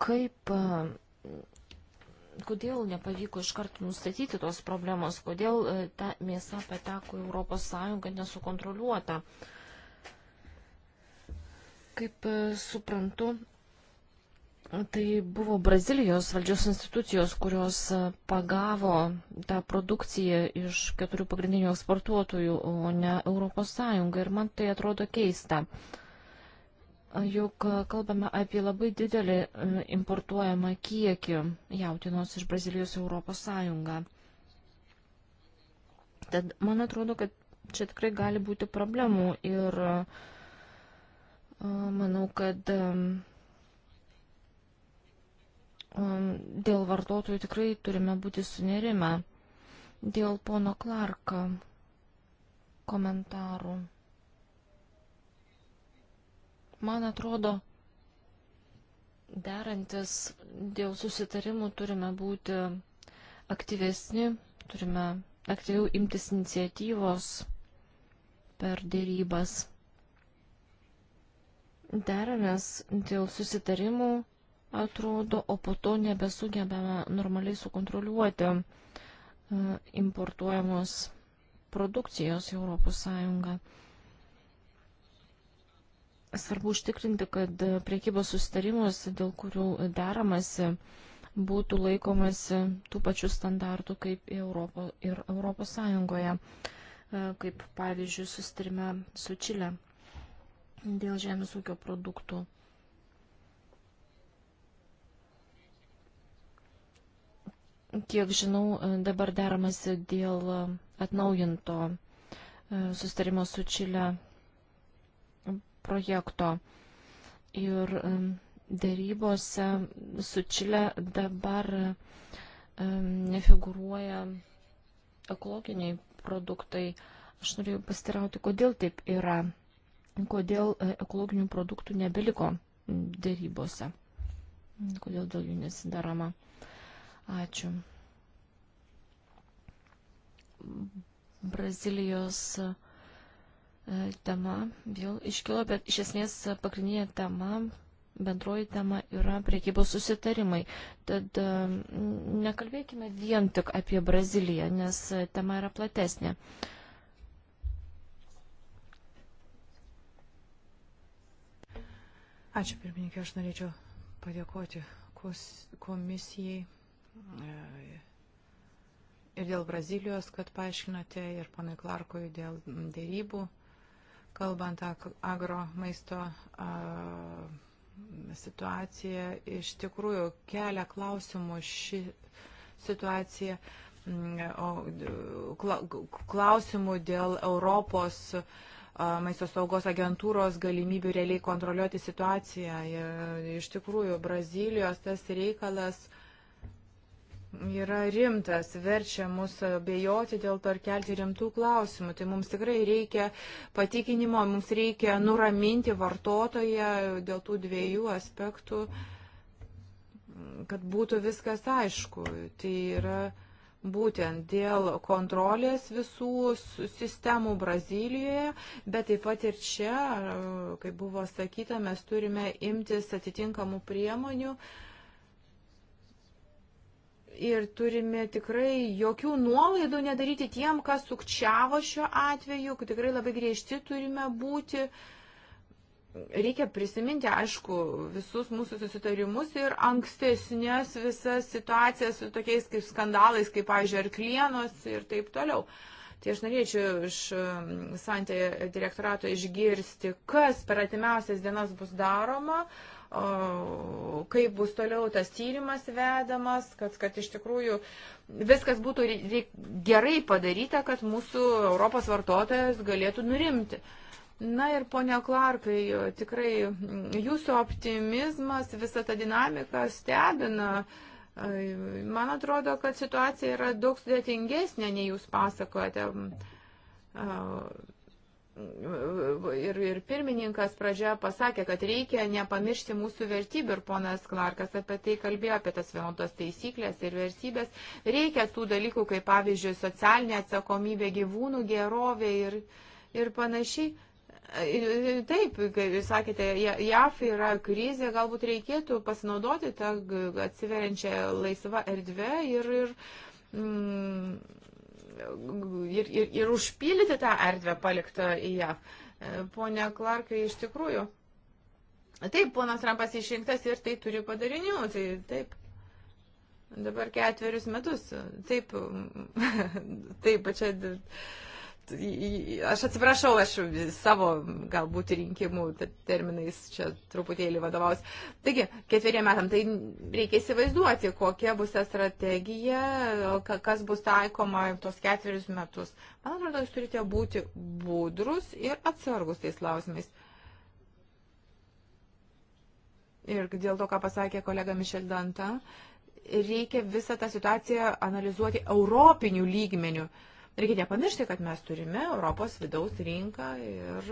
S2: kaip, kodėl nepavyko iš karto nustatyti tos problemos, kodėl e, ta mėsa pateko į ES nesukontroliuota. Uh, Kaip e, suprantu, tai buvo Brazilijos valdžios institucijos, kurios e, pagavo tą produkciją iš keturių pagrindinių eksportuotojų, o ne Europos Sąjunga. Ir man tai atrodo keista. Juk e, kalbame apie labai didelį importuojamą kiekį jautinos iš Brazilijos Europos Sąjungą. Tad man atrodo, kad čia tikrai gali būti problemų ir uh, Manau, kad dėl vartotojų tikrai turime būti sunerime. Dėl pono Klarka komentarų. Man atrodo, derantis dėl susitarimų turime būti aktyvesni, turime aktyviau imtis iniciatyvos per dėrybas deramės dėl susitarimų, atrodo, o po to nebesugebame normaliai sukontroliuoti e, importuojamos produkcijos į Europos Sąjungą. Svarbu užtikrinti, kad priekybos sustarimus, dėl kurių deramasi, būtų laikomasi tų pačių standartų kaip Europo ir Europos Sąjungoje, e, kaip pavyzdžiui sustarime su Čile dėl žemės ūkio produktų. Kiek žinau, dabar deramasi dėl atnaujinto e, sustarimo su Čilė projekto. Ir e, dėrybose su Čilė dabar e, nefiguruoja ekologiniai produktai. Aš norėjau pastirauti, kodėl taip yra kodėl e, ekologinių produktų nebeliko dėrybose, kodėl dėl jų nesidaroma. Ačiū. Brazilijos e, tema vėl iškilo, bet iš esmės pagrindinė tema, bendroji tema yra priekybos susitarimai. Tad e, nekalbėkime vien tik apie Braziliją, nes tema yra platesnė.
S4: Ačiū pirmininkė, aš norėčiau padėkoti komisijai e, ir dėl Brazilijos, kad paaiškinote, ir ponui Klarkui dėl dėrybų, kalbant agro maisto a, situaciją. Iš tikrųjų, kelia klausimų ši situacija. Mm, o klausimų dėl Europos uh, maisto saugos agentūros galimybių realiai kontroliuoti situaciją. Iš tikrųjų, Brazilijos tas reikalas yra rimtas, verčia mus bejoti, dėl to ir kelti rimtų klausimų. Tai mums tikrai reikia patikinimo, mums reikia nuraminti vartotoje dėl tų dviejų aspektų, kad būtų viskas aišku. Tai yra būtent dėl kontrolės visų sistemų Brazilijoje, bet taip pat ir čia, kaip buvo sakyta, mes turime imtis atitinkamų priemonių. Ir turime tikrai jokių nuolaidų nedaryti tiem, kas sukčiavo šiuo atveju, tikrai labai griežti turime būti. Uh, reikia prisiminti, aišku, visus mūsų susitarimus ir ankstesnės visas situacijas su tokiais kaip skandalais, kaip, pavyzdžiui, arklienos ir taip toliau. Tai aš norėčiau iš um, Santė direktorato išgirsti, kas per atimiausias dienas bus daroma, kaip bus toliau tas tyrimas vedamas, kad, kad iš tikrųjų viskas būtų gerai padaryta, kad mūsų Europos vartotojas galėtų nurimti. Uh, Na ir ponia Klarkai, tikrai jūsų optimizmas, visa ta dinamika stebina. Man atrodo, kad situacija yra daug sudėtingesnė, nei jūs pasakojate. Ir, ir pirmininkas pradžioje pasakė, kad reikia nepamiršti mūsų vertybių ir ponas Klarkas apie tai kalbėjo, apie tas vienodas taisyklės ir versybės. Reikia tų dalykų, kaip pavyzdžiui, socialinė atsakomybė, gyvūnų gerovė ir, ir panašiai Taip, kaip jūs sakėte, JAF yra krizė, galbūt reikėtų pasinaudoti tą atsiveriančią laisvą erdvę ir, ir, mm, ir, ir, ir užpildyti tą erdvę paliktą į JAF. Pone Klarkai, iš tikrųjų. Taip, ponas Trumpas išrinktas ir tai turi padarinių. Tai, taip. Dabar ketverius metus. Taip, taip, čia aš atsiprašau, aš savo galbūt rinkimų terminais čia truputėlį vadovaus. Taigi, ketveriem metam, tai reikia įsivaizduoti, kokia bus ta strategija, kas bus taikoma tos ketverius metus. Man atrodo, jūs turite būti budrus ir atsargus tais klausimais. Ir dėl to, ką pasakė kolega Mišel Danta, reikia visą tą situaciją analizuoti europinių lygmenių. Uh, Reikia nepamiršti, kad mes turime Europos vidaus rinką ir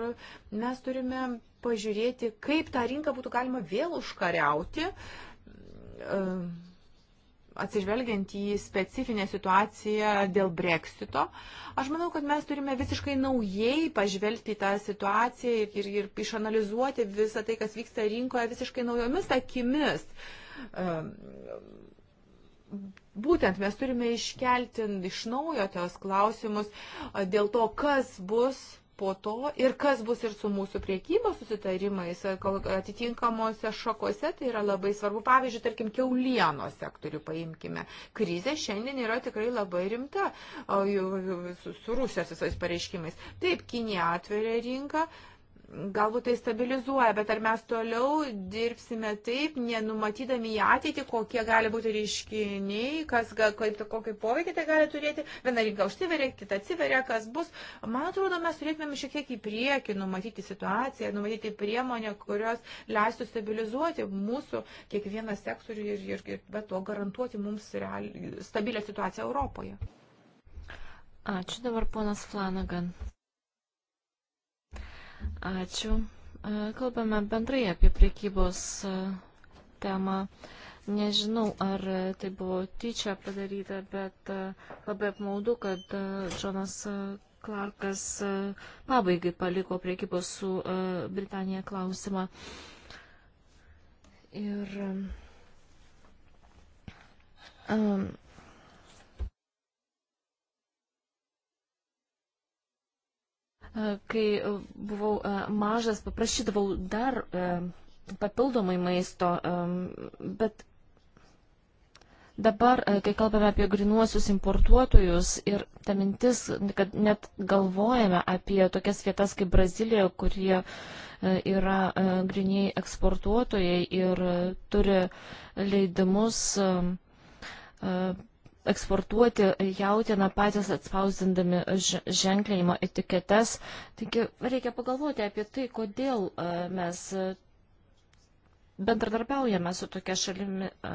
S4: mes turime pažiūrėti, kaip tą rinką būtų galima vėl užkariauti, e, atsižvelgiant į specifinę situaciją dėl breksito. Aš manau, kad mes turime visiškai naujai pažvelgti į tą situaciją ir, ir, ir išanalizuoti visą tai, kas vyksta rinkoje visiškai naujomis akimis e, Būtent mes turime iškelti iš naujo tos klausimus dėl to, kas bus po to ir kas bus ir su mūsų priekybos susitarimais atitinkamuose šakose, tai yra labai svarbu. Pavyzdžiui, tarkim, keulieno sektorių paimkime. Krizė šiandien yra tikrai labai rimta su Rusijos visais pareiškimais. Taip, Kinija atveria rinką, galbūt tai stabilizuoja, bet ar mes toliau dirbsime taip, nenumatydami į ateitį, kokie gali būti reiškiniai, kas, kaip, kokį poveikį tai gali turėti, viena rinka užsiveria, kita atsiveria, kas bus. Man atrodo, mes turėtumėm šiek tiek į priekį numatyti situaciją, numatyti priemonę, kurios leistų stabilizuoti mūsų kiekvieną sektorių ir, ir, ir be to garantuoti mums real, stabilę situaciją Europoje.
S2: Ačiū dabar ponas Flanagan. Ačiū. Kalbame bendrai apie priekybos temą. Nežinau, ar tai buvo tyčia padaryta, bet labai apmaudu, kad Džonas Clarkas pabaigai paliko priekybos su Britanija klausimą. Ir um, Kai buvau e, mažas, paprašydavau dar e, papildomai maisto, e, bet dabar, kai kalbame apie grinuosius importuotojus ir ta mintis, kad net galvojame apie tokias vietas kaip Brazilija, kurie yra griniai eksportuotojai ir turi leidimus eksportuoti jautieną patys atspausdindami ženklėjimo etiketes. Taigi reikia pagalvoti apie tai, kodėl e, mes e, bendradarbiaujame su tokia šalimi, e,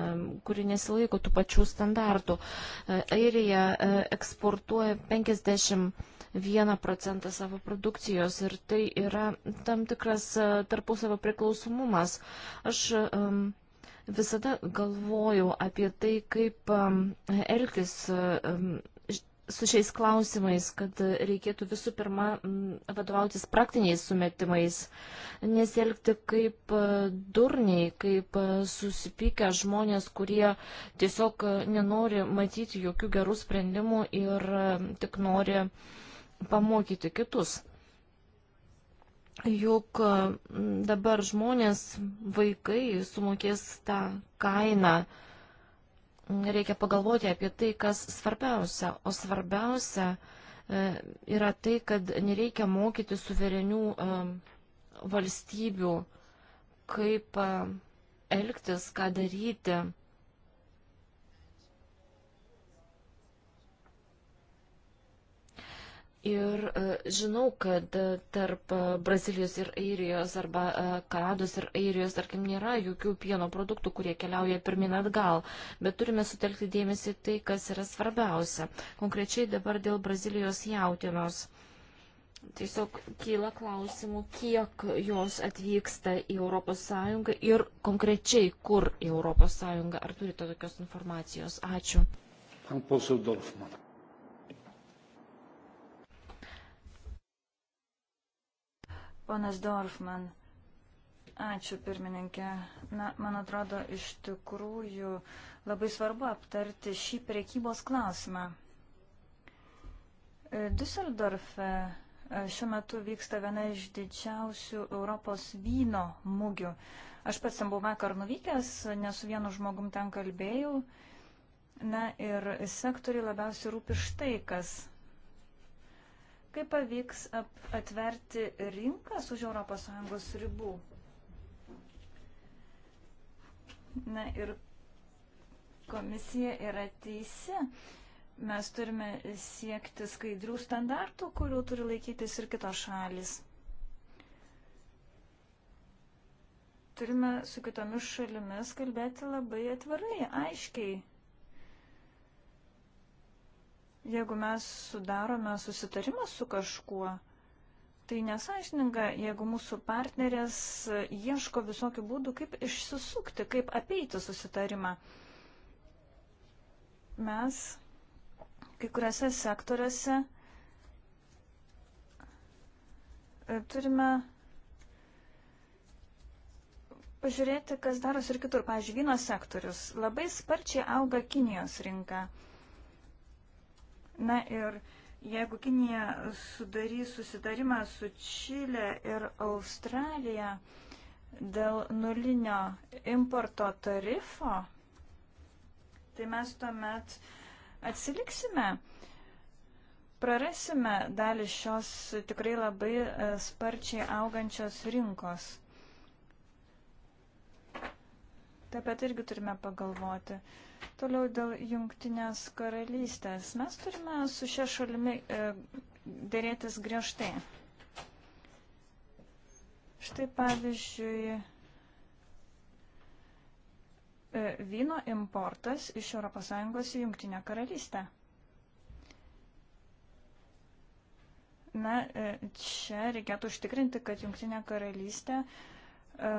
S2: kuri nesilaiko tų pačių standartų. Airija eksportuoja 51 procentą savo produkcijos ir tai yra tam tikras tarpusavio priklausomumas. Aš visada galvojau apie tai, kaip um, elgtis um, su šiais klausimais, kad reikėtų visų pirma vadovautis praktiniais sumetimais, nesielgti kaip uh, durniai, kaip uh, susipykę žmonės, kurie tiesiog uh, nenori matyti jokių gerų sprendimų ir um, tik nori pamokyti kitus juk dabar žmonės, vaikai sumokės tą kainą. Reikia pagalvoti apie tai, kas svarbiausia. O svarbiausia e, yra tai, kad nereikia mokyti suverenių valstybių, kaip elgtis, ką daryti. Ir e, žinau, kad e, tarp e, Brazilijos ir Airijos arba Kanados ir Airijos, tarkim, nėra jokių pieno produktų, kurie keliauja pirmin atgal, bet turime sutelkti dėmesį tai, kas yra svarbiausia. Konkrečiai dabar dėl Brazilijos jautienos. Tiesiog kyla klausimų, kiek jos atvyksta į ES ir konkrečiai kur į ES. Ar turite tokios informacijos? Ačiū.
S1: Pan posėdorfman.
S5: Ponas Dorfman, ačiū pirmininkė. Na, man atrodo, iš tikrųjų labai svarbu aptarti šį priekybos klausimą. E, Düsseldorfe e, šiuo metu vyksta viena iš didžiausių Europos vyno mugių. Aš pats ten buvau vakar nuvykęs, nes su vienu žmogum ten kalbėjau. Na ir sektoriai labiausiai rūpi štai kas Kaip pavyks atverti rinkas už ES ribų? Na ir komisija yra teisi. Mes turime siekti skaidrių standartų, kurių turi laikytis ir kitos šalis. Turime su kitomis šalimis kalbėti labai atvarai, aiškiai. Jeigu mes sudarome susitarimą su kažkuo, tai nesąžininga, jeigu mūsų partnerės ieško visokių būdų, kaip išsisukti, kaip apeiti susitarimą. Mes kai kuriuose sektoriuose e, turime pažiūrėti, kas darosi ir kitur. Pavyzdžiui, vyno sektorius. Labai sparčiai auga Kinijos rinka. Na ir jeigu Kinija sudarys susitarimą su Čilė ir Australija dėl nulinio importo tarifo, tai mes tuomet atsiliksime prarasime dalį šios tikrai labai e, sparčiai augančios rinkos. Taip pat irgi turime pagalvoti. Uh, Toliau dėl jungtinės karalystės. Mes turime su šia šalimi e, dėrėtis griežtai. Štai pavyzdžiui, e, vyno importas iš ES į jungtinę karalystę. Na, e, čia reikėtų užtikrinti, kad jungtinė karalystė uh, E,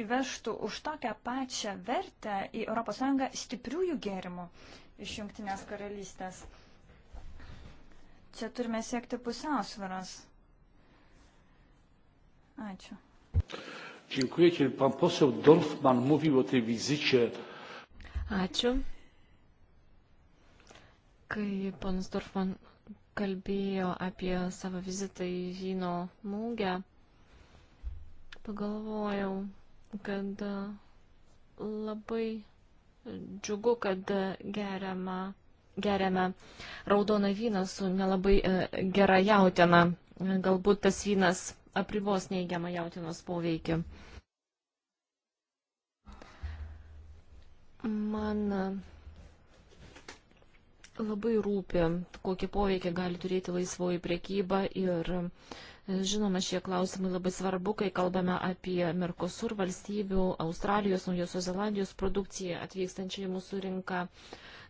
S5: įvežtų už tokią pačią vertę į ES stipriųjų gėrimų iš Junktinės karalystės. Čia turime siekti pusiausvaros. Ačiū.
S1: Dziękuję. Kiedy pan poseł Dorfman mówił o tej wizycie.
S2: Ačiū. Kai ponas Dorfman kalbėjo apie savo vizitą į Vyno mūgę, pagalvojau, kad e, labai džiugu, kad e, geriama, geriame raudoną vyną su nelabai e, gera jautiena. Galbūt tas vynas apribos neigiamą jautinos poveikį. Man labai rūpi, kokį poveikį gali turėti laisvoji priekyba ir uh, Žinoma, šie klausimai labai svarbu, kai kalbame apie Merkosur valstybių, Australijos, Naujosios Zelandijos produkciją atvykstančią į mūsų rinką.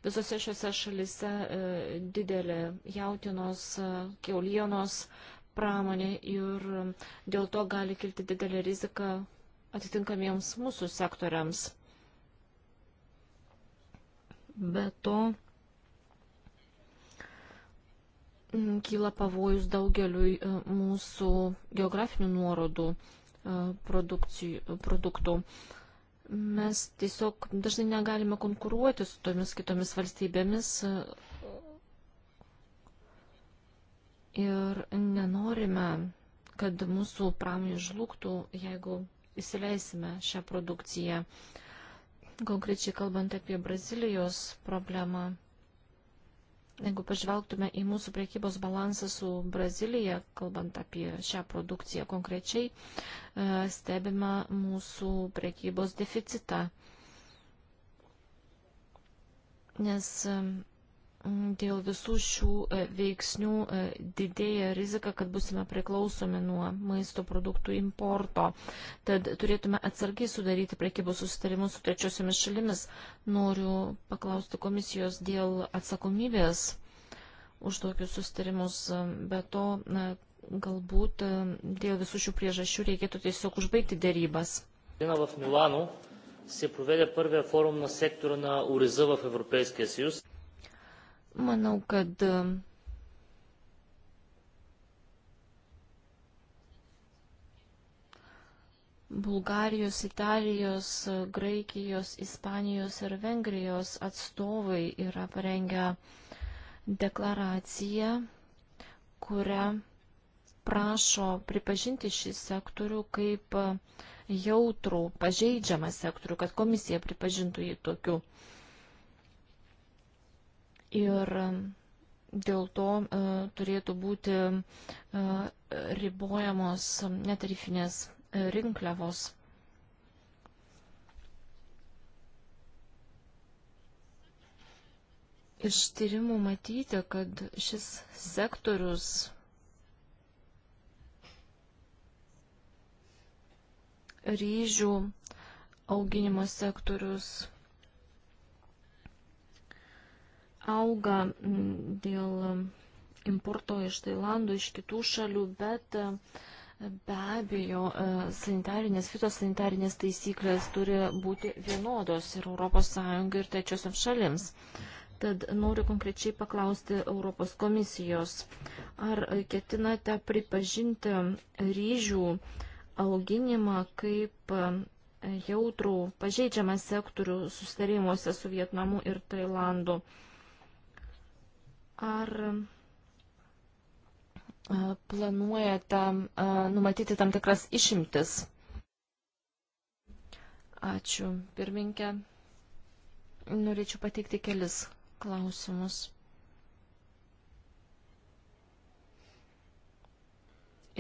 S2: Visose šiuose šalise e, didelė jautinos, e, keulienos pramonė ir dėl to gali kilti didelė rizika atitinkamiems mūsų sektoriams. Be to, Mm, kyla pavojus daugeliui e, mūsų geografinių nuorodų e, produktų. Mes tiesiog dažnai negalime konkuruoti su tomis kitomis valstybėmis e, ir nenorime, kad mūsų pramonė žlugtų, jeigu įsileisime šią produkciją. Konkrečiai kalbant apie Brazilijos problemą, Jeigu pažvelgtume į mūsų priekybos balansą su Brazilyje, kalbant apie šią produkciją konkrečiai, e, stebime mūsų priekybos deficitą. Nes Mm, dėl visų šių e, veiksnių e, didėja rizika, kad busime priklausomi nuo maisto produktų importo. Tad turėtume atsargiai sudaryti prekybos susitarimus su trečiosiomis šalimis. Noriu paklausti komisijos dėl atsakomybės už tokius susitarimus. Be to, na, galbūt e, dėl visų šių priežasčių reikėtų tiesiog užbaigti dėrybas.
S1: В Милано се проведе първия форум на сектора на уреза в Европейския съюз.
S2: Manau, kad um, Bulgarijos, Italijos, Graikijos, Ispanijos ir Vengrijos atstovai yra parengę deklaraciją, kuria prašo pripažinti šį sektorių kaip jautrų, pažeidžiamą sektorių, kad komisija pripažintų jį tokiu. Uh, Ir um, dėl to uh, turėtų būti uh, ribojamos um, netarifinės uh, rinkliavos. Iš tyrimų matyti, kad šis sektorius ryžių auginimo sektorius auga mm, dėl mm, importo iš Tailandų, iš kitų šalių, bet e, be abejo e, sanitarinės, fitosanitarinės taisyklės turi būti vienodos ir ES ir trečiosiams šalims. Tad noriu konkrečiai paklausti Europos komisijos, ar ketinate pripažinti ryžių auginimą kaip e, jautrų pažeidžiamą sektorių susitarimuose su Vietnamu ir Tailandu? Ar e, planuojate e, numatyti tam tikras išimtis? Ačiū, pirminkė. Norėčiau pateikti kelis klausimus.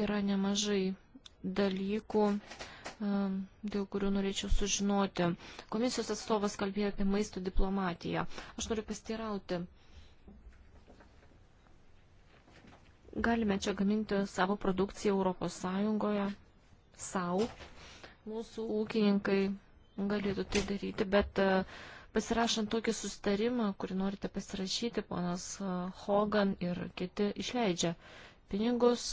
S2: Yra nemažai dalykų, e, dėl kurių norėčiau sužinoti. Komisijos atstovas kalbėjo apie maisto diplomatiją. Aš noriu pastirauti. Galime čia gaminti savo produkciją Europos Sąjungoje, savo. Mūsų ūkininkai galėtų tai daryti, bet e, pasirašant tokį sustarimą, kurį norite pasirašyti, ponas e, Hogan ir kiti išleidžia pinigus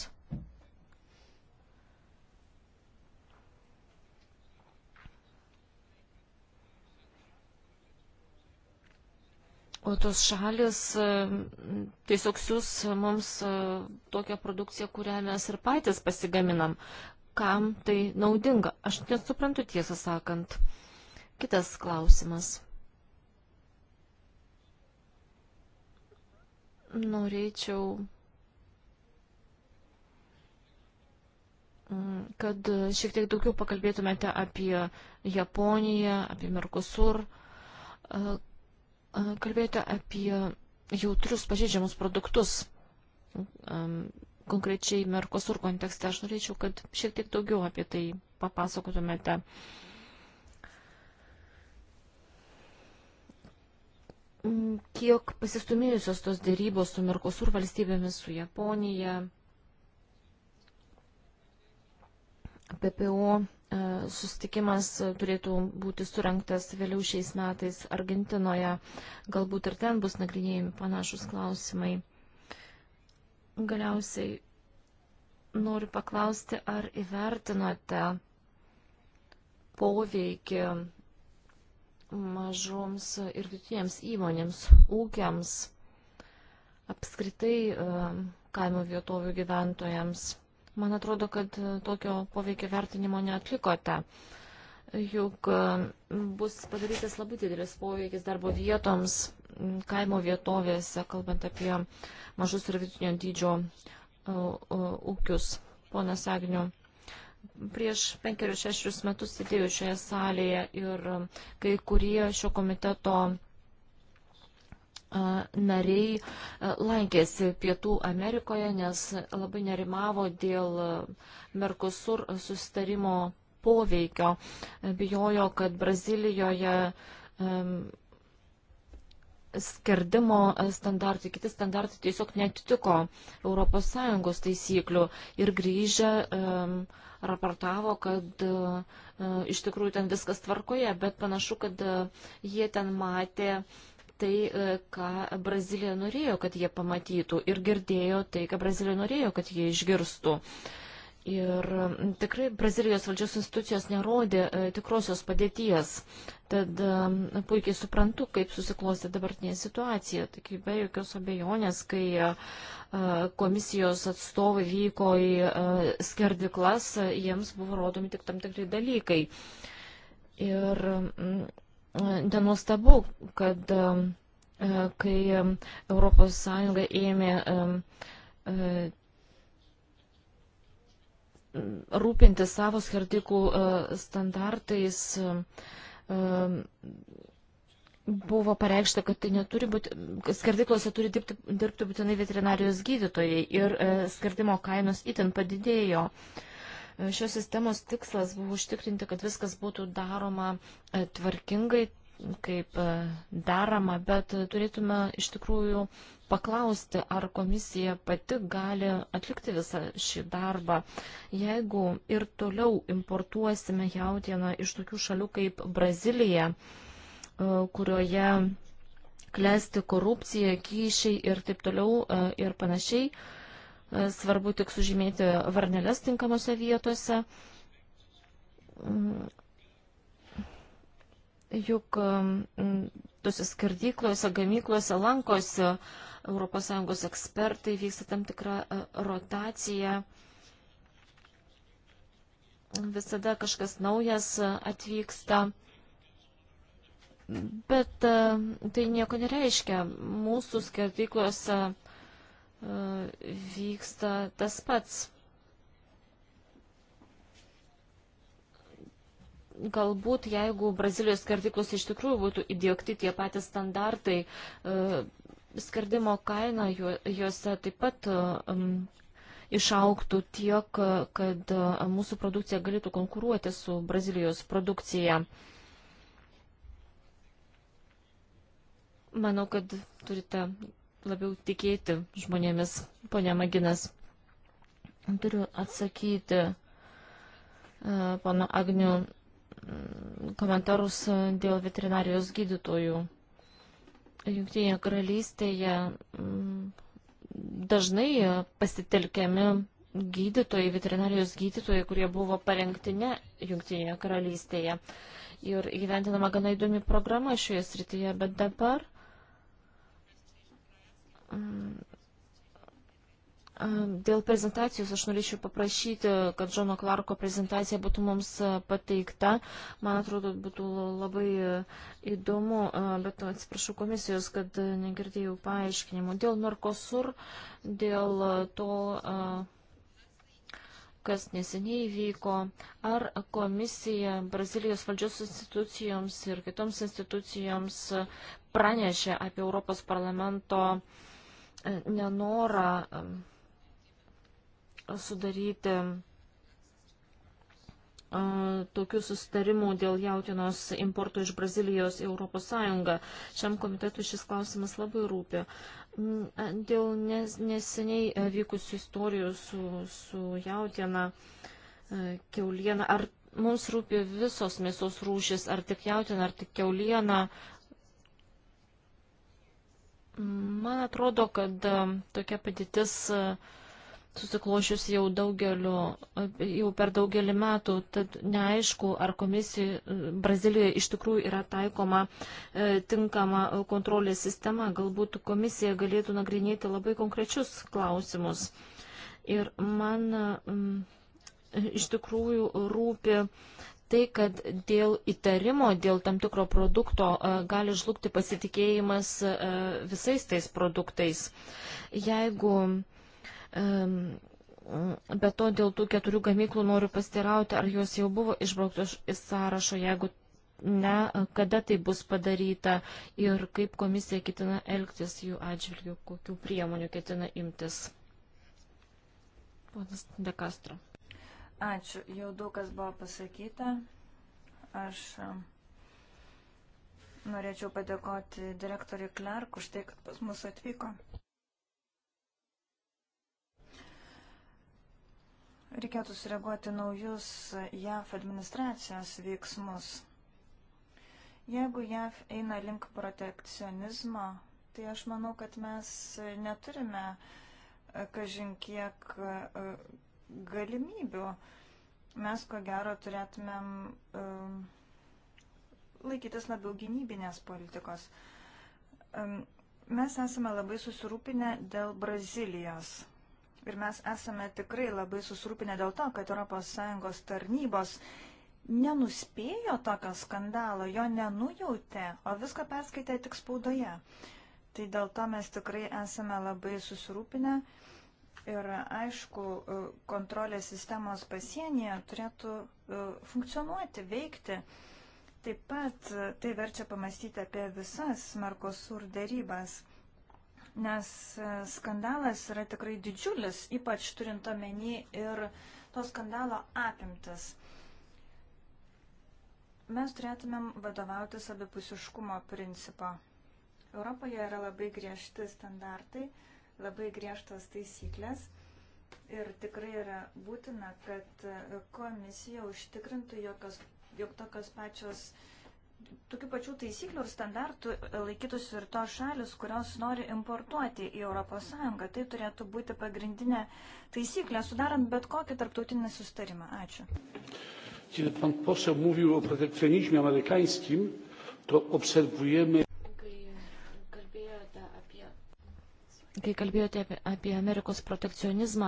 S2: O tos šalis e, tiesiog siūs mums e, tokią produkciją, kurią mes ir patys pasigaminam. Kam tai naudinga? Aš nesuprantu tiesą sakant. Kitas klausimas. Norėčiau, mm, kad šiek tiek daugiau pakalbėtumėte apie Japoniją, apie Merkusur e, Kalbėjote apie jautrius pažeidžiamus produktus. Konkrečiai Merkosur kontekste aš norėčiau, kad šiek tiek daugiau apie tai papasakotumėte. Mm, kiek pasistumėjusios tos dėrybos su Merkosur valstybėmis, su Japonija, PPO E, susitikimas turėtų būti surinktas vėliau šiais metais Argentinoje. Galbūt ir ten bus nagrinėjami panašus klausimai. Galiausiai noriu paklausti, ar įvertinote poveikį mažoms ir vidutinėms įmonėms, ūkiams, apskritai e, kaimo vietovių gyventojams Man atrodo, kad e, tokio poveikio vertinimo neatlikote. Juk e, bus padarytas labai didelis poveikis darbo vietoms, kaimo vietovėse, kalbant apie mažus ir vidutinio dydžio e, ūkius. Ponas Agniu, prieš penkerius šešius metus sėdėjau šioje salėje ir kai kurie šio komiteto nariai lankėsi Pietų Amerikoje, nes labai nerimavo dėl Mercosur sustarimo poveikio. Bijojo, kad Brazilijoje skerdimo standartai, kiti standartai tiesiog netitiko ES taisyklių ir grįžę raportavo, kad e, iš tikrųjų ten viskas tvarkoje, bet panašu, kad e, jie ten matė uh, tai, e, ką Brazilija norėjo, kad jie pamatytų ir girdėjo tai, ką Brazilija norėjo, kad jie išgirstų. Ir tikrai Brazilijos valdžios institucijos nerodė e, tikrosios padėties. Tad puikiai suprantu, kaip susiklosti dabartinė situacija. Tik be jokios abejonės, kai e, komisijos atstovai vyko į skerdiklas, jiems buvo rodomi tik tam tikri dalykai. Ir Nenuostabu, kad e, kai ES ėmė e, e, rūpinti savo skerdiklų standartais, buvo pareikšta, kad tai neturi būti, skerdiklose turi dirbti, dirbti būtinai veterinarijos gydytojai ir skerdimo kainos itin padidėjo. Uh, Šios sistemos tikslas buvo užtikrinti, kad viskas būtų daroma e, tvarkingai, kaip e, daroma, bet turėtume iš tikrųjų paklausti, ar komisija pati gali atlikti visą šį darbą. Jeigu ir toliau importuosime jautieną iš tokių šalių kaip Brazilija, e, kurioje klesti korupcija, kyšiai ir taip toliau ir panašiai, Svarbu tik sužymėti varneles tinkamose vietose. Juk um, tose skardyklose, gamyklose lankosi ES ekspertai, vyksta tam tikra e, rotacija. Visada kažkas naujas atvyksta. Bet e, tai nieko nereiškia. Mūsų skerdyklose vyksta tas pats. Galbūt, jeigu Brazilijos skardiklos iš tikrųjų būtų įdėkti tie patys standartai, e, skardimo kaina juose taip pat e, išauktų tiek, kad e, mūsų produkcija galėtų konkuruoti su Brazilijos produkcija. Manau, kad turite labiau tikėti žmonėmis, ponė Maginas. Turiu atsakyti e, pono Agnių komentarus dėl veterinarijos gydytojų. Junktinėje karalystėje dažnai pasitelkiami gydytojai, veterinarijos gydytojai, kurie buvo parengti ne Junktinėje karalystėje. Ir įgyventinama gana įdomi programa šioje srityje, bet dabar uh, Dėl prezentacijos aš norėčiau paprašyti, kad Džono Klarko prezentacija būtų mums pateikta. Man atrodo, būtų labai įdomu, bet atsiprašau komisijos, kad negirdėjau paaiškinimų. Dėl Narkosur, dėl to, kas neseniai vyko, ar komisija Brazilijos valdžios institucijoms ir kitoms institucijoms pranešė apie Europos parlamento uh, nenorą sudaryti tokių sustarimų dėl jautinos importo iš Brazilijos į ES. Šiam komitetui šis klausimas labai rūpi. Dėl neseniai vykusių istorijų su, su jautina, e, keuliena, ar mums rūpi visos mėsos rūšis, ar tik jautina, ar tik keuliena. Uh, Man atrodo, kad e, tokia padėtis e, susiklošius jau daugeliu, e, jau per daugelį metų, tad neaišku, ar komisija Brazilijoje iš tikrųjų yra taikoma e, tinkama kontrolės sistema. Galbūt komisija galėtų nagrinėti labai konkrečius klausimus. Ir man m, iš tikrųjų rūpi tai, kad dėl įtarimo, dėl tam tikro produkto e, gali žlugti pasitikėjimas e, visais tais produktais. Jeigu be to dėl tų keturių gamyklų noriu pastirauti, ar jos jau buvo išbrauktos iš sąrašo, jeigu ne, e, kada tai bus padaryta ir kaip komisija ketina elgtis jų atžvilgių, kokių priemonių ketina imtis. Ponas De Castro.
S5: Ačiū, jau daug kas buvo pasakyta. Aš e, norėčiau padėkoti direktoriui Klerk už tai, kad pas mus atvyko. Reikėtų sureaguoti naujus JAF administracijos veiksmus. Jeigu JAF eina link protekcionizmo, tai aš manau, kad mes neturime e, kažin kiek e, galimybių. Mes ko gero turėtumėm um, laikytis labiau gynybinės politikos. Um, mes esame labai susirūpinę dėl Brazilijos. Ir mes esame tikrai labai susirūpinę dėl to, kad ES tarnybos nenuspėjo tokio skandalo, jo nenujautė, o viską perskaitė tik spaudoje. Tai dėl to mes tikrai esame labai susirūpinę. Uh, Ir aišku, e, kontrolės sistemos pasienyje turėtų e, funkcionuoti, veikti. Taip pat e, tai verčia pamastyti apie visas Mercosur darybas, nes skandalas yra tikrai didžiulis, ypač turint omeny ir to skandalo apimtis. Mes turėtumėm vadovautis abipusiškumo principo. Europoje yra labai griežti standartai labai griežtos taisyklės ir tikrai yra būtina, kad komisija užtikrintų, jokios, jog tokios pačios, tokių pačių taisyklių ir standartų laikytųsi ir tos šalis, kurios nori importuoti į ES. Tai turėtų būti pagrindinė taisyklė, sudarant bet kokį tarptautinį sustarimą. Ačiū.
S1: Kiedy pan poseł mówił o protekcjonizmie amerykańskim, to obserwujemy.
S2: Kai kalbėjote apie, apie Amerikos protekcionizmą,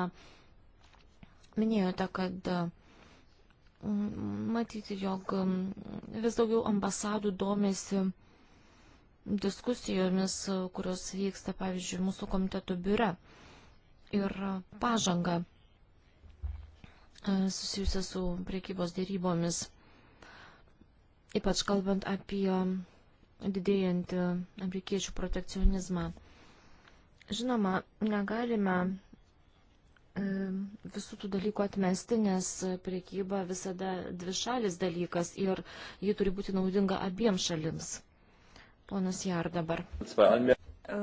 S2: minėjote, kad mm, matyti, jog mm, vis daugiau ambasadų domėsi diskusijomis, kurios vyksta, pavyzdžiui, mūsų komitetų biure ir pažanga e, susijusia su priekybos dėrybomis, ypač kalbant apie didėjantį amerikiečių protekcionizmą. Žinoma, negalime e, visų tų dalykų atmesti, nes priekyba visada dvišalis dalykas ir ji turi būti naudinga abiems šalims.
S5: Ponas Jar dabar.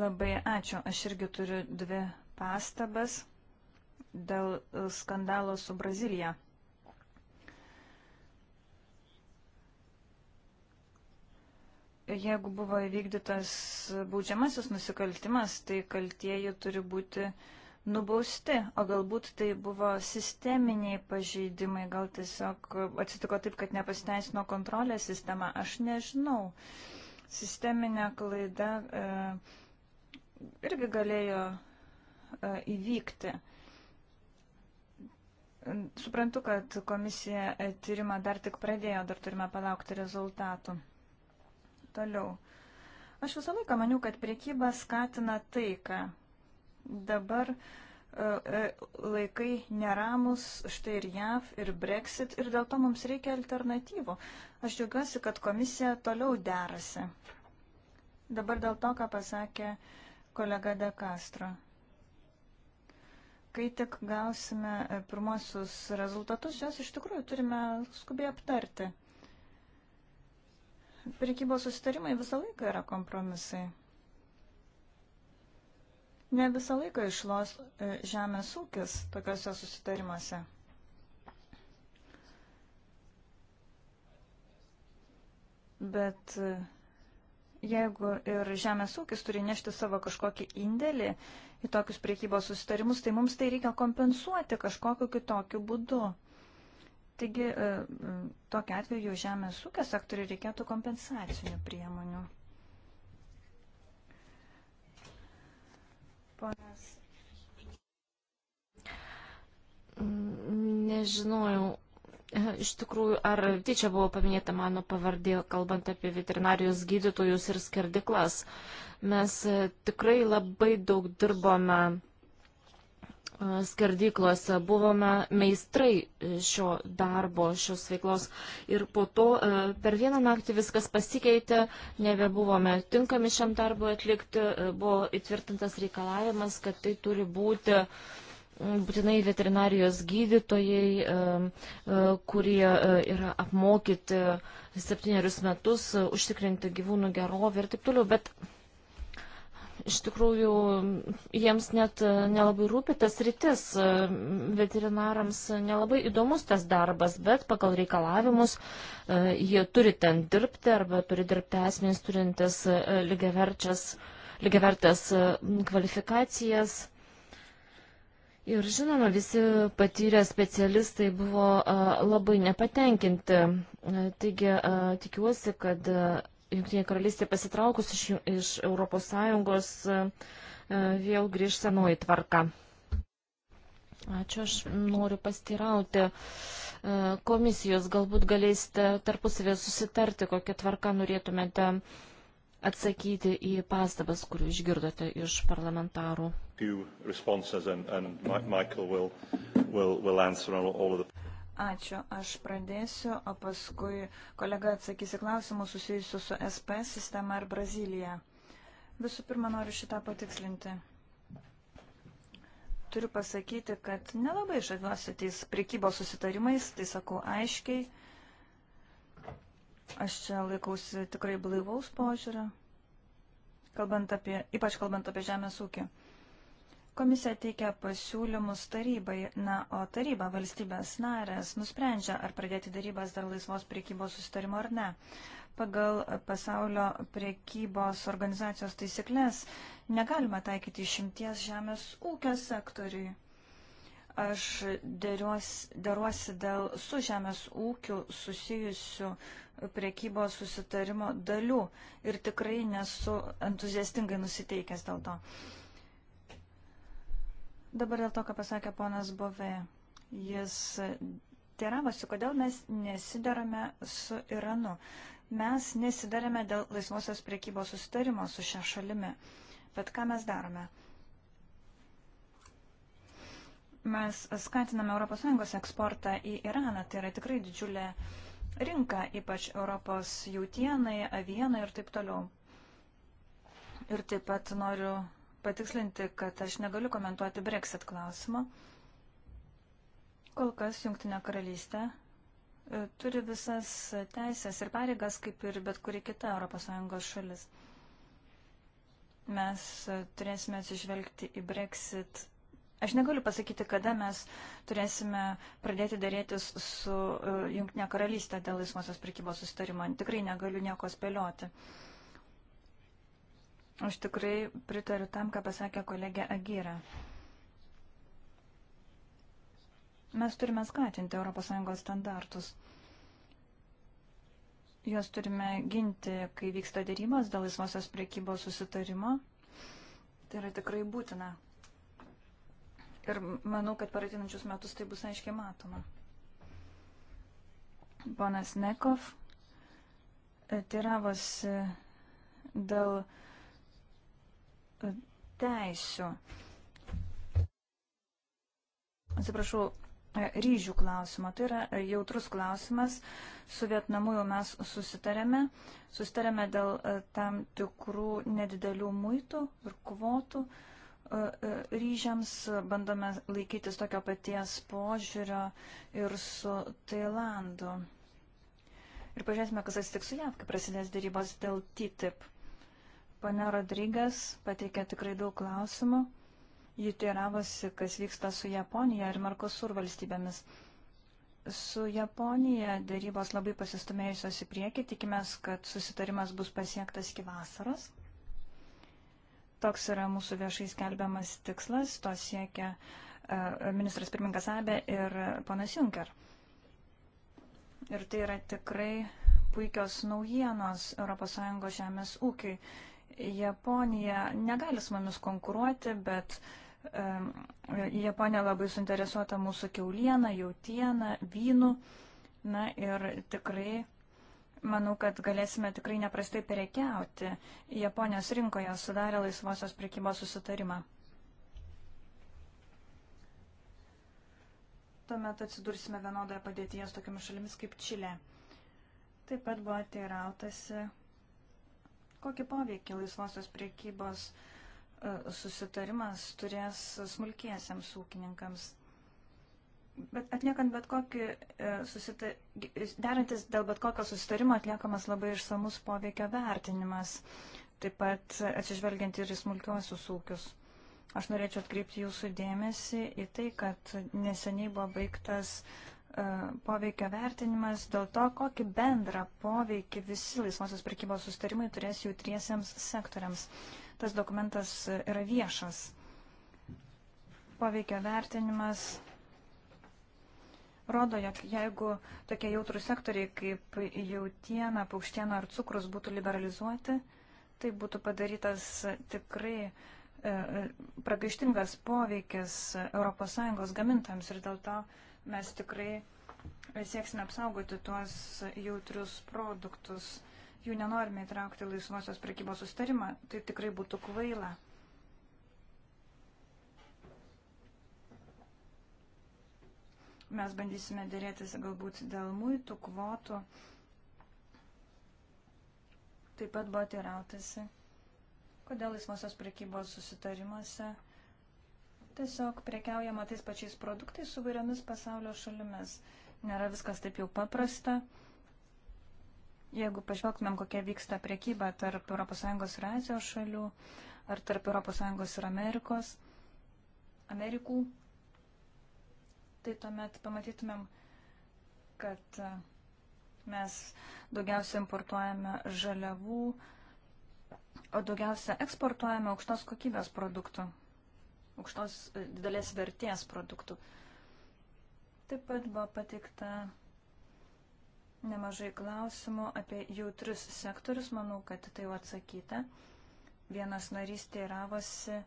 S5: Labai ačiū. Aš irgi turiu dvi pastabas dėl skandalo su Brazilija. jeigu buvo įvykdytas baudžiamasis nusikaltimas, tai kaltieji turi būti nubausti, o galbūt tai buvo sisteminiai pažeidimai, gal tiesiog atsitiko taip, kad nepasiteisino kontrolės sistema, aš nežinau. Sisteminė klaida e, irgi galėjo e, įvykti. Suprantu, kad komisija tyrimą dar tik pradėjo, dar turime palaukti rezultatų toliau. Aš visą laiką maniau, kad priekyba skatina taiką. Dabar e, e, laikai neramus, štai ir JAV, ir Brexit, ir dėl to mums reikia alternatyvų. Aš džiaugiuosi, kad komisija toliau derasi. Dabar dėl to, ką pasakė kolega De Castro. Kai tik gausime e, pirmosius rezultatus, juos iš tikrųjų turime skubiai aptarti. Prekybos susitarimai visą laiką yra kompromisai. Ne visą laiką išlos e, žemės ūkis tokiuose susitarimuose. Bet e, jeigu ir žemės ūkis turi nešti savo kažkokį indėlį į tokius priekybos susitarimus, tai mums tai reikia kompensuoti kažkokiu kitokiu būdu. Taigi, e, e, tokia atveju žemės ūkio sektoriui reikėtų kompensacinių priemonių. Ponas.
S2: Nežinojau, e, iš tikrųjų, ar tyčia tai buvo paminėta mano pavardė, kalbant apie veterinarijos gydytojus ir skerdiklas. Mes tikrai labai daug dirbome skardyklose, buvome meistrai šio darbo, šios veiklos. Ir po to per vieną naktį viskas pasikeitė, nebebuvome tinkami šiam darbui atlikti, buvo įtvirtintas reikalavimas, kad tai turi būti būtinai veterinarijos gydytojai, kurie yra apmokyti septynerius metus, užtikrinti gyvūnų gerovę ir taip toliau. Bet iš tikrųjų jiems net e, nelabai rūpi tas rytis, e, veterinarams nelabai įdomus tas darbas, bet pagal reikalavimus e, jie turi ten dirbti arba turi dirbti asmenys turintis lygiavertas kvalifikacijas. Ir žinoma, visi patyrę specialistai buvo a, labai nepatenkinti. A, taigi a, tikiuosi, kad a, Junktinė karalystė pasitraukus iš, iš ES e, e, vėl grįž senoji tvarka. Ačiū, aš noriu pastirauti e, komisijos, galbūt galėsite tarpusavėje susitarti, kokią tvarką norėtumėte atsakyti į pastabas, kurių išgirdote iš parlamentarų.
S5: Ačiū. Aš pradėsiu, o paskui kolega atsakys į klausimus susijusiu su SP sistema ir Brazilija. Visų pirma, noriu šitą patikslinti. Turiu pasakyti, kad nelabai žaviuosi tais prekybos susitarimais, tai sakau aiškiai. Aš čia laikausi tikrai blaivaus požiūrio, kalbant apie, ypač kalbant apie žemės ūkį. Komisija teikia pasiūlymus tarybai, na, o taryba valstybės narės nusprendžia, ar pradėti darybas dėl laisvos priekybos sustarimo ar ne. Pagal pasaulio priekybos organizacijos taisyklės negalima taikyti išimties žemės ūkio sektoriui. Aš deruosi dėl su žemės ūkiu susijusių priekybos susitarimo dalių ir tikrai nesu entuziastingai nusiteikęs dėl to. Uh, Dabar dėl to, ką pasakė ponas Bove. Jis teravosi, kodėl mes nesidarome su Iranu. Mes nesidarėme dėl laisvosios priekybos susitarimo su šia šalimi. Bet ką mes darome? Mes skatiname ES eksportą į Iraną. Tai yra tikrai didžiulė rinka, ypač Europos jautienai, avienai ir taip toliau. Ir taip pat noriu patikslinti, kad aš negaliu komentuoti Brexit klausimo. Kol kas Junktinė karalystė e, turi visas teisės ir pareigas, kaip ir bet kuri kita ES šalis. Mes e, turėsime atsižvelgti į Brexit. Aš negaliu pasakyti, kada mes turėsime pradėti dėrėtis su e, Junktinė karalystė dėl laisvosios prekybos sustarimo. Tikrai negaliu nieko spėlioti. Uh, Aš tikrai pritariu tam, ką pasakė kolegė Agyra. Mes turime skatinti ES standartus. Juos turime ginti, kai vyksta dėrybos dėl laisvosios priekybos susitarimo. Tai yra tikrai būtina. Ir manau, kad per ateinančius metus tai bus aiškiai matoma. Ponas Nekov e, teravosi dėl teisių. Atsiprašau, e, ryžių klausimo. Tai yra e, jautrus klausimas. Su Vietnamu jau mes susitarėme. Susitarėme dėl e, tam tikrų nedidelių muitų ir kvotų ryžiams. Bandome laikytis tokio paties požiūrio ir su Tailandu. Ir pažiūrėsime, kas atsitiks su JAV, kai prasidės dėrybos dėl TTIP. Pane Rodrygas pateikė tikrai daug klausimų. Ji teiravosi, kas vyksta su Japonija ir Merkosur valstybėmis. Su Japonija dėrybos labai pasistumėjusios į priekį, tikimės, kad susitarimas bus pasiektas iki vasaros. Toks yra mūsų viešai skelbiamas tikslas, to siekia uh, ministras pirmininkas Abė ir ponas Junker. Ir tai yra tikrai puikios naujienos ES žemės ūkiui. Uh, Japonija negali su mumis konkuruoti, bet um, Japonija labai suinteresuota mūsų keulieną, jautieną, vynų. Na ir tikrai, manau, kad galėsime tikrai neprastai perekiauti. Japonijos rinkoje sudarė laisvosios prekybos susitarimą. Tuomet atsidursime vienodoje padėtyje su tokiamis šalimis kaip Čilė. Taip pat buvo teirautasi Kokį poveikį laisvosios priekybos e, susitarimas turės smulkiesiams ūkininkams? Bet atliekant bet kokį e, susita... derantis dėl bet kokio susitarimo atliekamas labai išsamus poveikio vertinimas, taip pat atsižvelgiant ir į smulkiuosius ūkius. Aš norėčiau atkreipti jūsų dėmesį į tai, kad neseniai buvo baigtas E, poveikio vertinimas dėl to, kokį bendrą poveikį visi laisvosios prekybos sustarimai turės jautriesiems sektoriams. Tas dokumentas yra viešas. Poveikio vertinimas rodo, jog jeigu tokie jautrų sektoriai kaip jautiena, paukštiena ar cukrus būtų liberalizuoti, tai būtų padarytas tikrai e, e pragaištingas poveikis ES gamintams ir dėl to e, mes tikrai sieksime apsaugoti tuos jautrius produktus. Jų nenorime įtraukti laisvosios prekybos sustarimą, tai tikrai būtų kvaila. Mes bandysime dėrėtis galbūt dėl muitų, kvotų. Taip pat buvo teirautasi, kodėl laisvosios prekybos susitarimuose Tiesiog prekiaujama tais pačiais produktais su vairiomis pasaulio šalimis. Nėra viskas taip jau paprasta. Jeigu pažvelgtumėm, kokia vyksta priekyba tarp ES ir Azijos šalių, ar tarp ES ir Amerikos, Amerikų, tai tuomet pamatytumėm, kad e, mes daugiausia importuojame žaliavų, o daugiausia eksportuojame aukštos kokybės produktų aukštos e, didelės vertės produktų. Taip pat buvo patikta nemažai klausimų apie jautrius sektorius, manau, kad tai jau atsakyta. Vienas narys teiravosi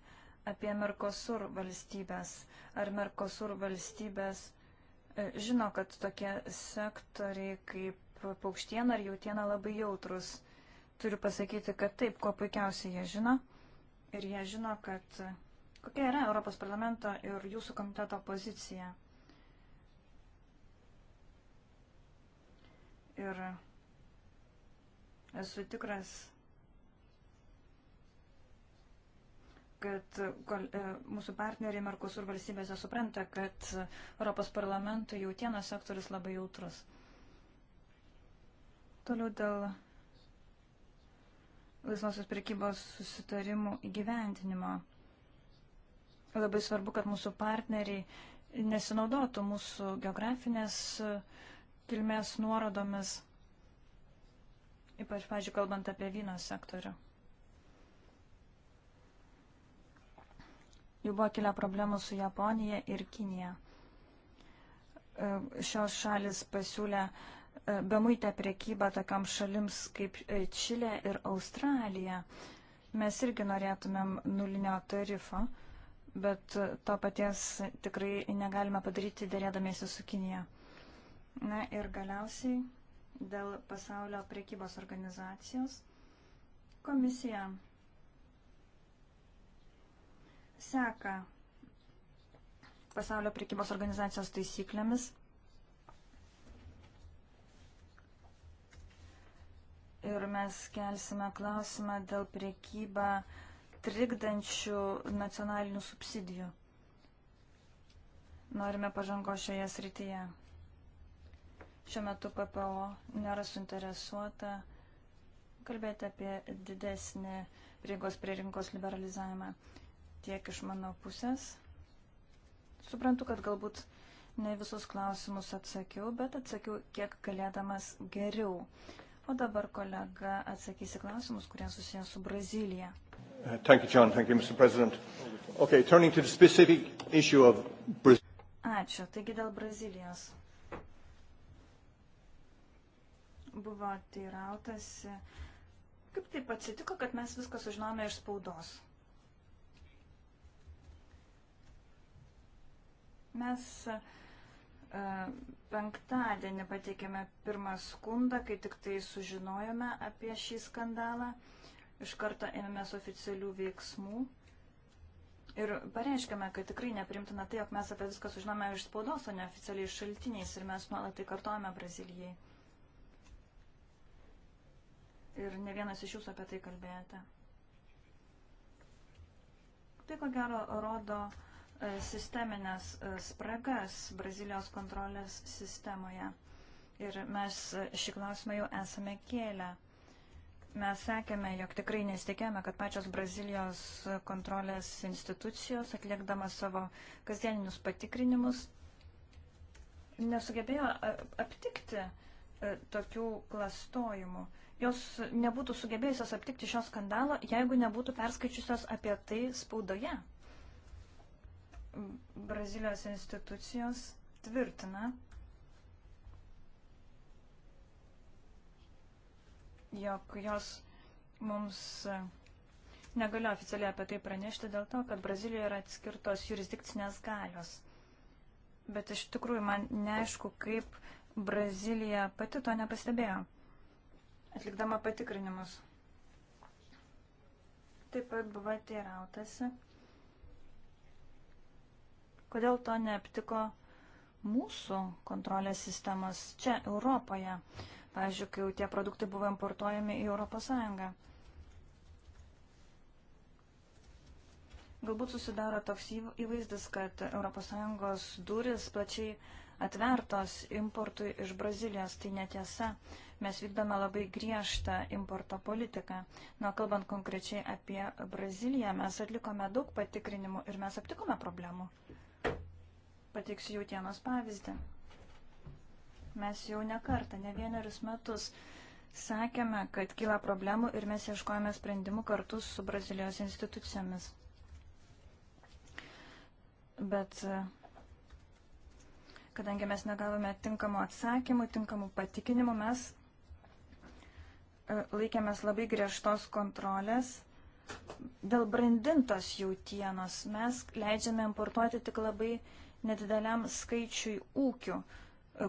S5: apie Merkosur valstybės. Ar Merkosur valstybės e, žino, kad tokie sektoriai kaip paukštiena ar jautiena labai jautrus? Turiu pasakyti, kad taip, kuo puikiausiai jie žino. Ir jie žino, kad Kokia yra Europos parlamento ir jūsų komiteto pozicija? Ir esu tikras, kad e, mūsų partneriai Merkusur valstybėse supranta, kad Europos parlamento jautienos sektoris labai jautrus. Toliau dėl laisvosios prekybos susitarimų įgyventinimo. Labai svarbu, kad mūsų partneriai nesinaudotų mūsų geografinės e, kilmės nuorodomis, ypač, pažiūrėjau, kalbant apie vyno sektorių. Jau buvo kilę problemų su Japonija ir Kinija. E, šios šalis pasiūlė e, bemuitę priekybą tokiam šalims kaip Čilė ir Australija. Mes irgi norėtumėm nulinio tarifo bet to paties tikrai negalime padaryti dėrėdamėsi su Kinija. Na ir galiausiai dėl pasaulio priekybos organizacijos komisija seka pasaulio priekybos organizacijos taisyklėmis. Ir mes kelsime klausimą dėl priekybą uh, trikdančių nacionalinių subsidijų. Norime pažango šioje srityje. Šiuo metu PPO nėra suinteresuota kalbėti apie didesnį prieigos prie rinkos liberalizavimą tiek iš mano pusės. Suprantu, kad galbūt ne visus klausimus atsakiau, bet atsakiau kiek galėdamas geriau. O dabar kolega atsakys į klausimus, kurie susijęs su Brazilija.
S3: Uh, thank you, John. Thank you, Mr. President. Okay, turning to the specific issue of Brazil.
S5: Ačiū. Taigi dėl Brazilijos. Buvo teirautasi, kaip taip atsitiko, kad mes viską sužinome iš spaudos. Mes e, penktadienį pateikėme pirmą skundą, kai tik tai sužinojome apie šį skandalą. Uh, iš karto ėmėmės oficialių veiksmų ir pareiškėme, kad tikrai neprimtina tai, jog mes apie viską sužinome iš spaudos, o ne oficialiai šaltiniais ir mes nuolat tai kartojame Brazilijai. Ir ne vienas iš jūsų apie tai kalbėjote. Tai ko gero rodo e, sisteminės e, spragas Brazilijos kontrolės sistemoje. Ir mes e, šį klausimą jau esame kėlę. Mes sakėme, jog tikrai nesitikėjome, kad pačios Brazilijos kontrolės institucijos, atliekdama savo kasdieninius patikrinimus, nesugebėjo aptikti e, tokių klastojimų. Jos nebūtų sugebėjusios aptikti šio skandalo, jeigu nebūtų perskaičiusios apie tai spaudoje. Brazilijos institucijos tvirtina, jog jos mums e, negaliu oficialiai apie tai pranešti dėl to, kad Brazilijoje yra atskirtos jurisdikcinės galios. Bet iš tikrųjų man neaišku, kaip Brazilija pati to nepastebėjo, atlikdama patikrinimus. Taip pat buvo teirautasi, kodėl to neaptiko mūsų kontrolės sistemos čia Europoje pavyzdžiui, kai tie produktai buvo importuojami į ES. Galbūt susidaro toks įvaizdis, kad ES duris plačiai atvertos importui iš Brazilijos. Tai netiesa. Mes vykdome labai griežtą importo politiką. Nuo kalbant konkrečiai apie Braziliją, mes atlikome daug patikrinimų ir mes aptikome problemų. Pateiksiu jautienos pavyzdį. Mes jau ne kartą, ne vienerius metus sakėme, kad kyla problemų ir mes ieškojame sprendimų kartu su Brazilijos institucijomis. Bet e, kadangi mes negavome tinkamų atsakymų, tinkamų patikinimų, mes e, laikėmės labai griežtos kontrolės. Dėl brandintos jautienos mes leidžiame importuoti tik labai nedideliam skaičiui ūkių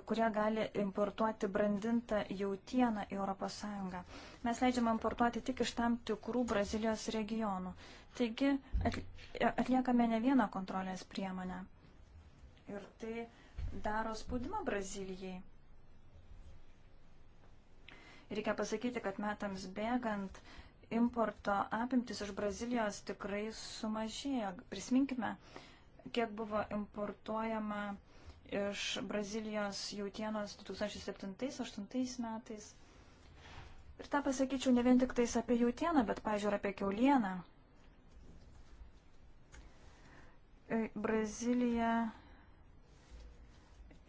S5: kurie gali importuoti brandintą jautieną į ES. Mes leidžiame importuoti tik iš tam tikrų Brazilijos regionų. Taigi atliekame ne vieną kontrolės priemonę. Ir tai daro spaudimą Brazilijai. Reikia pasakyti, kad metams bėgant importo apimtis iš Brazilijos tikrai sumažėjo. Prisiminkime, kiek buvo importuojama uh, iš Brazilijos jautienos 2007-2008 metais. Ir tą pasakyčiau ne vien tik tais apie jautieną, bet, pažiūrėjau, apie keulieną. E, Brazilija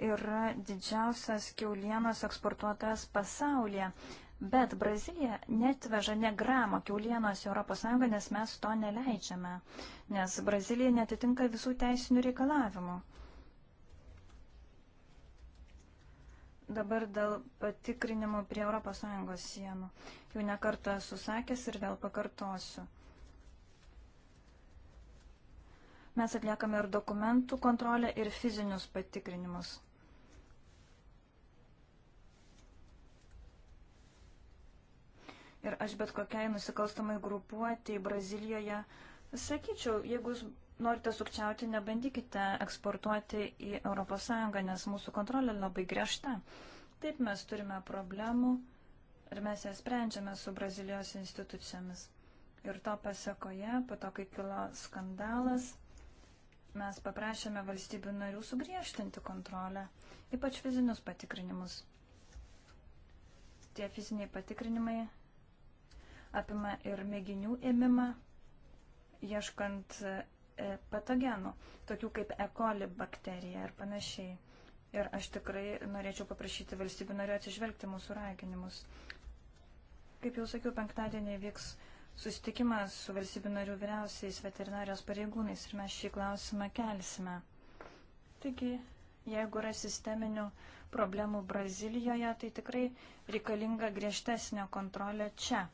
S5: yra didžiausias keulienos eksportuotojas pasaulyje, bet Brazilija netveža ne gramą keulienos į ES, nes mes to neleidžiame, nes Brazilija netitinka visų teisinių reikalavimų. Dabar dėl patikrinimo prie ES sienų. Jau nekartą esu sakęs ir vėl pakartosiu. Mes atliekame ir dokumentų kontrolę, ir fizinius patikrinimus. Ir aš bet kokiai nusikalstamai grupuotėjai Brazilijoje sakyčiau, jeigu jūs norite sukčiauti, nebandykite eksportuoti į ES, nes mūsų kontrolė labai griežta. Taip mes turime problemų ir mes jas sprendžiame su Brazilijos institucijomis. Ir to pasakoje, po to, kai kilo skandalas, mes paprašėme valstybių narių sugriežtinti kontrolę, ypač fizinius patikrinimus. Tie fiziniai patikrinimai apima ir mėginių ėmimą, ieškant E, patogenų, tokių kaip E. coli bakterija ir panašiai. Ir aš tikrai norėčiau paprašyti valstybių narių atsižvelgti mūsų raginimus. Kaip jau sakiau, penktadienį vyks susitikimas su valstybių narių vyriausiais veterinarijos pareigūnais ir mes šį klausimą kelsime. Taigi, jeigu yra sisteminių problemų Brazilijoje, tai tikrai reikalinga griežtesnė kontrolė čia.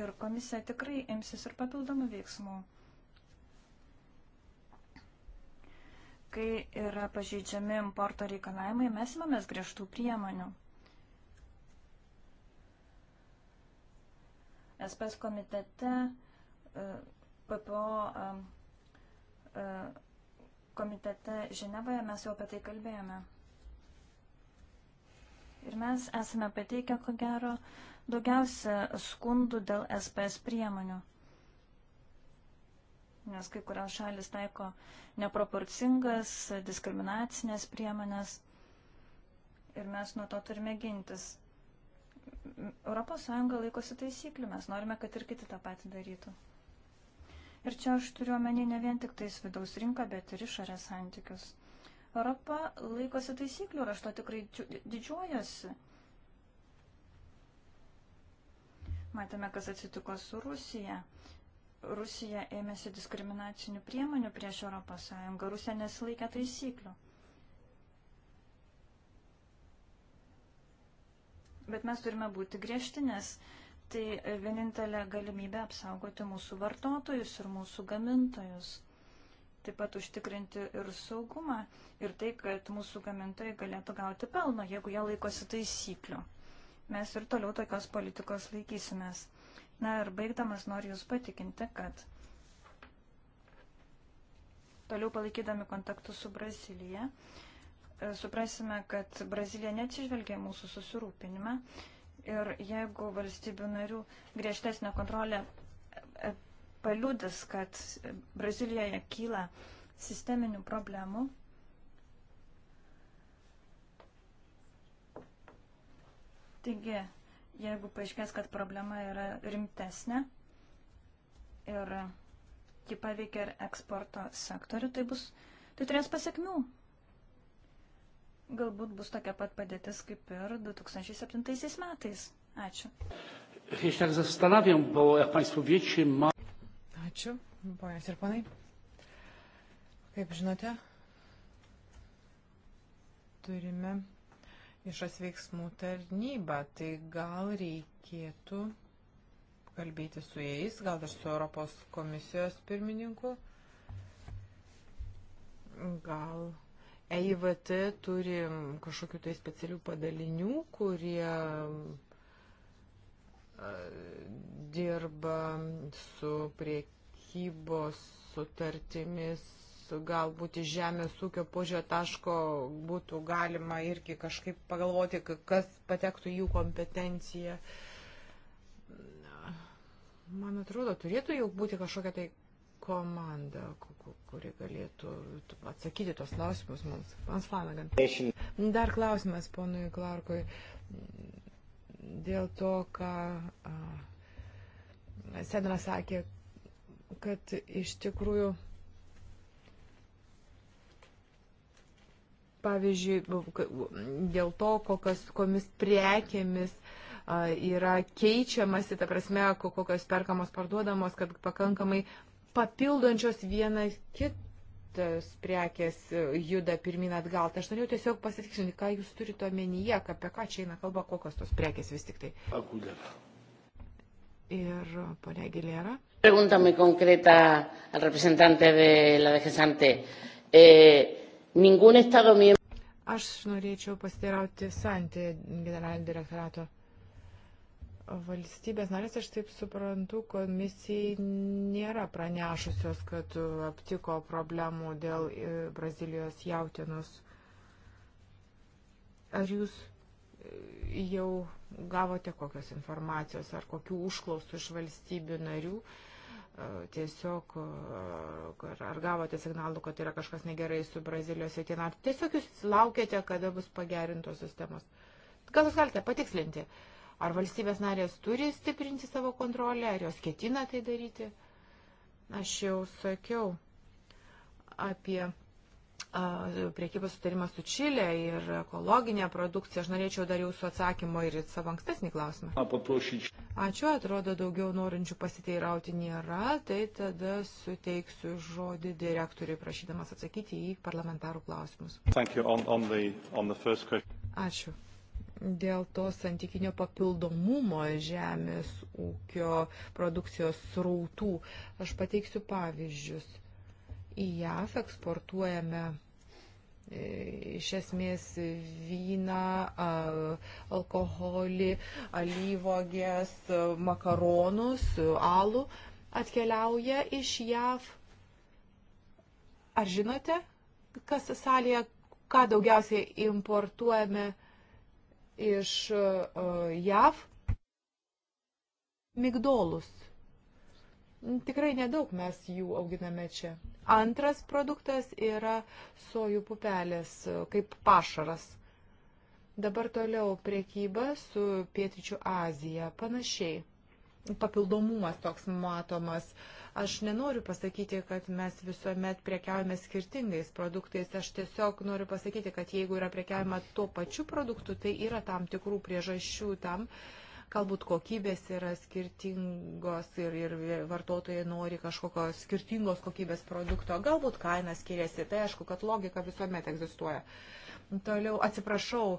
S5: Ir komisija tikrai imsis ir papildomų veiksmų. kai yra pažeidžiami importo reikalavimai, mes imamės griežtų priemonių. SPS komitete, e, PPO e, e, komitete Ženevoje mes jau apie tai kalbėjome. Ir mes esame pateikę, ko gero, daugiausia skundų dėl SPS priemonių nes kai kurios šalis taiko neproporcingas, diskriminacinės priemonės ir mes nuo to turime gintis. ES laikosi taisyklių, mes norime, kad ir kiti tą patį darytų. Ir čia aš turiu omeny ne vien tik tais vidaus rinką, bet ir išorės santykius. Europa laikosi taisyklių ir aš to tikrai didžiuojuosi. Matėme, kas atsitiko su Rusija. Rusija ėmėsi diskriminacinių priemonių prieš ES. Rusija nesilaikė taisyklių. Bet mes turime būti griežti, nes tai vienintelė galimybė apsaugoti mūsų vartotojus ir mūsų gamintojus. Taip pat užtikrinti ir saugumą ir tai, kad mūsų gamintojai galėtų gauti pelno, jeigu jie laikosi taisyklių. Mes ir toliau tokios politikos laikysimės. Na ir baigdamas noriu Jūs patikinti, kad toliau palaikydami kontaktus su Brazilyje, suprasime, kad Brazilija neatsižvelgia mūsų susirūpinimą ir jeigu valstybių narių griežtesnė kontrolė e, e, paliudis, kad Brazilijoje kyla sisteminių problemų, taigi jeigu paaiškės, kad problema yra rimtesnė ir ji paveikia ir eksporto sektorių, tai, bus, tai turės pasiekmių. Galbūt bus tokia pat padėtis kaip ir 2007 metais. Ačiū. Ačiū, ponios ir panai. Kaip žinote,
S4: turime išas veiksmų tarnybą, tai gal reikėtų kalbėti su jais, gal ir su Europos komisijos pirmininku, gal EIVT turi kažkokiu tai specialių padalinių, kurie dirba su priekybos sutartimis galbūt iš žemės ūkio požio taško būtų galima irgi kažkaip pagalvoti, kas patektų jų kompetenciją. Man atrodo, turėtų jau būti kažkokia tai komanda, kuri galėtų atsakyti tos klausimus mums. Pans Flanagan. Dar klausimas ponui Klarkui dėl to, ką Sedra sakė, kad iš tikrųjų pavyzdžiui, dėl to, kokios komis prekėmis yra keičiamasi, ta prasme, kokios perkamos parduodamos, kad pakankamai papildančios viena kitas prekės e, juda pirmin atgal. Tai aš norėjau tiesiog pasitikslinti, ką jūs turite omenyje, apie ką čia eina kalba, kokios tos prekės vis tik tai. Ir ponia Gilera.
S2: Pregunta muy concreta al representante de la DGSANTE. Eh, ningún Estado miembro.
S4: Aš norėčiau pasiteirauti Santė generalinio direktorato valstybės narės, aš taip suprantu, komisijai nėra pranešusios, kad aptiko problemų dėl e, Brazilijos jautienos. Ar jūs e, jau gavote kokios informacijos ar kokių užklausų iš valstybių narių? Uh, tiesiog, ar, ar gavote signalų, kad yra kažkas negerai su Brazilijos vietina, ar tiesiog jūs laukėte, kada bus pagerintos sistemos. Gal jūs galite patikslinti, ar valstybės narės turi stiprinti savo kontrolę, ar jos ketina tai daryti? Aš jau sakiau apie priekybos sutarimas su Čilė ir ekologinė produkcija. Aš norėčiau dar jūsų atsakymo ir savo ankstesnį klausimą. Ačiū, atrodo, daugiau norinčių pasiteirauti nėra, tai tada suteiksiu žodį direktoriui, prašydamas atsakyti į parlamentarų
S3: klausimus. On, on the, on the
S4: Ačiū. Dėl to santykinio papildomumo žemės ūkio produkcijos srautų aš pateiksiu pavyzdžius į JAF eksportuojame E, iš esmės vyną, alkoholį, alyvogės, makaronus, alų atkeliauja iš JAV. Ar žinote, kas salėje, ką daugiausiai importuojame iš JAV? Migdolus. Tikrai nedaug mes jų auginame čia. Antras produktas yra sojų pupelės e, kaip pašaras. Dabar toliau priekyba su Pietričių Azija panašiai. Papildomumas toks matomas. Aš nenoriu pasakyti, kad mes visuomet priekiaujame skirtingais produktais. Aš tiesiog noriu pasakyti, kad jeigu yra priekiaujama tuo pačiu produktu, tai yra tam tikrų priežasčių tam. Uh, galbūt kokybės yra skirtingos ir, ir vartotojai nori kažkokios skirtingos kokybės produkto, galbūt kaina skiriasi, tai aišku, kad logika visuomet egzistuoja. Toliau atsiprašau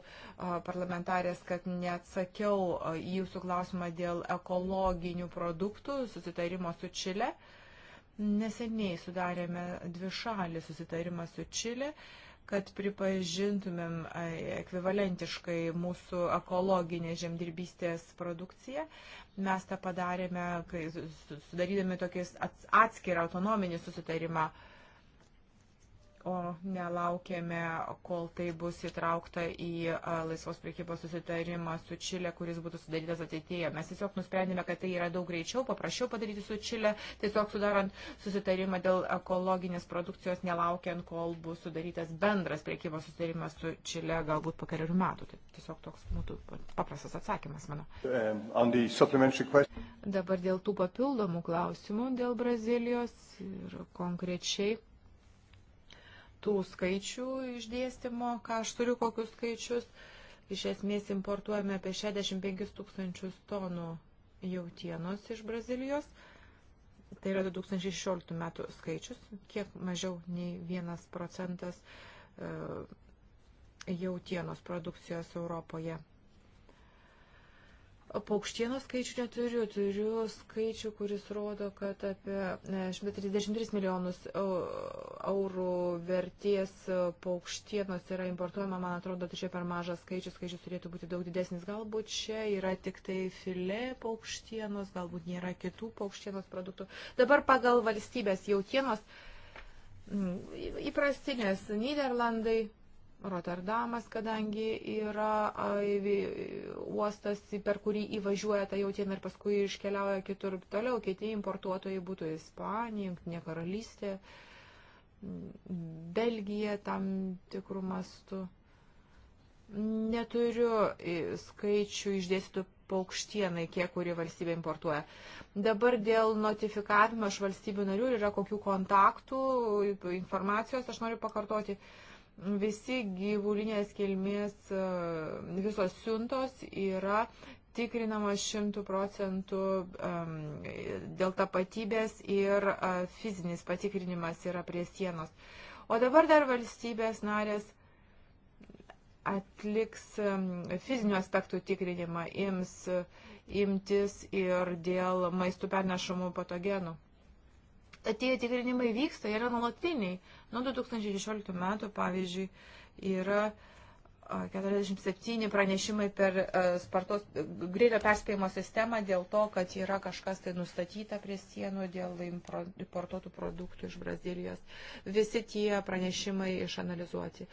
S4: parlamentarės, kad neatsakiau jūsų klausimą dėl ekologinių produktų susitarimo su Čile. Neseniai sudarėme dvi šalį susitarimą su Čilė. Uh, kad pripažintumėm ekvivalentiškai mūsų ekologinę žemdirbystės produkciją. Mes tą padarėme, kai sudarydami tokį atskirą autonominį susitarimą. Uh, o nelaukėme, kol tai bus įtraukta į laisvos priekybos susitarimą su Čilė, kuris būtų sudarytas ateityje. Mes tiesiog nusprendėme, kad tai yra daug greičiau, paprasčiau padaryti su Čilė, tiesiog sudarant susitarimą dėl ekologinės produkcijos, nelaukiant, kol bus sudarytas bendras priekybos susitarimas su Čilė, galbūt po keliarių metų. Tai tiesiog toks būtų paprastas atsakymas mano.
S3: Um,
S4: Dabar dėl tų papildomų klausimų dėl Brazilijos ir konkrečiai tų skaičių išdėstimo, ką aš turiu, kokius skaičius. Iš esmės importuojame apie 65 tūkstančius tonų jautienos iš Brazilijos. Tai yra 2016 metų skaičius, kiek mažiau nei 1 procentas e, jautienos produkcijos Europoje. Paukštienos skaičių neturiu, turiu skaičių, kuris rodo, kad apie 133 e, milijonus eurų vertės paukštienos yra importuojama, man atrodo, tai čia per mažas skaičius, skaičius turėtų būti daug didesnis. Galbūt čia yra tik tai filė paukštienos, galbūt nėra kitų paukštienos produktų. Dabar pagal valstybės jautienos įprastinės Niderlandai Rotterdamas, kadangi yra uostas, per kurį įvažiuoja ta jautiena ir paskui iškeliauja kitur toliau, kiti importuotojai būtų Ispanija, Junktinė karalystė, Belgija tam tikrų mastų. Neturiu skaičių išdėstytų paukštienai, kiek kuri valstybė importuoja. Dabar dėl notifikavimo iš valstybių narių yra kokių kontaktų, informacijos, aš noriu pakartoti. Uh, Visi gyvulinės kilmės e, visos siuntos yra tikrinama šimtų procentų dėl tapatybės ir e, fizinis patikrinimas yra prie sienos. O dabar dar valstybės narės atliks fizinių aspektų tikrinimą, ims imtis ir dėl maistų pernešamų patogenų tie tikrinimai vyksta, yra nuolatiniai. Nuo 2016 metų, pavyzdžiui, yra 47 pranešimai per spartos greito perspėjimo sistemą dėl to, kad yra kažkas tai nustatyta prie sienų dėl importuotų produktų iš Brazilijos. Visi tie pranešimai išanalizuoti.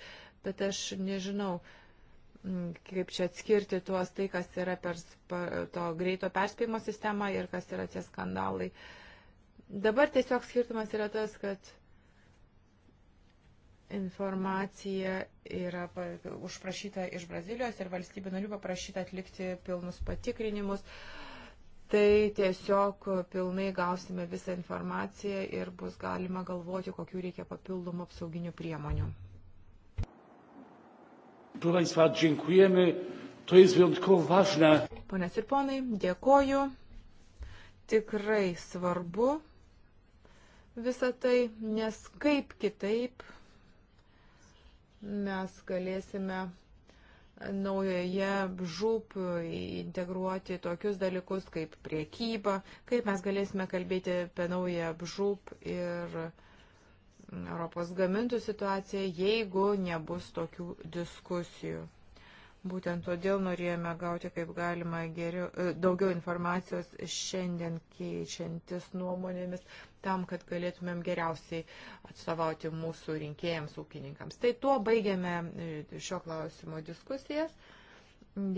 S4: Bet aš nežinau, kaip čia atskirti tuos tai, kas yra per to greito perspėjimo sistemą ir kas yra tie skandalai. Uh, Dabar tiesiog skirtumas yra tas, kad informacija yra užprašyta iš Brazilijos ir valstybių narių paprašyta atlikti pilnus patikrinimus. Tai tiesiog pilnai gausime visą informaciją ir bus galima galvoti, kokiu reikia papildomų apsauginių priemonių. Ponas ir ponai, dėkoju. Tikrai svarbu visą tai, nes kaip kitaip mes galėsime naujoje žūp integruoti tokius dalykus kaip priekyba, kaip mes galėsime kalbėti apie naują žūp ir Europos gamintų situaciją, jeigu nebus tokių diskusijų. Būtent todėl norėjome gauti kaip galima geriau, daugiau informacijos šiandien keičiantis nuomonėmis tam, kad galėtumėm geriausiai atstovauti mūsų rinkėjams, ūkininkams. Tai tuo baigiame e, šio klausimo diskusijas.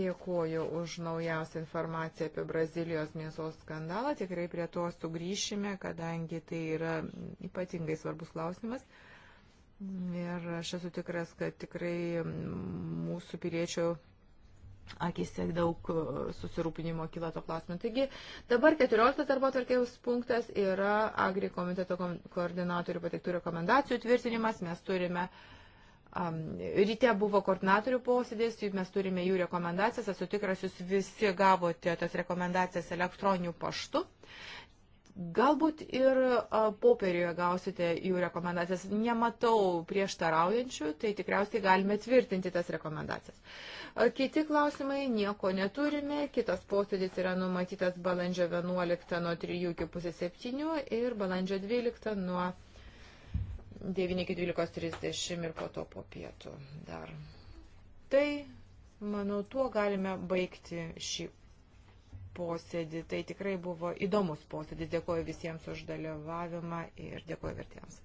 S4: Dėkuoju už naujausią informaciją apie Brazilijos mėsos skandalą. Tikrai prie to sugrįšime, kadangi tai yra ypatingai svarbus klausimas. Ir aš esu tikras, kad tikrai mūsų piliečių akise daug e, susirūpinimo kilo to klausimu. Taigi dabar 14 darbo tvarkėjus punktas yra Agri komiteto koordinatorių pateiktų rekomendacijų tvirtinimas. Mes turime um, Ryte buvo koordinatorių posėdės, tai mes turime jų rekomendacijas, esu tikras, jūs visi gavote tas rekomendacijas elektroniniu paštu. Galbūt ir popieriuje gausite jų rekomendacijas. Nematau prieštaraujančių, tai tikriausiai galime tvirtinti tas rekomendacijas. Kiti klausimai nieko neturime. Kitas posėdis yra numatytas balandžio 11 nuo 3 iki pusės 7 ir balandžio 12 nuo 9 iki 12.30 ir po to po pietų dar. Tai, manau, tuo galime baigti šį posėdį. Tai tikrai buvo įdomus posėdis. Dėkuoju visiems už dalyvavimą ir dėkuoju vertėjams.